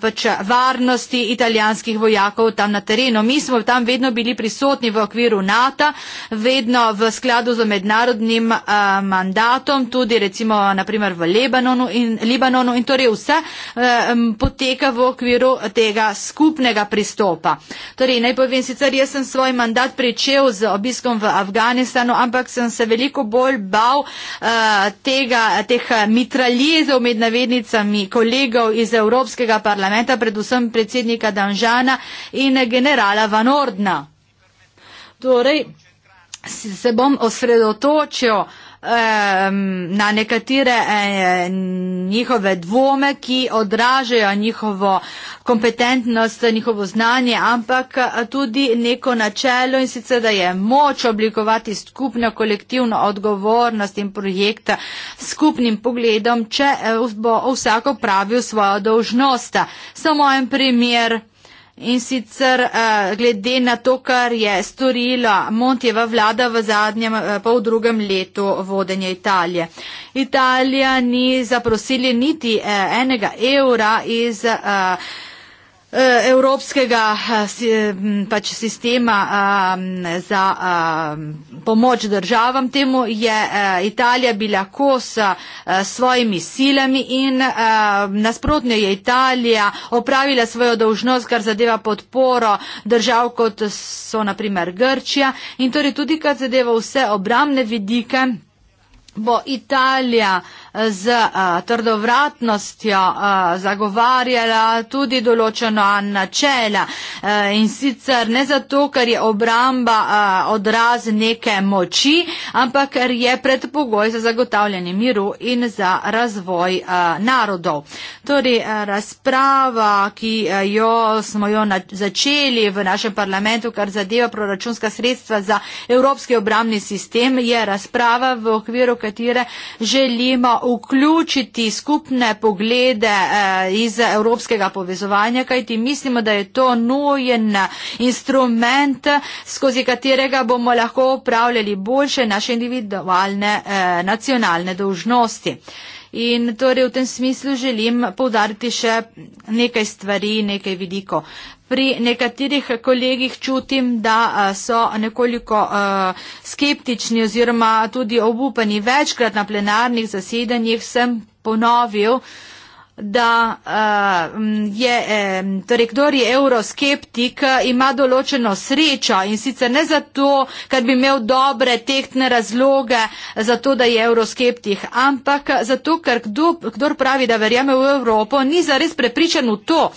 pač varnosti italijanskih vojakov tam na terenu. Mi smo tam vedno vedno bili prisotni v okviru NATO, vedno v skladu z mednarodnim eh, mandatom, tudi recimo naprimer v Lebanonu in, Libanonu in torej vse eh, poteka v okviru tega skupnega pristopa. Torej, naj povem sicer, jaz sem svoj mandat pričel z obiskom v Afganistanu, ampak sem se veliko bolj bal eh, tega, teh mitraljezov med navednicami kolegov iz Evropskega parlamenta, predvsem predsednika Danžana in generala Van Ordna. Torej, se bom osredotočil na nekatere njihove dvome, ki odražajo njihovo kompetentnost, njihovo znanje, ampak tudi neko načelo in sicer, da je moč oblikovati skupno kolektivno odgovornost in projekta s skupnim pogledom, če eh, bo vsako pravil svojo dolžnost. Samo en primer. In sicer eh, glede na to, kar je storila Montjeva vlada v zadnjem eh, pol drugem letu vodenja Italije. Italija ni zaprosili niti eh, enega evra iz. Uh, Eh, evropskega eh, eh, pač sistema za pomoč državam. Temu je Italija bila kos svojimi silami in nasprotno je Italija opravila svojo dolžnost, kar zadeva podporo držav, kot so naprimer Grčija in torej tudi, kar zadeva vse obramne vidike, bo Italija z eh, trdovratnostjo eh, zagovarjala tudi določena načela eh, in sicer ne zato, ker je obramba odraz neke moči, ampak ker je predpogoj za zagotavljanje miru in za razvoj narodov. Torej, razprava, ki jo smo jo začeli v našem parlamentu, kar zadeva proračunska sredstva za Evropski obramni sistem, je razprava, v okviru katere želimo vključiti skupne poglede eh, iz evropskega povezovanja, kajti mislimo, da je to nujen instrument, skozi katerega bomo lahko upravljali boljše naše individualne eh, nacionalne dolžnosti. In torej v tem smislu želim povdariti še nekaj stvari, nekaj vidikov. Pri nekaterih kolegih čutim, da so nekoliko skeptični oziroma tudi obupani večkrat na plenarnih zasedanjih, sem ponovil, da uh, je, um, torej, kdor je euroskeptik, eh, ima določeno srečo in sicer ne zato, ker bi imel dobre tehtne razloge za to, da je euroskeptik, ampak zato, ker kdo, kdor pravi, da verjame v Evropo, ni zares prepričan v to.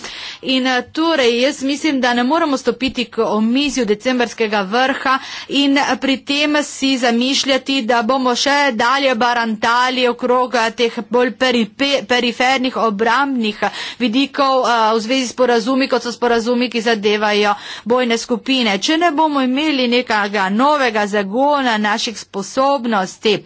In uh, torej, jaz mislim, da ne moramo stopiti k omizju decembrskega vrha in pri tem si zamišljati, da bomo še dalje barantali okrog teh bolj peripe, perifernih območij obrambnih eh, vidikov eh, v zvezi s porazumi, kot so sporazumi, ki zadevajo bojne skupine. Če ne bomo imeli nekega novega zagona naših sposobnosti,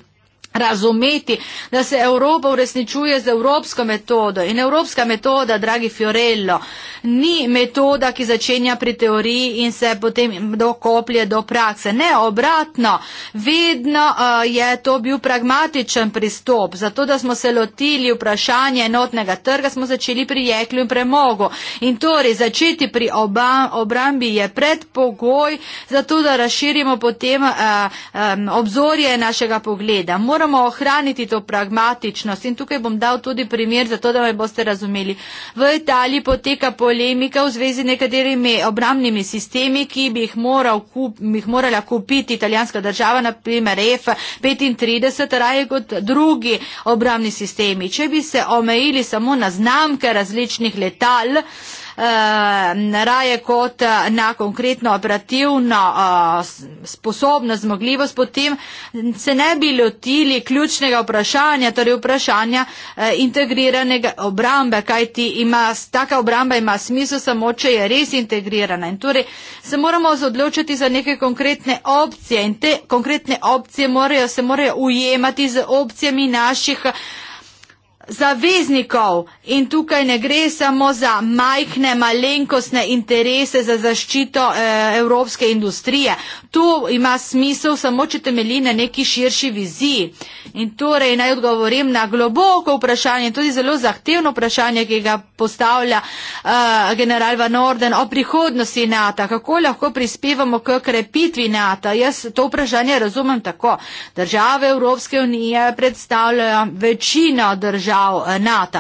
razumeti, da se Evropa uresničuje z evropsko metodo. In evropska metoda, dragi Fiorello, ni metoda, ki začenja pri teoriji in se potem dokoplje do prakse. Ne, obratno, vedno uh, je to bil pragmatičen pristop. Zato, da smo se lotili vprašanja enotnega trga, smo začeli pri jeklju in premogu. In torej, začeti pri oba, obrambi je predpogoj, zato da razširimo potem uh, um, obzorje našega pogleda. Moramo moramo ohraniti to pragmatičnost in tukaj bom dal tudi primer, zato da me boste razumeli. V Italiji poteka polemika v zvezi nekaterimi obramnimi sistemi, ki bi jih, moral kup, jih morala kupiti italijanska država, naprimer F-35, raje kot drugi obramni sistemi. Če bi se omejili samo na znamke različnih letal, eh, raje kot eh, na konkretno operativno eh, sposobnost, zmogljivost, potem se ne bi lotili ključnega vprašanja, torej vprašanja eh, integriranega obrambe, kajti ima, taka obramba ima smisel samo, če je res integrirana. In torej se moramo odločiti za neke konkretne opcije in te konkretne opcije morajo, se morajo ujemati z opcijami naših eh, zaveznikov in tukaj ne gre samo za majhne, malenkostne interese za zaščito eh, evropske industrije. To ima smisel samo, če temelji na neki širši viziji. In torej naj odgovorim na globoko vprašanje, tudi zelo zahtevno vprašanje, ki ga postavlja eh, general Van Orden o prihodnosti NATO. Kako lahko prispevamo k krepitvi NATO? Jaz to vprašanje razumem tako. Države Evropske unije predstavljajo večino držav držav eh, NATO.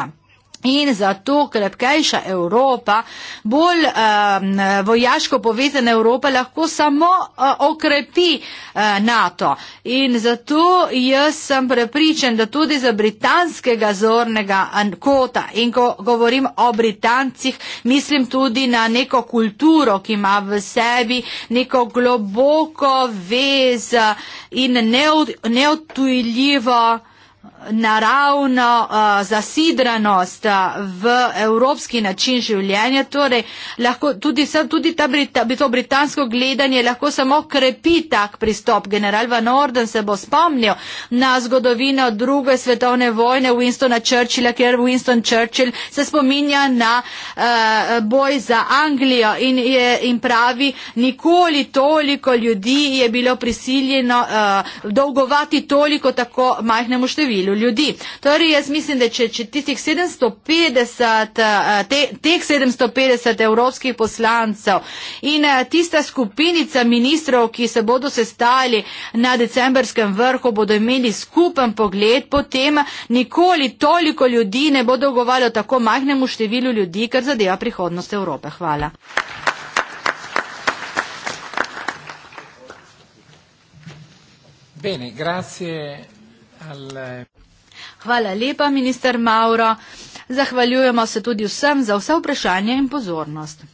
In zato krepkejša Evropa, bolj um, vojaško povezana Evropa lahko samo uh, okrepi uh, NATO. In zato jaz sem prepričan, da tudi za britanskega zornega kota in ko govorim o Britancih, mislim tudi na neko kulturo, ki ima v sebi neko globoko vez in neod, neodtujljivo naravno uh, zasidranost eh, v evropski način življenja, torej lahko tudi, tudi ta Brita, to britansko gledanje lahko samo krepi tak pristop. General Van Orden se bo spomnil na zgodovino druge svetovne vojne Winstona Churchilla, ker Winston Churchill se spominja na uh, boj za Anglijo in, je, in pravi, nikoli toliko ljudi je bilo prisiljeno uh, dolgovati toliko tako majhnemu številu ljudi. Torej, jaz mislim, da če, če tistih 750, eh, te, teh 750 evropskih poslancev in eh, tista skupinica ministrov, ki se bodo sestali na decembrskem vrhu, bodo imeli skupen pogled, potem nikoli toliko ljudi ne bo dolgovalo tako majhnemu številu ljudi, kar zadeva prihodnost Evrope. Hvala. Bene, grazie al... Hvala lepa, minister Mauro. Zahvaljujemo se tudi vsem za vse vprašanje in pozornost.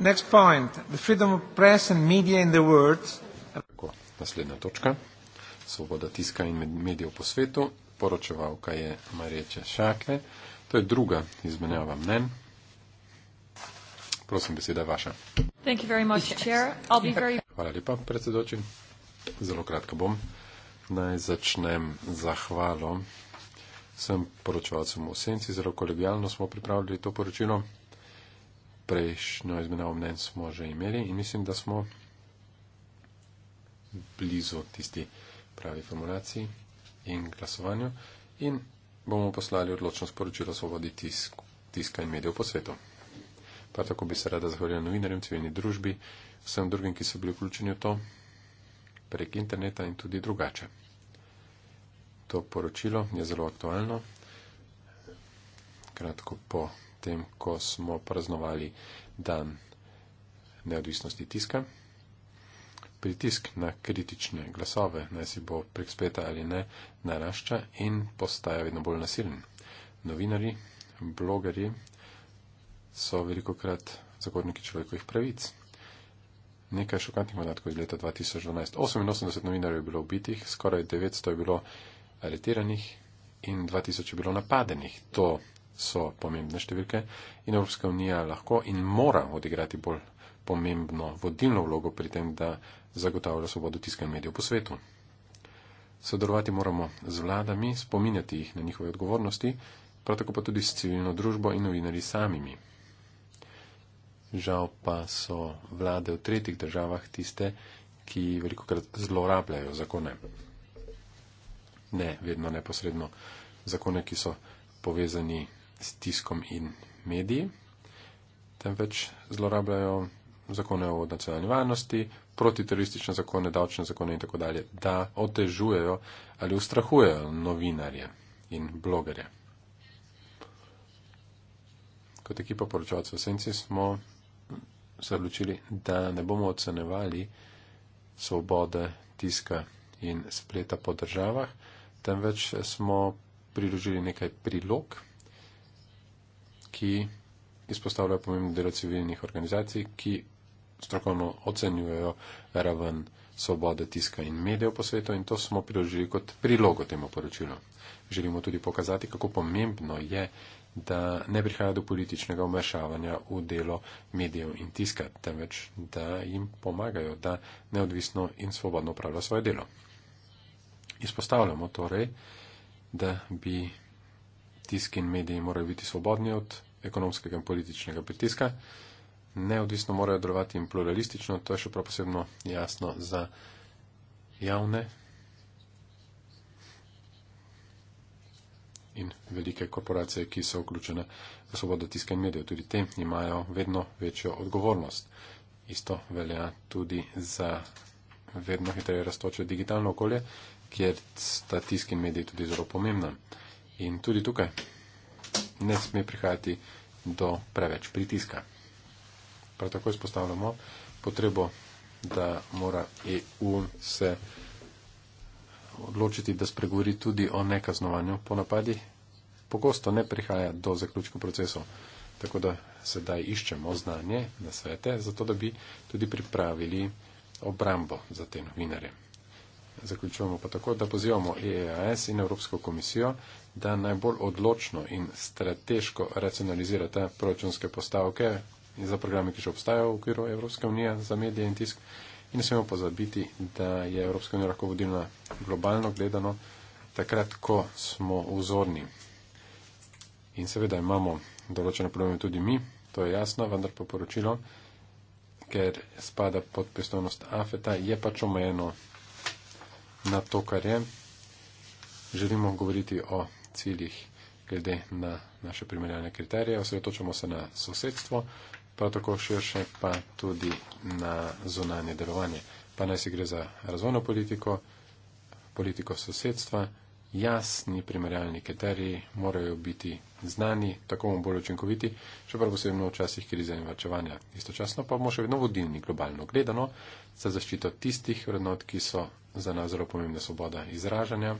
Next point, the freedom of press and media in the world. Naslednja točka, svoboda tiska in medijev po svetu, poročevalka je Marija Češake, to je druga izmenjava mnen. Prosim, beseda je vaša. Much, very... Hvala lepa, predsedoči. Zelo kratka bom. Naj začnem zahvalo vsem poročevalcem v senci, zelo kolegijalno smo pripravili to poročilo prejšnjo izmenjavo mnen smo že imeli in mislim, da smo blizu tisti pravi formulaciji in glasovanju in bomo poslali odločno sporočilo svobodi tisk, tiska in medijev po svetu. Pa tako bi se rada zahvalila novinarjem, civilni družbi, vsem drugim, ki so bili vključeni v to, prek interneta in tudi drugače. To poročilo je zelo aktualno. Kratko po tem, ko smo praznovali dan neodvisnosti tiska. Pritisk na kritične glasove, naj si bo prek speta ali ne, narašča in postaja vedno bolj nasilen. Novinari, blogeri so veliko krat zagovorniki človekovih pravic. Nekaj šokantnih podatkov iz leta 2012. 88 novinarjev je bilo ubitih, skoraj 900 je bilo aretiranih in 2000 je bilo napadenih. To so pomembne številke in Evropska unija lahko in mora odigrati bolj pomembno vodilno vlogo pri tem, da zagotavlja svobodo tiska in medijev po svetu. Sodelovati moramo z vladami, spominjati jih na njihove odgovornosti, prav tako pa tudi s civilno družbo in novinari samimi. Žal pa so vlade v tretjih državah tiste, ki veliko krat zlorabljajo zakone. Ne, vedno neposredno zakone, ki so povezani s tiskom in mediji, temveč zlorabljajo zakone o nacionalni varnosti, protiteroristične zakone, davčne zakone in tako dalje, da otežujejo ali ustrahujejo novinarje in blogerje. Kot ekipa poročavcev Senci smo se odločili, da ne bomo ocenevali svobode tiska in spleta po državah, temveč smo priložili nekaj prilog ki izpostavljajo pomembno delo civilnih organizacij, ki strokovno ocenjujejo raven svobode tiska in medijev po svetu in to smo priložili kot prilogo temu poročilu. Želimo tudi pokazati, kako pomembno je, da ne prihaja do političnega vmešavanja v delo medijev in tiska, temveč da jim pomagajo, da neodvisno in svobodno upravljajo svoje delo. Izpostavljamo torej, da bi tisk in mediji morajo biti svobodni od ekonomskega in političnega pritiska, neodvisno morajo delovati in pluralistično, to je še prav posebno jasno za javne in velike korporacije, ki so vključene v svobodo tiska in medijev. Tudi te imajo vedno večjo odgovornost. Isto velja tudi za vedno hitreje raztoče digitalno okolje, kjer sta tisk in mediji tudi zelo pomembna. In tudi tukaj ne sme prihajati do preveč pritiska. Prav tako izpostavljamo potrebo, da mora EU se odločiti, da spregovori tudi o nekaznovanju po napadih. Pogosto ne prihaja do zaključka procesov, tako da sedaj iščemo znanje na svete, zato da bi tudi pripravili obrambo za te novinarje. Zaključujemo pa tako, da pozivamo EEAS in Evropsko komisijo, da najbolj odločno in strateško racionalizira te proračunske postavke za programe, ki že obstajajo v okviru Evropske unije za medije in tisk. In ne smemo pozabiti, da je Evropska unija lahko vodilna globalno gledano, takrat, ko smo vzorni. In seveda imamo določene probleme tudi mi, to je jasno, vendar pa poročilo, ker spada pod pristojnost AFETA, je pač omejeno na to, kar je. Želimo govoriti o ciljih glede na naše primerjalne kriterije. Osredotočamo se na sosedstvo, prav tako širše pa tudi na zunanje delovanje. Pa naj si gre za razvojno politiko, politiko sosedstva, jasni primerjalni kriteriji morajo biti znani, tako bomo bolj učinkoviti, še prav posebno v časih krize in vrčevanja. Istočasno pa bomo še vedno vodilni globalno gledano za zaščito tistih vrednot, ki so za nas zelo pomembne svoboda izražanja,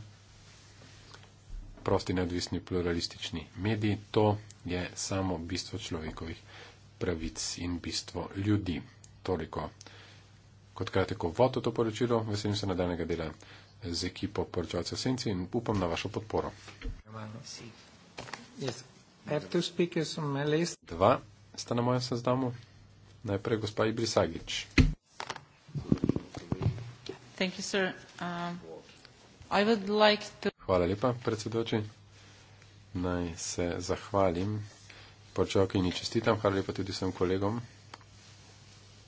prosti, neodvisni, pluralistični mediji. To je samo bistvo človekovih pravic in bistvo ljudi. Toliko. Kot kratko vod v to poročilo, veselim se nadaljnega dela z ekipo poročevalcev Senci in upam na vašo podporo. Dva sta na mojem seznamu. Najprej gospa Ibri Sagič. Thank you, sir. Um, I would like to Hvala lepa, predsedoči. Naj se zahvalim poročalkini čestitam, hvala lepa tudi svojim kolegom,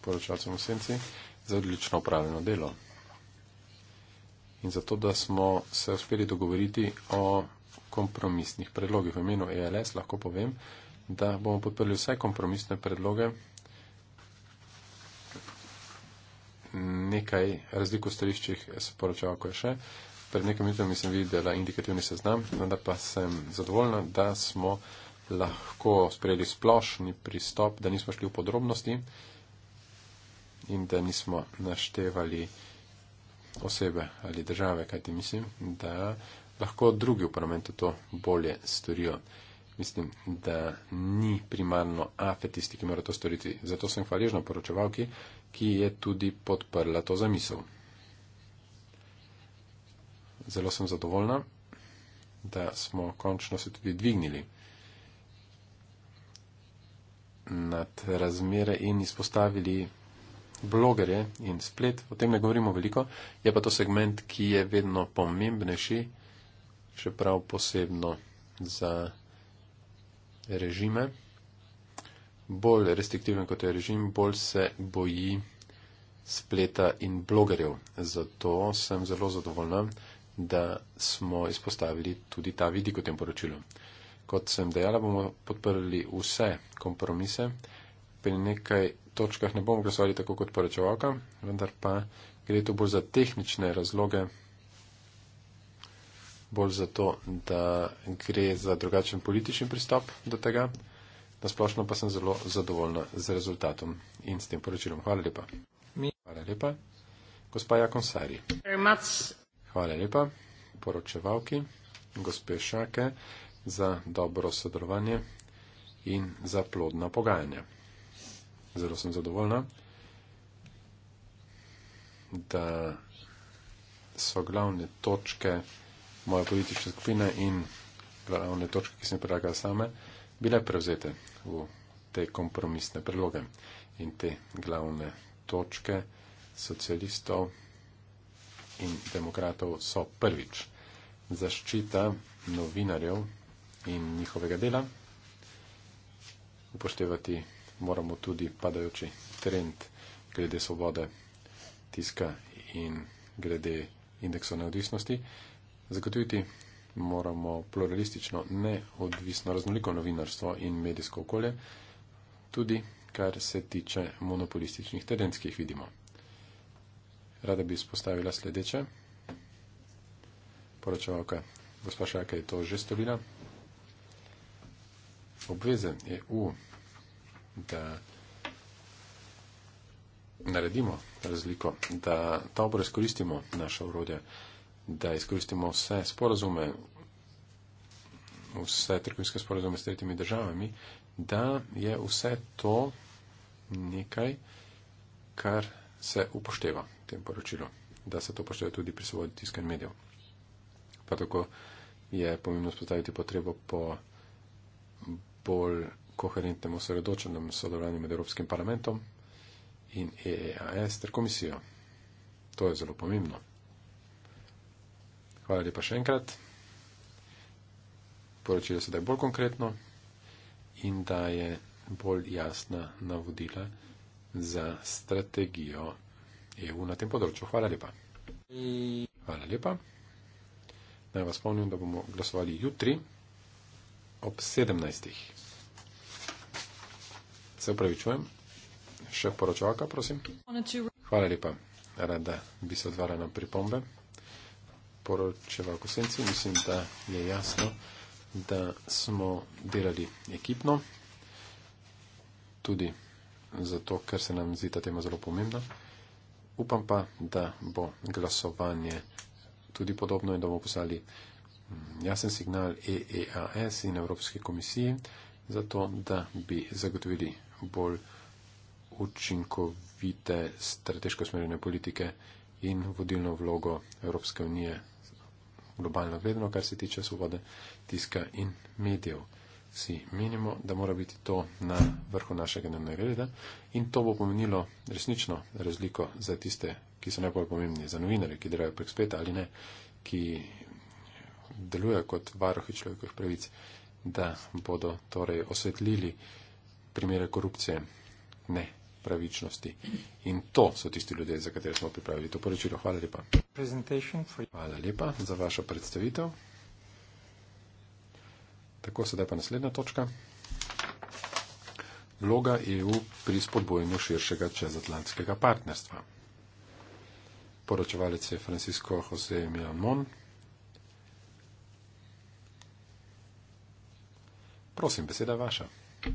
poročalcem v senci, za odlično upravljeno delo. In zato, da smo se uspeli dogovoriti o kompromisnih predlogih v imenu ELS, lahko povem, da bomo podprli vse kompromisne predloge. Nekaj razlik v stališčih se poročava, ko je še pred nekaj minutami sem videla indikativni seznam, vendar pa sem zadovoljna, da smo lahko sprejeli splošni pristop, da nismo šli v podrobnosti in da nismo naštevali osebe ali države, kajti mislim, da lahko drugi v parlamentu to bolje storijo. Mislim, da ni primarno AFE tisti, ki mora to storiti. Zato sem hvaležna poročevalki, ki je tudi podprla to zamisel zelo sem zadovoljna, da smo končno se tudi dvignili nad razmere in izpostavili blogere in splet. O tem ne govorimo veliko, je pa to segment, ki je vedno pomembnejši, čeprav posebno za režime. Bolj restriktiven kot je režim, bolj se boji spleta in blogerjev. Zato sem zelo zadovoljna, da smo izpostavili tudi ta vidik v tem poročilu. Kot sem dejala, bomo podprli vse kompromise. Pri nekaj točkah ne bomo glasovali tako kot poročevalka, vendar pa gre to bolj za tehnične razloge, bolj za to, da gre za drugačen politični pristop do tega. Na splošno pa sem zelo zadovoljna z rezultatom in s tem poročilom. Hvala lepa. Hvala lepa. Gospa Jakonsari. Hvala lepa poročevalki, gospe Šake, za dobro sodelovanje in za plodna pogajanja. Zelo sem zadovoljna, da so glavne točke moje politične skupine in glavne točke, ki sem predlagala same, bile prevzete v te kompromisne predloge. In te glavne točke socialistov in demokratov so prvič zaščita novinarjev in njihovega dela. Upoštevati moramo tudi padajoči trend glede svobode tiska in glede indeksov neodvisnosti. Zagotoviti moramo pluralistično, neodvisno, raznoliko novinarstvo in medijsko okolje, tudi kar se tiče monopolističnih terenskih vidimo rada bi izpostavila sledeče. Poročevalka, gospa Šaka je to že storila. Obveze EU, da naredimo razliko, da dobro izkoristimo naša urodja, da izkoristimo vse sporazume, vse trgovinske sporazume s tretjimi državami, da je vse to nekaj, kar se upošteva tem poročilu, da se to pošteje tudi pri svobodi tiskanja medijev. Pa tako je pomembno spostaviti potrebo po bolj koherentnem osredotočenem sodelovanju med Evropskim parlamentom in EEAS ter komisijo. To je zelo pomembno. Hvala lepa še enkrat. Poročilo se da je bolj konkretno in da je bolj jasna navodila za strategijo je v na tem področju. Hvala lepa. Hvala lepa. Naj vas spomnim, da bomo glasovali jutri ob 17. Se upravičujem. Še poročavka, prosim. Hvala lepa. Rada bi se odvara na pripombe. Poročeval kosenci, mislim, da je jasno, da smo delali ekipno. Tudi zato, ker se nam zdi ta tema zelo pomembna. Upam pa, da bo glasovanje tudi podobno in da bomo poslali mm, jasen signal EEAS in Evropske komisije za to, da bi zagotovili bolj učinkovite strateško smerjene politike in vodilno vlogo Evropske unije globalno gledano, kar se tiče svobode tiska in medijev si menimo, da mora biti to na vrhu našega dnevnega reda in to bo pomenilo resnično razliko za tiste, ki so najbolj pomembni, za novinare, ki delajo prek speta ali ne, ki delujejo kot varohi človekovih pravic, da bodo torej osvetlili primere korupcije, ne pravičnosti. In to so tisti ljudje, za katere smo pripravili to poročilo. Hvala lepa. Hvala lepa za vašo predstavitev. Tako, sedaj pa naslednja točka. Vloga EU pri spodbojanju širšega čezatlantskega partnerstva. Poročevalec je Francisco José Milamón. Prosim, beseda vaša. Eh,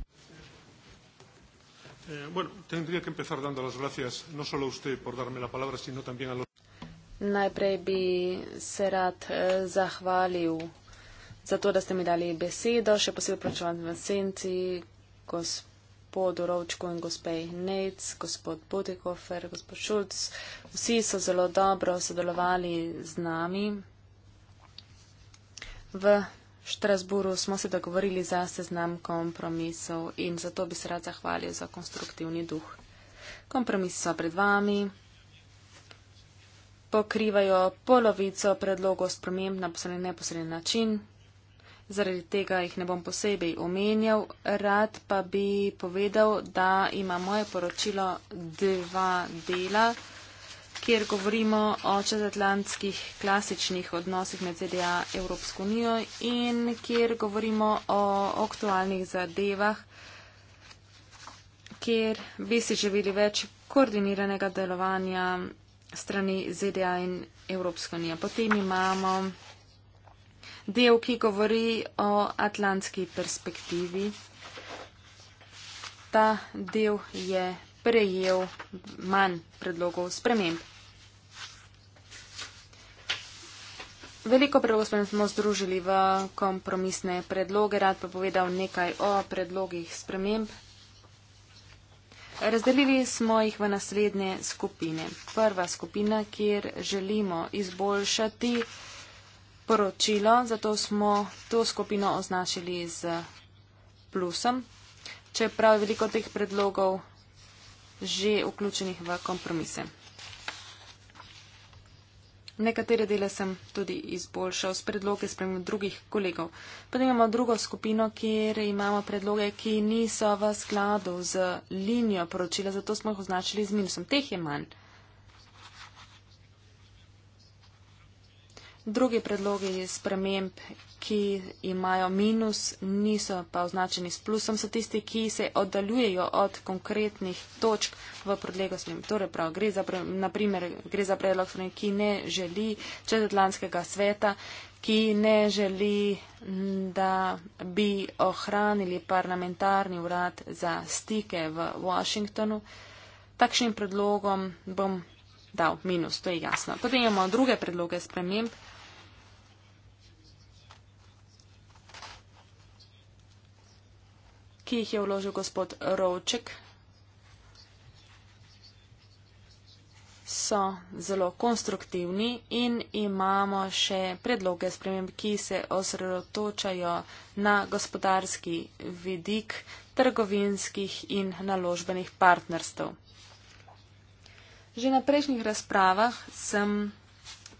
bueno, tendría que empezar dando las gracias no solo a usted por darme la palabra, sino también a los. Najprej bi se rad eh, zahvalil za to, da ste mi dali besedo, še posebej pričevanj v senci, gospodu Rovčku in gospej Nec, gospod Budikofer, gospod Šulc. Vsi so zelo dobro sodelovali z nami. V Štrasburu smo se dogovorili za seznam kompromisov in zato bi se rad zahvalil za konstruktivni duh. Kompromisi so pred vami, pokrivajo polovico predlogov sprememb na posredni neposredni način, zaradi tega jih ne bom posebej omenjal. Rad pa bi povedal, da ima moje poročilo dva dela, kjer govorimo o čezatlantskih klasičnih odnosih med ZDA Evropsko unijo in kjer govorimo o aktualnih zadevah, kjer bi si želeli več koordiniranega delovanja strani ZDA in Evropsko unijo. Potem imamo del, ki govori o atlantski perspektivi. Ta del je prejel manj predlogov sprememb. Veliko predlogov smo združili v kompromisne predloge, rad pa povedal nekaj o predlogih sprememb. Razdelili smo jih v naslednje skupine. Prva skupina, kjer želimo izboljšati poročilo, zato smo to skupino označili z plusom, čeprav je veliko teh predlogov že vključenih v kompromise. Nekatere dele sem tudi izboljšal s predloge spremem drugih kolegov. Potem imamo drugo skupino, kjer imamo predloge, ki niso v skladu z linijo poročila, zato smo jih označili z minusom. Teh je manj. Drugi predlogi sprememb, ki imajo minus, niso pa označeni s plusom, so tisti, ki se oddaljujejo od konkretnih točk v predlegu sprememb. Torej prav, gre za, naprimer, gre za predlog, ki ne želi četatlanskega sveta, ki ne želi, da bi ohranili parlamentarni urad za stike v Washingtonu. Takšnim predlogom bom dal minus, to je jasno. Potem imamo druge predloge sprememb. ki jih je vložil gospod Rovček, so zelo konstruktivni in imamo še predloge sprememb, ki se osredotočajo na gospodarski vidik trgovinskih in naložbenih partnerstv. Že na prejšnjih razpravah sem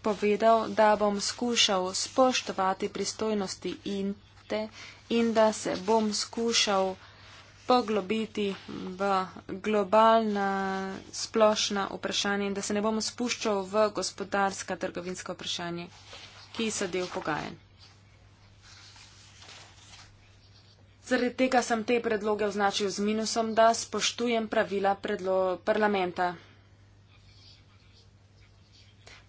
povedal, da bom skušal spoštovati pristojnosti in načrte in da se bom skušal poglobiti v globalna splošna vprašanja in da se ne bom spuščal v gospodarska trgovinska vprašanja, ki so del pogajen. Zaradi tega sem te predloge označil z minusom, da spoštujem pravila parlamenta.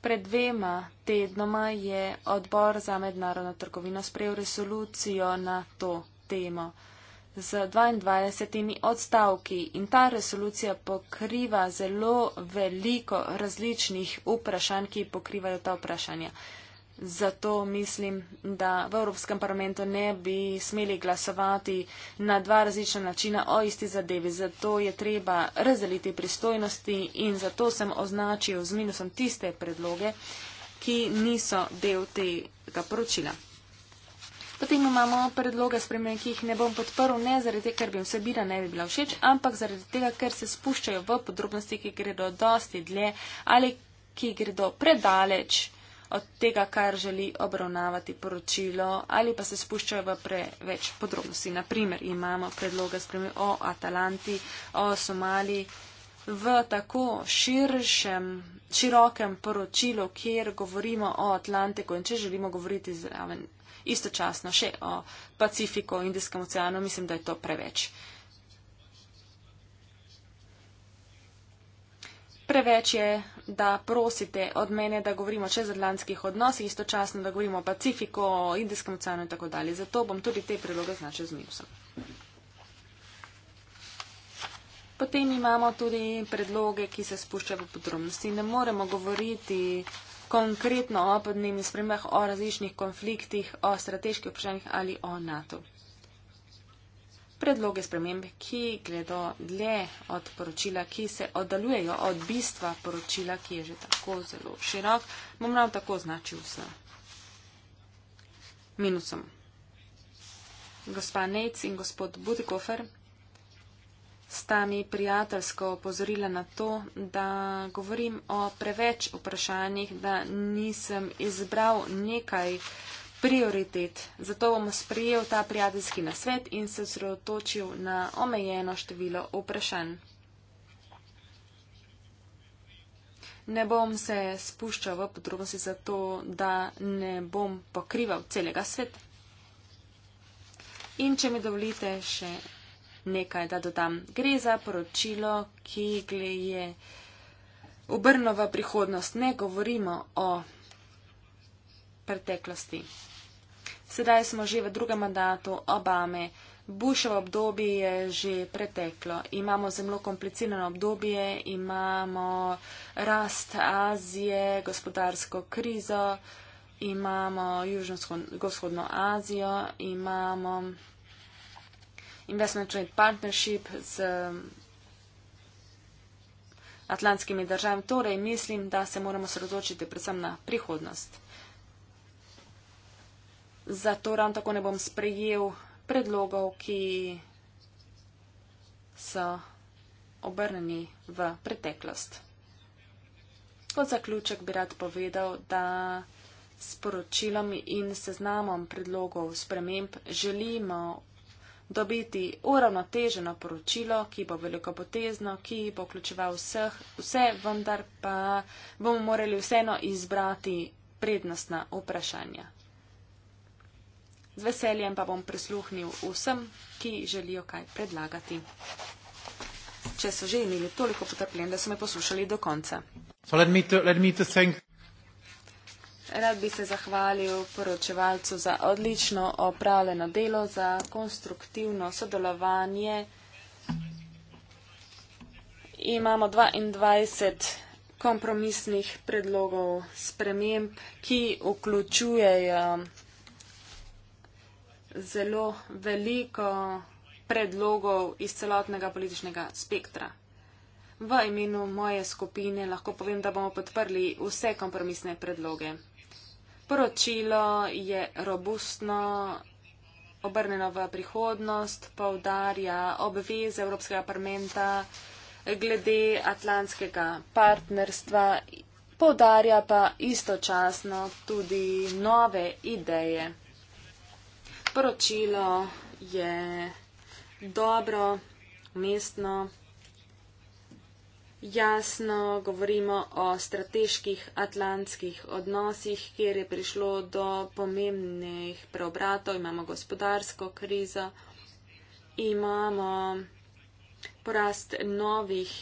Pred dvema tednoma je odbor za mednarodno trgovino sprejel resolucijo na to temo z 22 odstavki in ta resolucija pokriva zelo veliko različnih vprašanj, ki pokrivajo ta vprašanja. Zato mislim, da v Evropskem parlamentu ne bi smeli glasovati na dva različna načina o isti zadevi. Zato je treba razdeliti pristojnosti in zato sem označil z minusom tiste predloge, ki niso del tega poročila. Potem imamo predloge spremenj, ki jih ne bom podprl, ne zaradi tega, ker bi vsebina ne bi bila všeč, ampak zaradi tega, ker se spuščajo v podrobnosti, ki gredo dosti dlje ali ki gredo predaleč od tega, kar želi obravnavati poročilo ali pa se spuščajo v preveč podrobnosti. Naprimer, imamo predloga spremljiv o Atalanti, o Somali v tako širšem, širokem poročilu, kjer govorimo o Atlantiku in če želimo govoriti zraven istočasno še o Pacifiku, Indijskem oceanu, mislim, da je to preveč. Preveč je da prosite od mene, da govorimo o čezatlantskih odnosih, istočasno, da govorimo o Pacifiku, o Indijskem oceanu in tako dalje. Zato bom tudi te predloge značil z minusom. Potem imamo tudi predloge, ki se spuščajo v podrobnosti. Ne moremo govoriti konkretno o podnebnih spremembah, o različnih konfliktih, o strateških vprašanjih ali o NATO. -u predloge sprememb, ki gledo dlje od poročila, ki se oddaljujejo od bistva poročila, ki je že tako zelo širok, bom nam tako označil s minusom. Gospa Nec in gospod Budikofer sta mi prijateljsko opozorila na to, da govorim o preveč vprašanjih, da nisem izbral nekaj prioritet. Zato bom sprejel ta prijateljski nasvet in se osredotočil na omejeno število vprašanj. Ne bom se spuščal v podrobnosti zato, da ne bom pokrival celega sveta. In če mi dovolite še nekaj, da dodam. Gre za poročilo, ki je obrno v prihodnost. Ne govorimo o preteklosti. Sedaj smo že v drugem mandatu Obame. Bušev obdobje je že preteklo. Imamo zelo komplicirano obdobje, imamo rast Azije, gospodarsko krizo, imamo Južno-Vzhodno Azijo, imamo investment trade partnership z atlantskimi državami. Torej, mislim, da se moramo sredočiti predvsem na prihodnost zato ravno tako ne bom sprejel predlogov, ki so obrnjeni v preteklost. Kot zaključek bi rad povedal, da s poročilom in seznamom predlogov sprememb želimo dobiti uravnoteženo poročilo, ki bo velikopotezno, ki bo vključeval vseh, vse, vendar pa bomo morali vseeno izbrati prednostna vprašanja. Z veseljem pa bom prisluhnil vsem, ki želijo kaj predlagati. Če so že imeli toliko potrpljenja, da so me poslušali do konca. So, let me to, let me to Rad bi se zahvalil poročevalcu za odlično opravljeno delo, za konstruktivno sodelovanje. Imamo 22 kompromisnih predlogov sprememb, ki vključujejo zelo veliko predlogov iz celotnega političnega spektra. V imenu moje skupine lahko povem, da bomo podprli vse kompromisne predloge. Poročilo je robustno obrneno v prihodnost, povdarja obveze Evropskega parlamenta glede atlantskega partnerstva, povdarja pa istočasno tudi nove ideje poročilo je dobro, umestno, jasno, govorimo o strateških atlantskih odnosih, kjer je prišlo do pomembnih preobratov, imamo gospodarsko krizo, imamo porast novih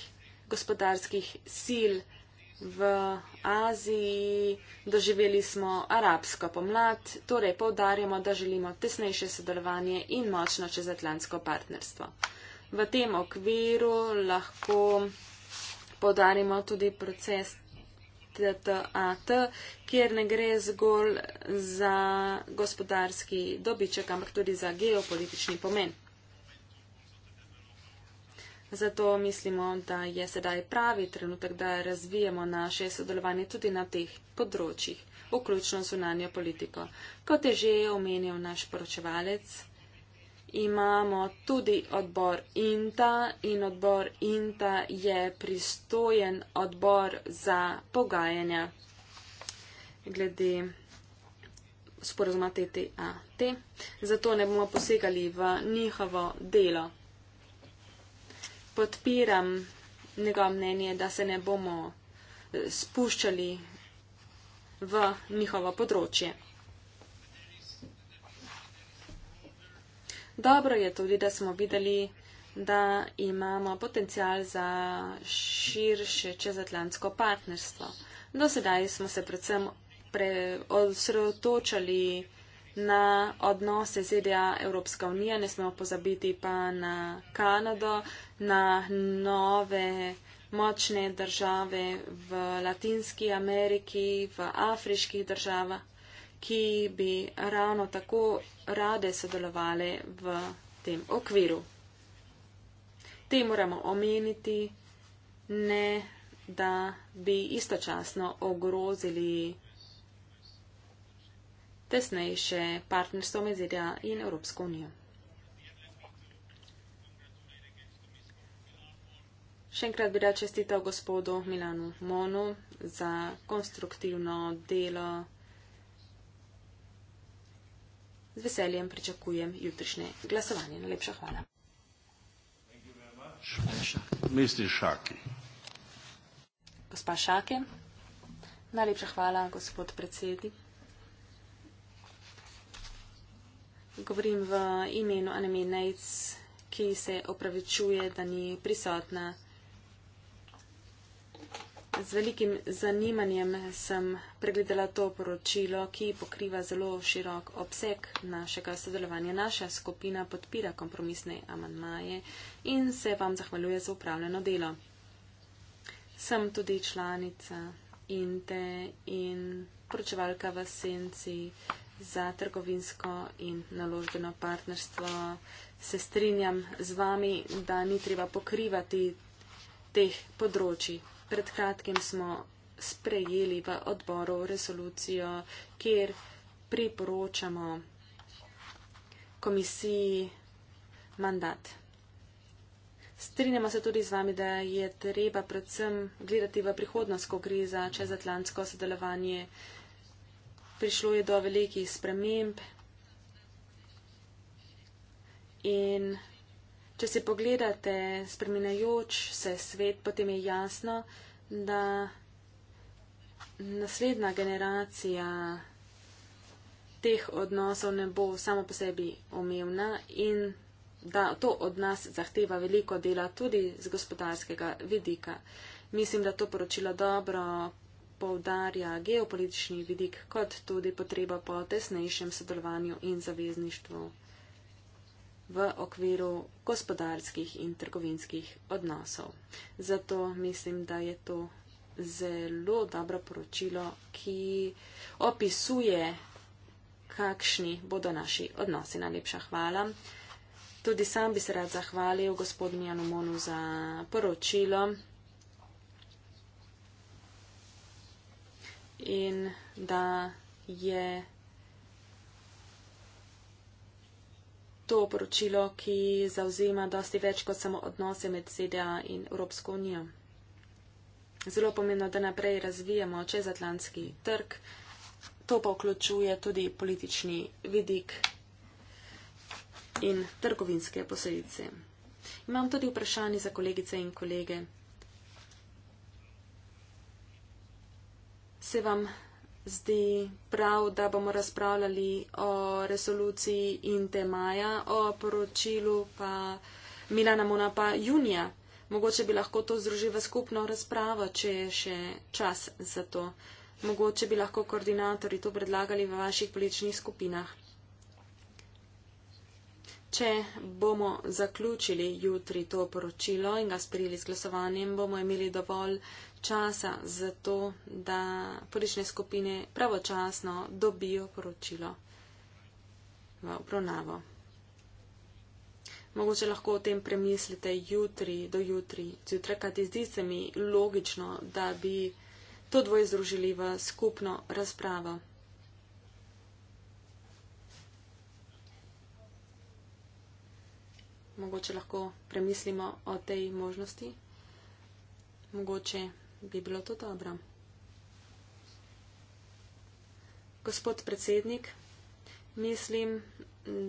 gospodarskih sil, v Aziji, doživeli smo arabsko pomlad, torej povdarjamo, da želimo tesnejše sodelovanje in močno čezatlantsko partnerstvo. V tem okviru lahko podarimo tudi proces TTAT, kjer ne gre zgolj za gospodarski dobiček, ampak tudi za geopolitični pomen. Zato mislimo, da je sedaj pravi trenutek, da razvijemo naše sodelovanje tudi na teh področjih, vključno z unanjo politiko. Kot je že omenil naš poročevalec, imamo tudi odbor INTA in odbor INTA je pristojen odbor za pogajanja glede sporozuma TTAT. Zato ne bomo posegali v njihovo delo podpiram njegovo mnenje, da se ne bomo eh, spuščali v njihovo področje. Dobro je tudi, da smo videli, da imamo potencial za širše čezatlantsko partnerstvo. Do sedaj smo se predvsem osredotočali na odnose ZDA Evropska unija, ne smemo pozabiti pa na Kanado, na nove močne države v Latinski Ameriki, v afriških državah, ki bi ravno tako rade sodelovali v tem okviru. Te moramo omeniti, ne da bi istočasno ogrozili tesnejše partnerstvo med ZDA in Evropsko unijo. Še enkrat bi rad čestital gospodu Milanu Monu za konstruktivno delo. Z veseljem pričakujem jutrišnje glasovanje. Najlepša hvala. Gospa Šake, najlepša hvala, gospod predsednik. Govorim v imenu Anemi Nejc, ki se opravičuje, da ni prisotna. Z velikim zanimanjem sem pregledala to poročilo, ki pokriva zelo širok obseg našega sodelovanja. Naša skupina podpira kompromisne amandmaje in se vam zahvaljuje za upravljeno delo. Sem tudi članica INTE in poročevalka v Senci za trgovinsko in naložbeno partnerstvo. Se strinjam z vami, da ni treba pokrivati teh področji pred kratkim smo sprejeli v odboru resolucijo, kjer priporočamo komisiji mandat. Strinjamo se tudi z vami, da je treba predvsem gledati v prihodnost, ko gre za čezatlantsko sodelovanje. Prišlo je do velikih sprememb in Če si pogledate spremenjajoč se svet, potem je jasno, da naslednja generacija teh odnosov ne bo samo po sebi omevna in da to od nas zahteva veliko dela tudi z gospodarskega vidika. Mislim, da to poročilo dobro povdarja geopolitični vidik kot tudi potreba po tesnejšem sodelovanju in zavezništvu v okviru gospodarskih in trgovinskih odnosov. Zato mislim, da je to zelo dobro poročilo, ki opisuje, kakšni bodo naši odnosi. Najlepša hvala. Tudi sam bi se rad zahvalil gospodinu Janomonu za poročilo. In da je to poročilo, ki zauzema dosti več kot samo odnose med ZDA in Evropsko unijo. Zelo pomembno, da naprej razvijamo čezatlantski trg, to pa vključuje tudi politični vidik in trgovinske posledice. Imam tudi vprašanje za kolegice in kolege. Se vam zdi prav, da bomo razpravljali o resoluciji Inte Maja, o poročilu pa Milana Muna pa junija. Mogoče bi lahko to združili v skupno razpravo, če je še čas za to. Mogoče bi lahko koordinatori to predlagali v vaših političnih skupinah. Če bomo zaključili jutri to poročilo in ga sprijeli z glasovanjem, bomo imeli dovolj časa za to, da porečne skupine pravočasno dobijo poročilo v obravnavo. Mogoče lahko o tem premislite jutri, do jutri, zjutraj, kajti zdi se mi logično, da bi to dvoje združili v skupno razpravo. Mogoče lahko premislimo o tej možnosti. Mogoče bi bilo to dobro. Gospod predsednik, mislim,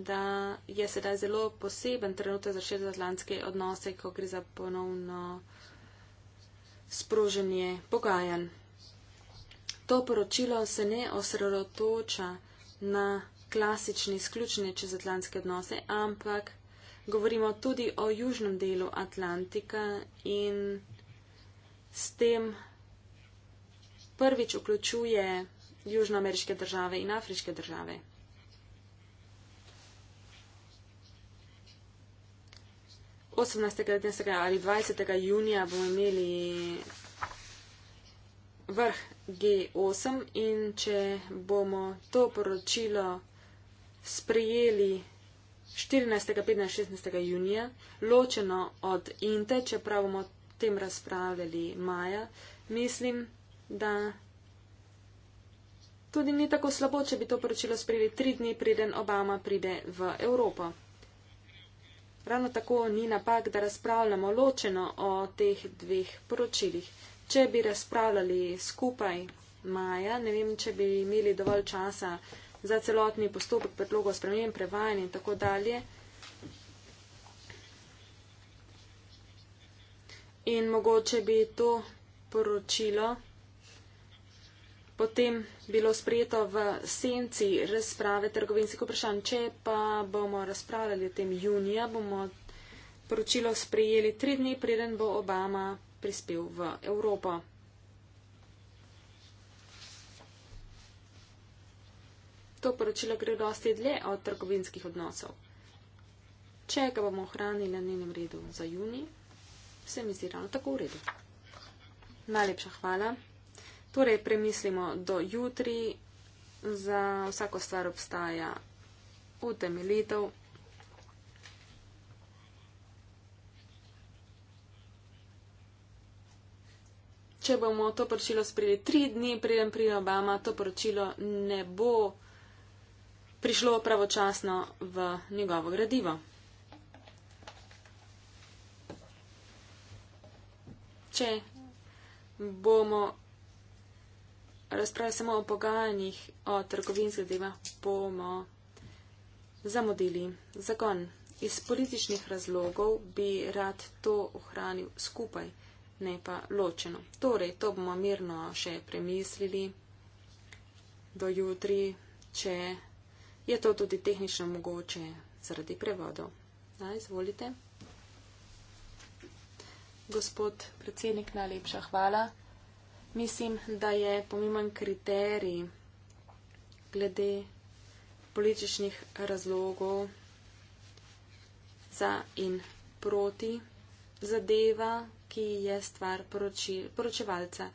da je sedaj zelo poseben trenutek za šedoatlantske odnose, ko gre za ponovno sproženje pogajanj. To poročilo se ne osredotoča na klasične izključne čezatlantske odnose, ampak govorimo tudi o južnem delu Atlantika in s tem prvič vključuje južnoameriške države in afriške države. Osemnajstega ali dvajsetega junija bomo imeli vrh G8 in če bomo to poročilo sprejeli 14. 15. 16. junija, ločeno od Inte, čeprav bomo tem razpravljali maja, mislim, da tudi ni tako slabo, če bi to poročilo sprejeli tri dni, preden Obama pride v Evropo. Ravno tako ni napak, da razpravljamo ločeno o teh dveh poročilih. Če bi razpravljali skupaj maja, ne vem, če bi imeli dovolj časa za celotni postopek predlogov spremenjen, prevajanje in tako dalje. in mogoče bi to poročilo potem bilo sprejeto v senci razprave trgovinskih vprašanj. Če pa bomo razpravljali o tem junija, bomo poročilo sprejeli tri dni, preden bo Obama prispel v Evropo. To poročilo gre dosti dlje od trgovinskih odnosov. Če ga bomo ohranili na njenem redu za junij se mi zdi ravno tako v redu. Najlepša hvala. Torej, premislimo do jutri. Za vsako stvar obstaja utemeljitev. Če bomo to poročilo sprejeli tri dni, preden pride Obama, to poročilo ne bo prišlo pravočasno v njegovo gradivo. mogoče bomo razpravljali samo o pogajanjih, o trgovinskih zadevah, bomo zamudili zakon. Iz političnih razlogov bi rad to ohranil skupaj, ne pa ločeno. Torej, to bomo mirno še premislili do jutri, če je to tudi tehnično mogoče zaradi prevodov. Da, izvolite gospod predsednik, najlepša hvala. Mislim, da je pomemben kriterij glede političnih razlogov za in proti zadeva, ki je stvar poročevalca. Proči,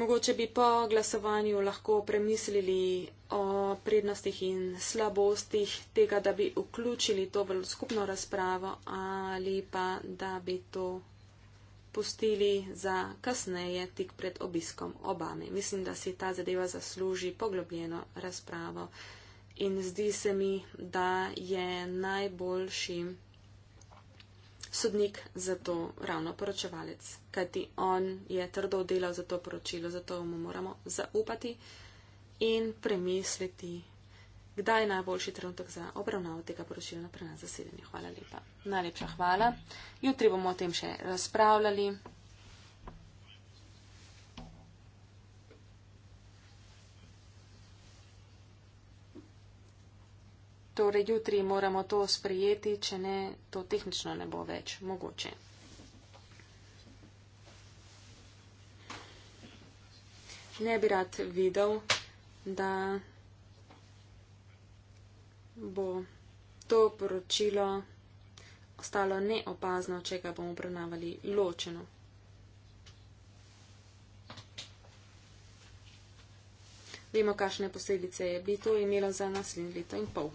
Mogoče bi po glasovanju lahko premislili o prednostih in slabostih tega, da bi vključili to v skupno razpravo ali pa da bi to pustili za kasneje, tik pred obiskom Obame. Mislim, da si ta zadeva zasluži poglobljeno razpravo in zdi se mi, da je najboljšim sodnik za to ravno poročevalec, kajti on je trdo delal za to poročilo, zato mu moramo zaupati in premisliti, kdaj je najboljši trenutek za obravnavo tega poročila na prenas zasedanje. Hvala lepa. Najlepša hvala. Jutri bomo o tem še razpravljali. Torej, jutri moramo to sprejeti, če ne, to tehnično ne bo več mogoče. Ne bi rad videl, da bo to poročilo ostalo neopazno, če ga bomo obravnavali ločeno. Vemo, kakšne posledice bi to imelo za naslednje leto in pol.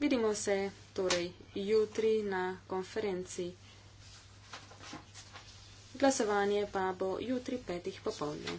Vidimo se torej jutri na konferenci. Glasovanje pa bo jutri petih popolnjo.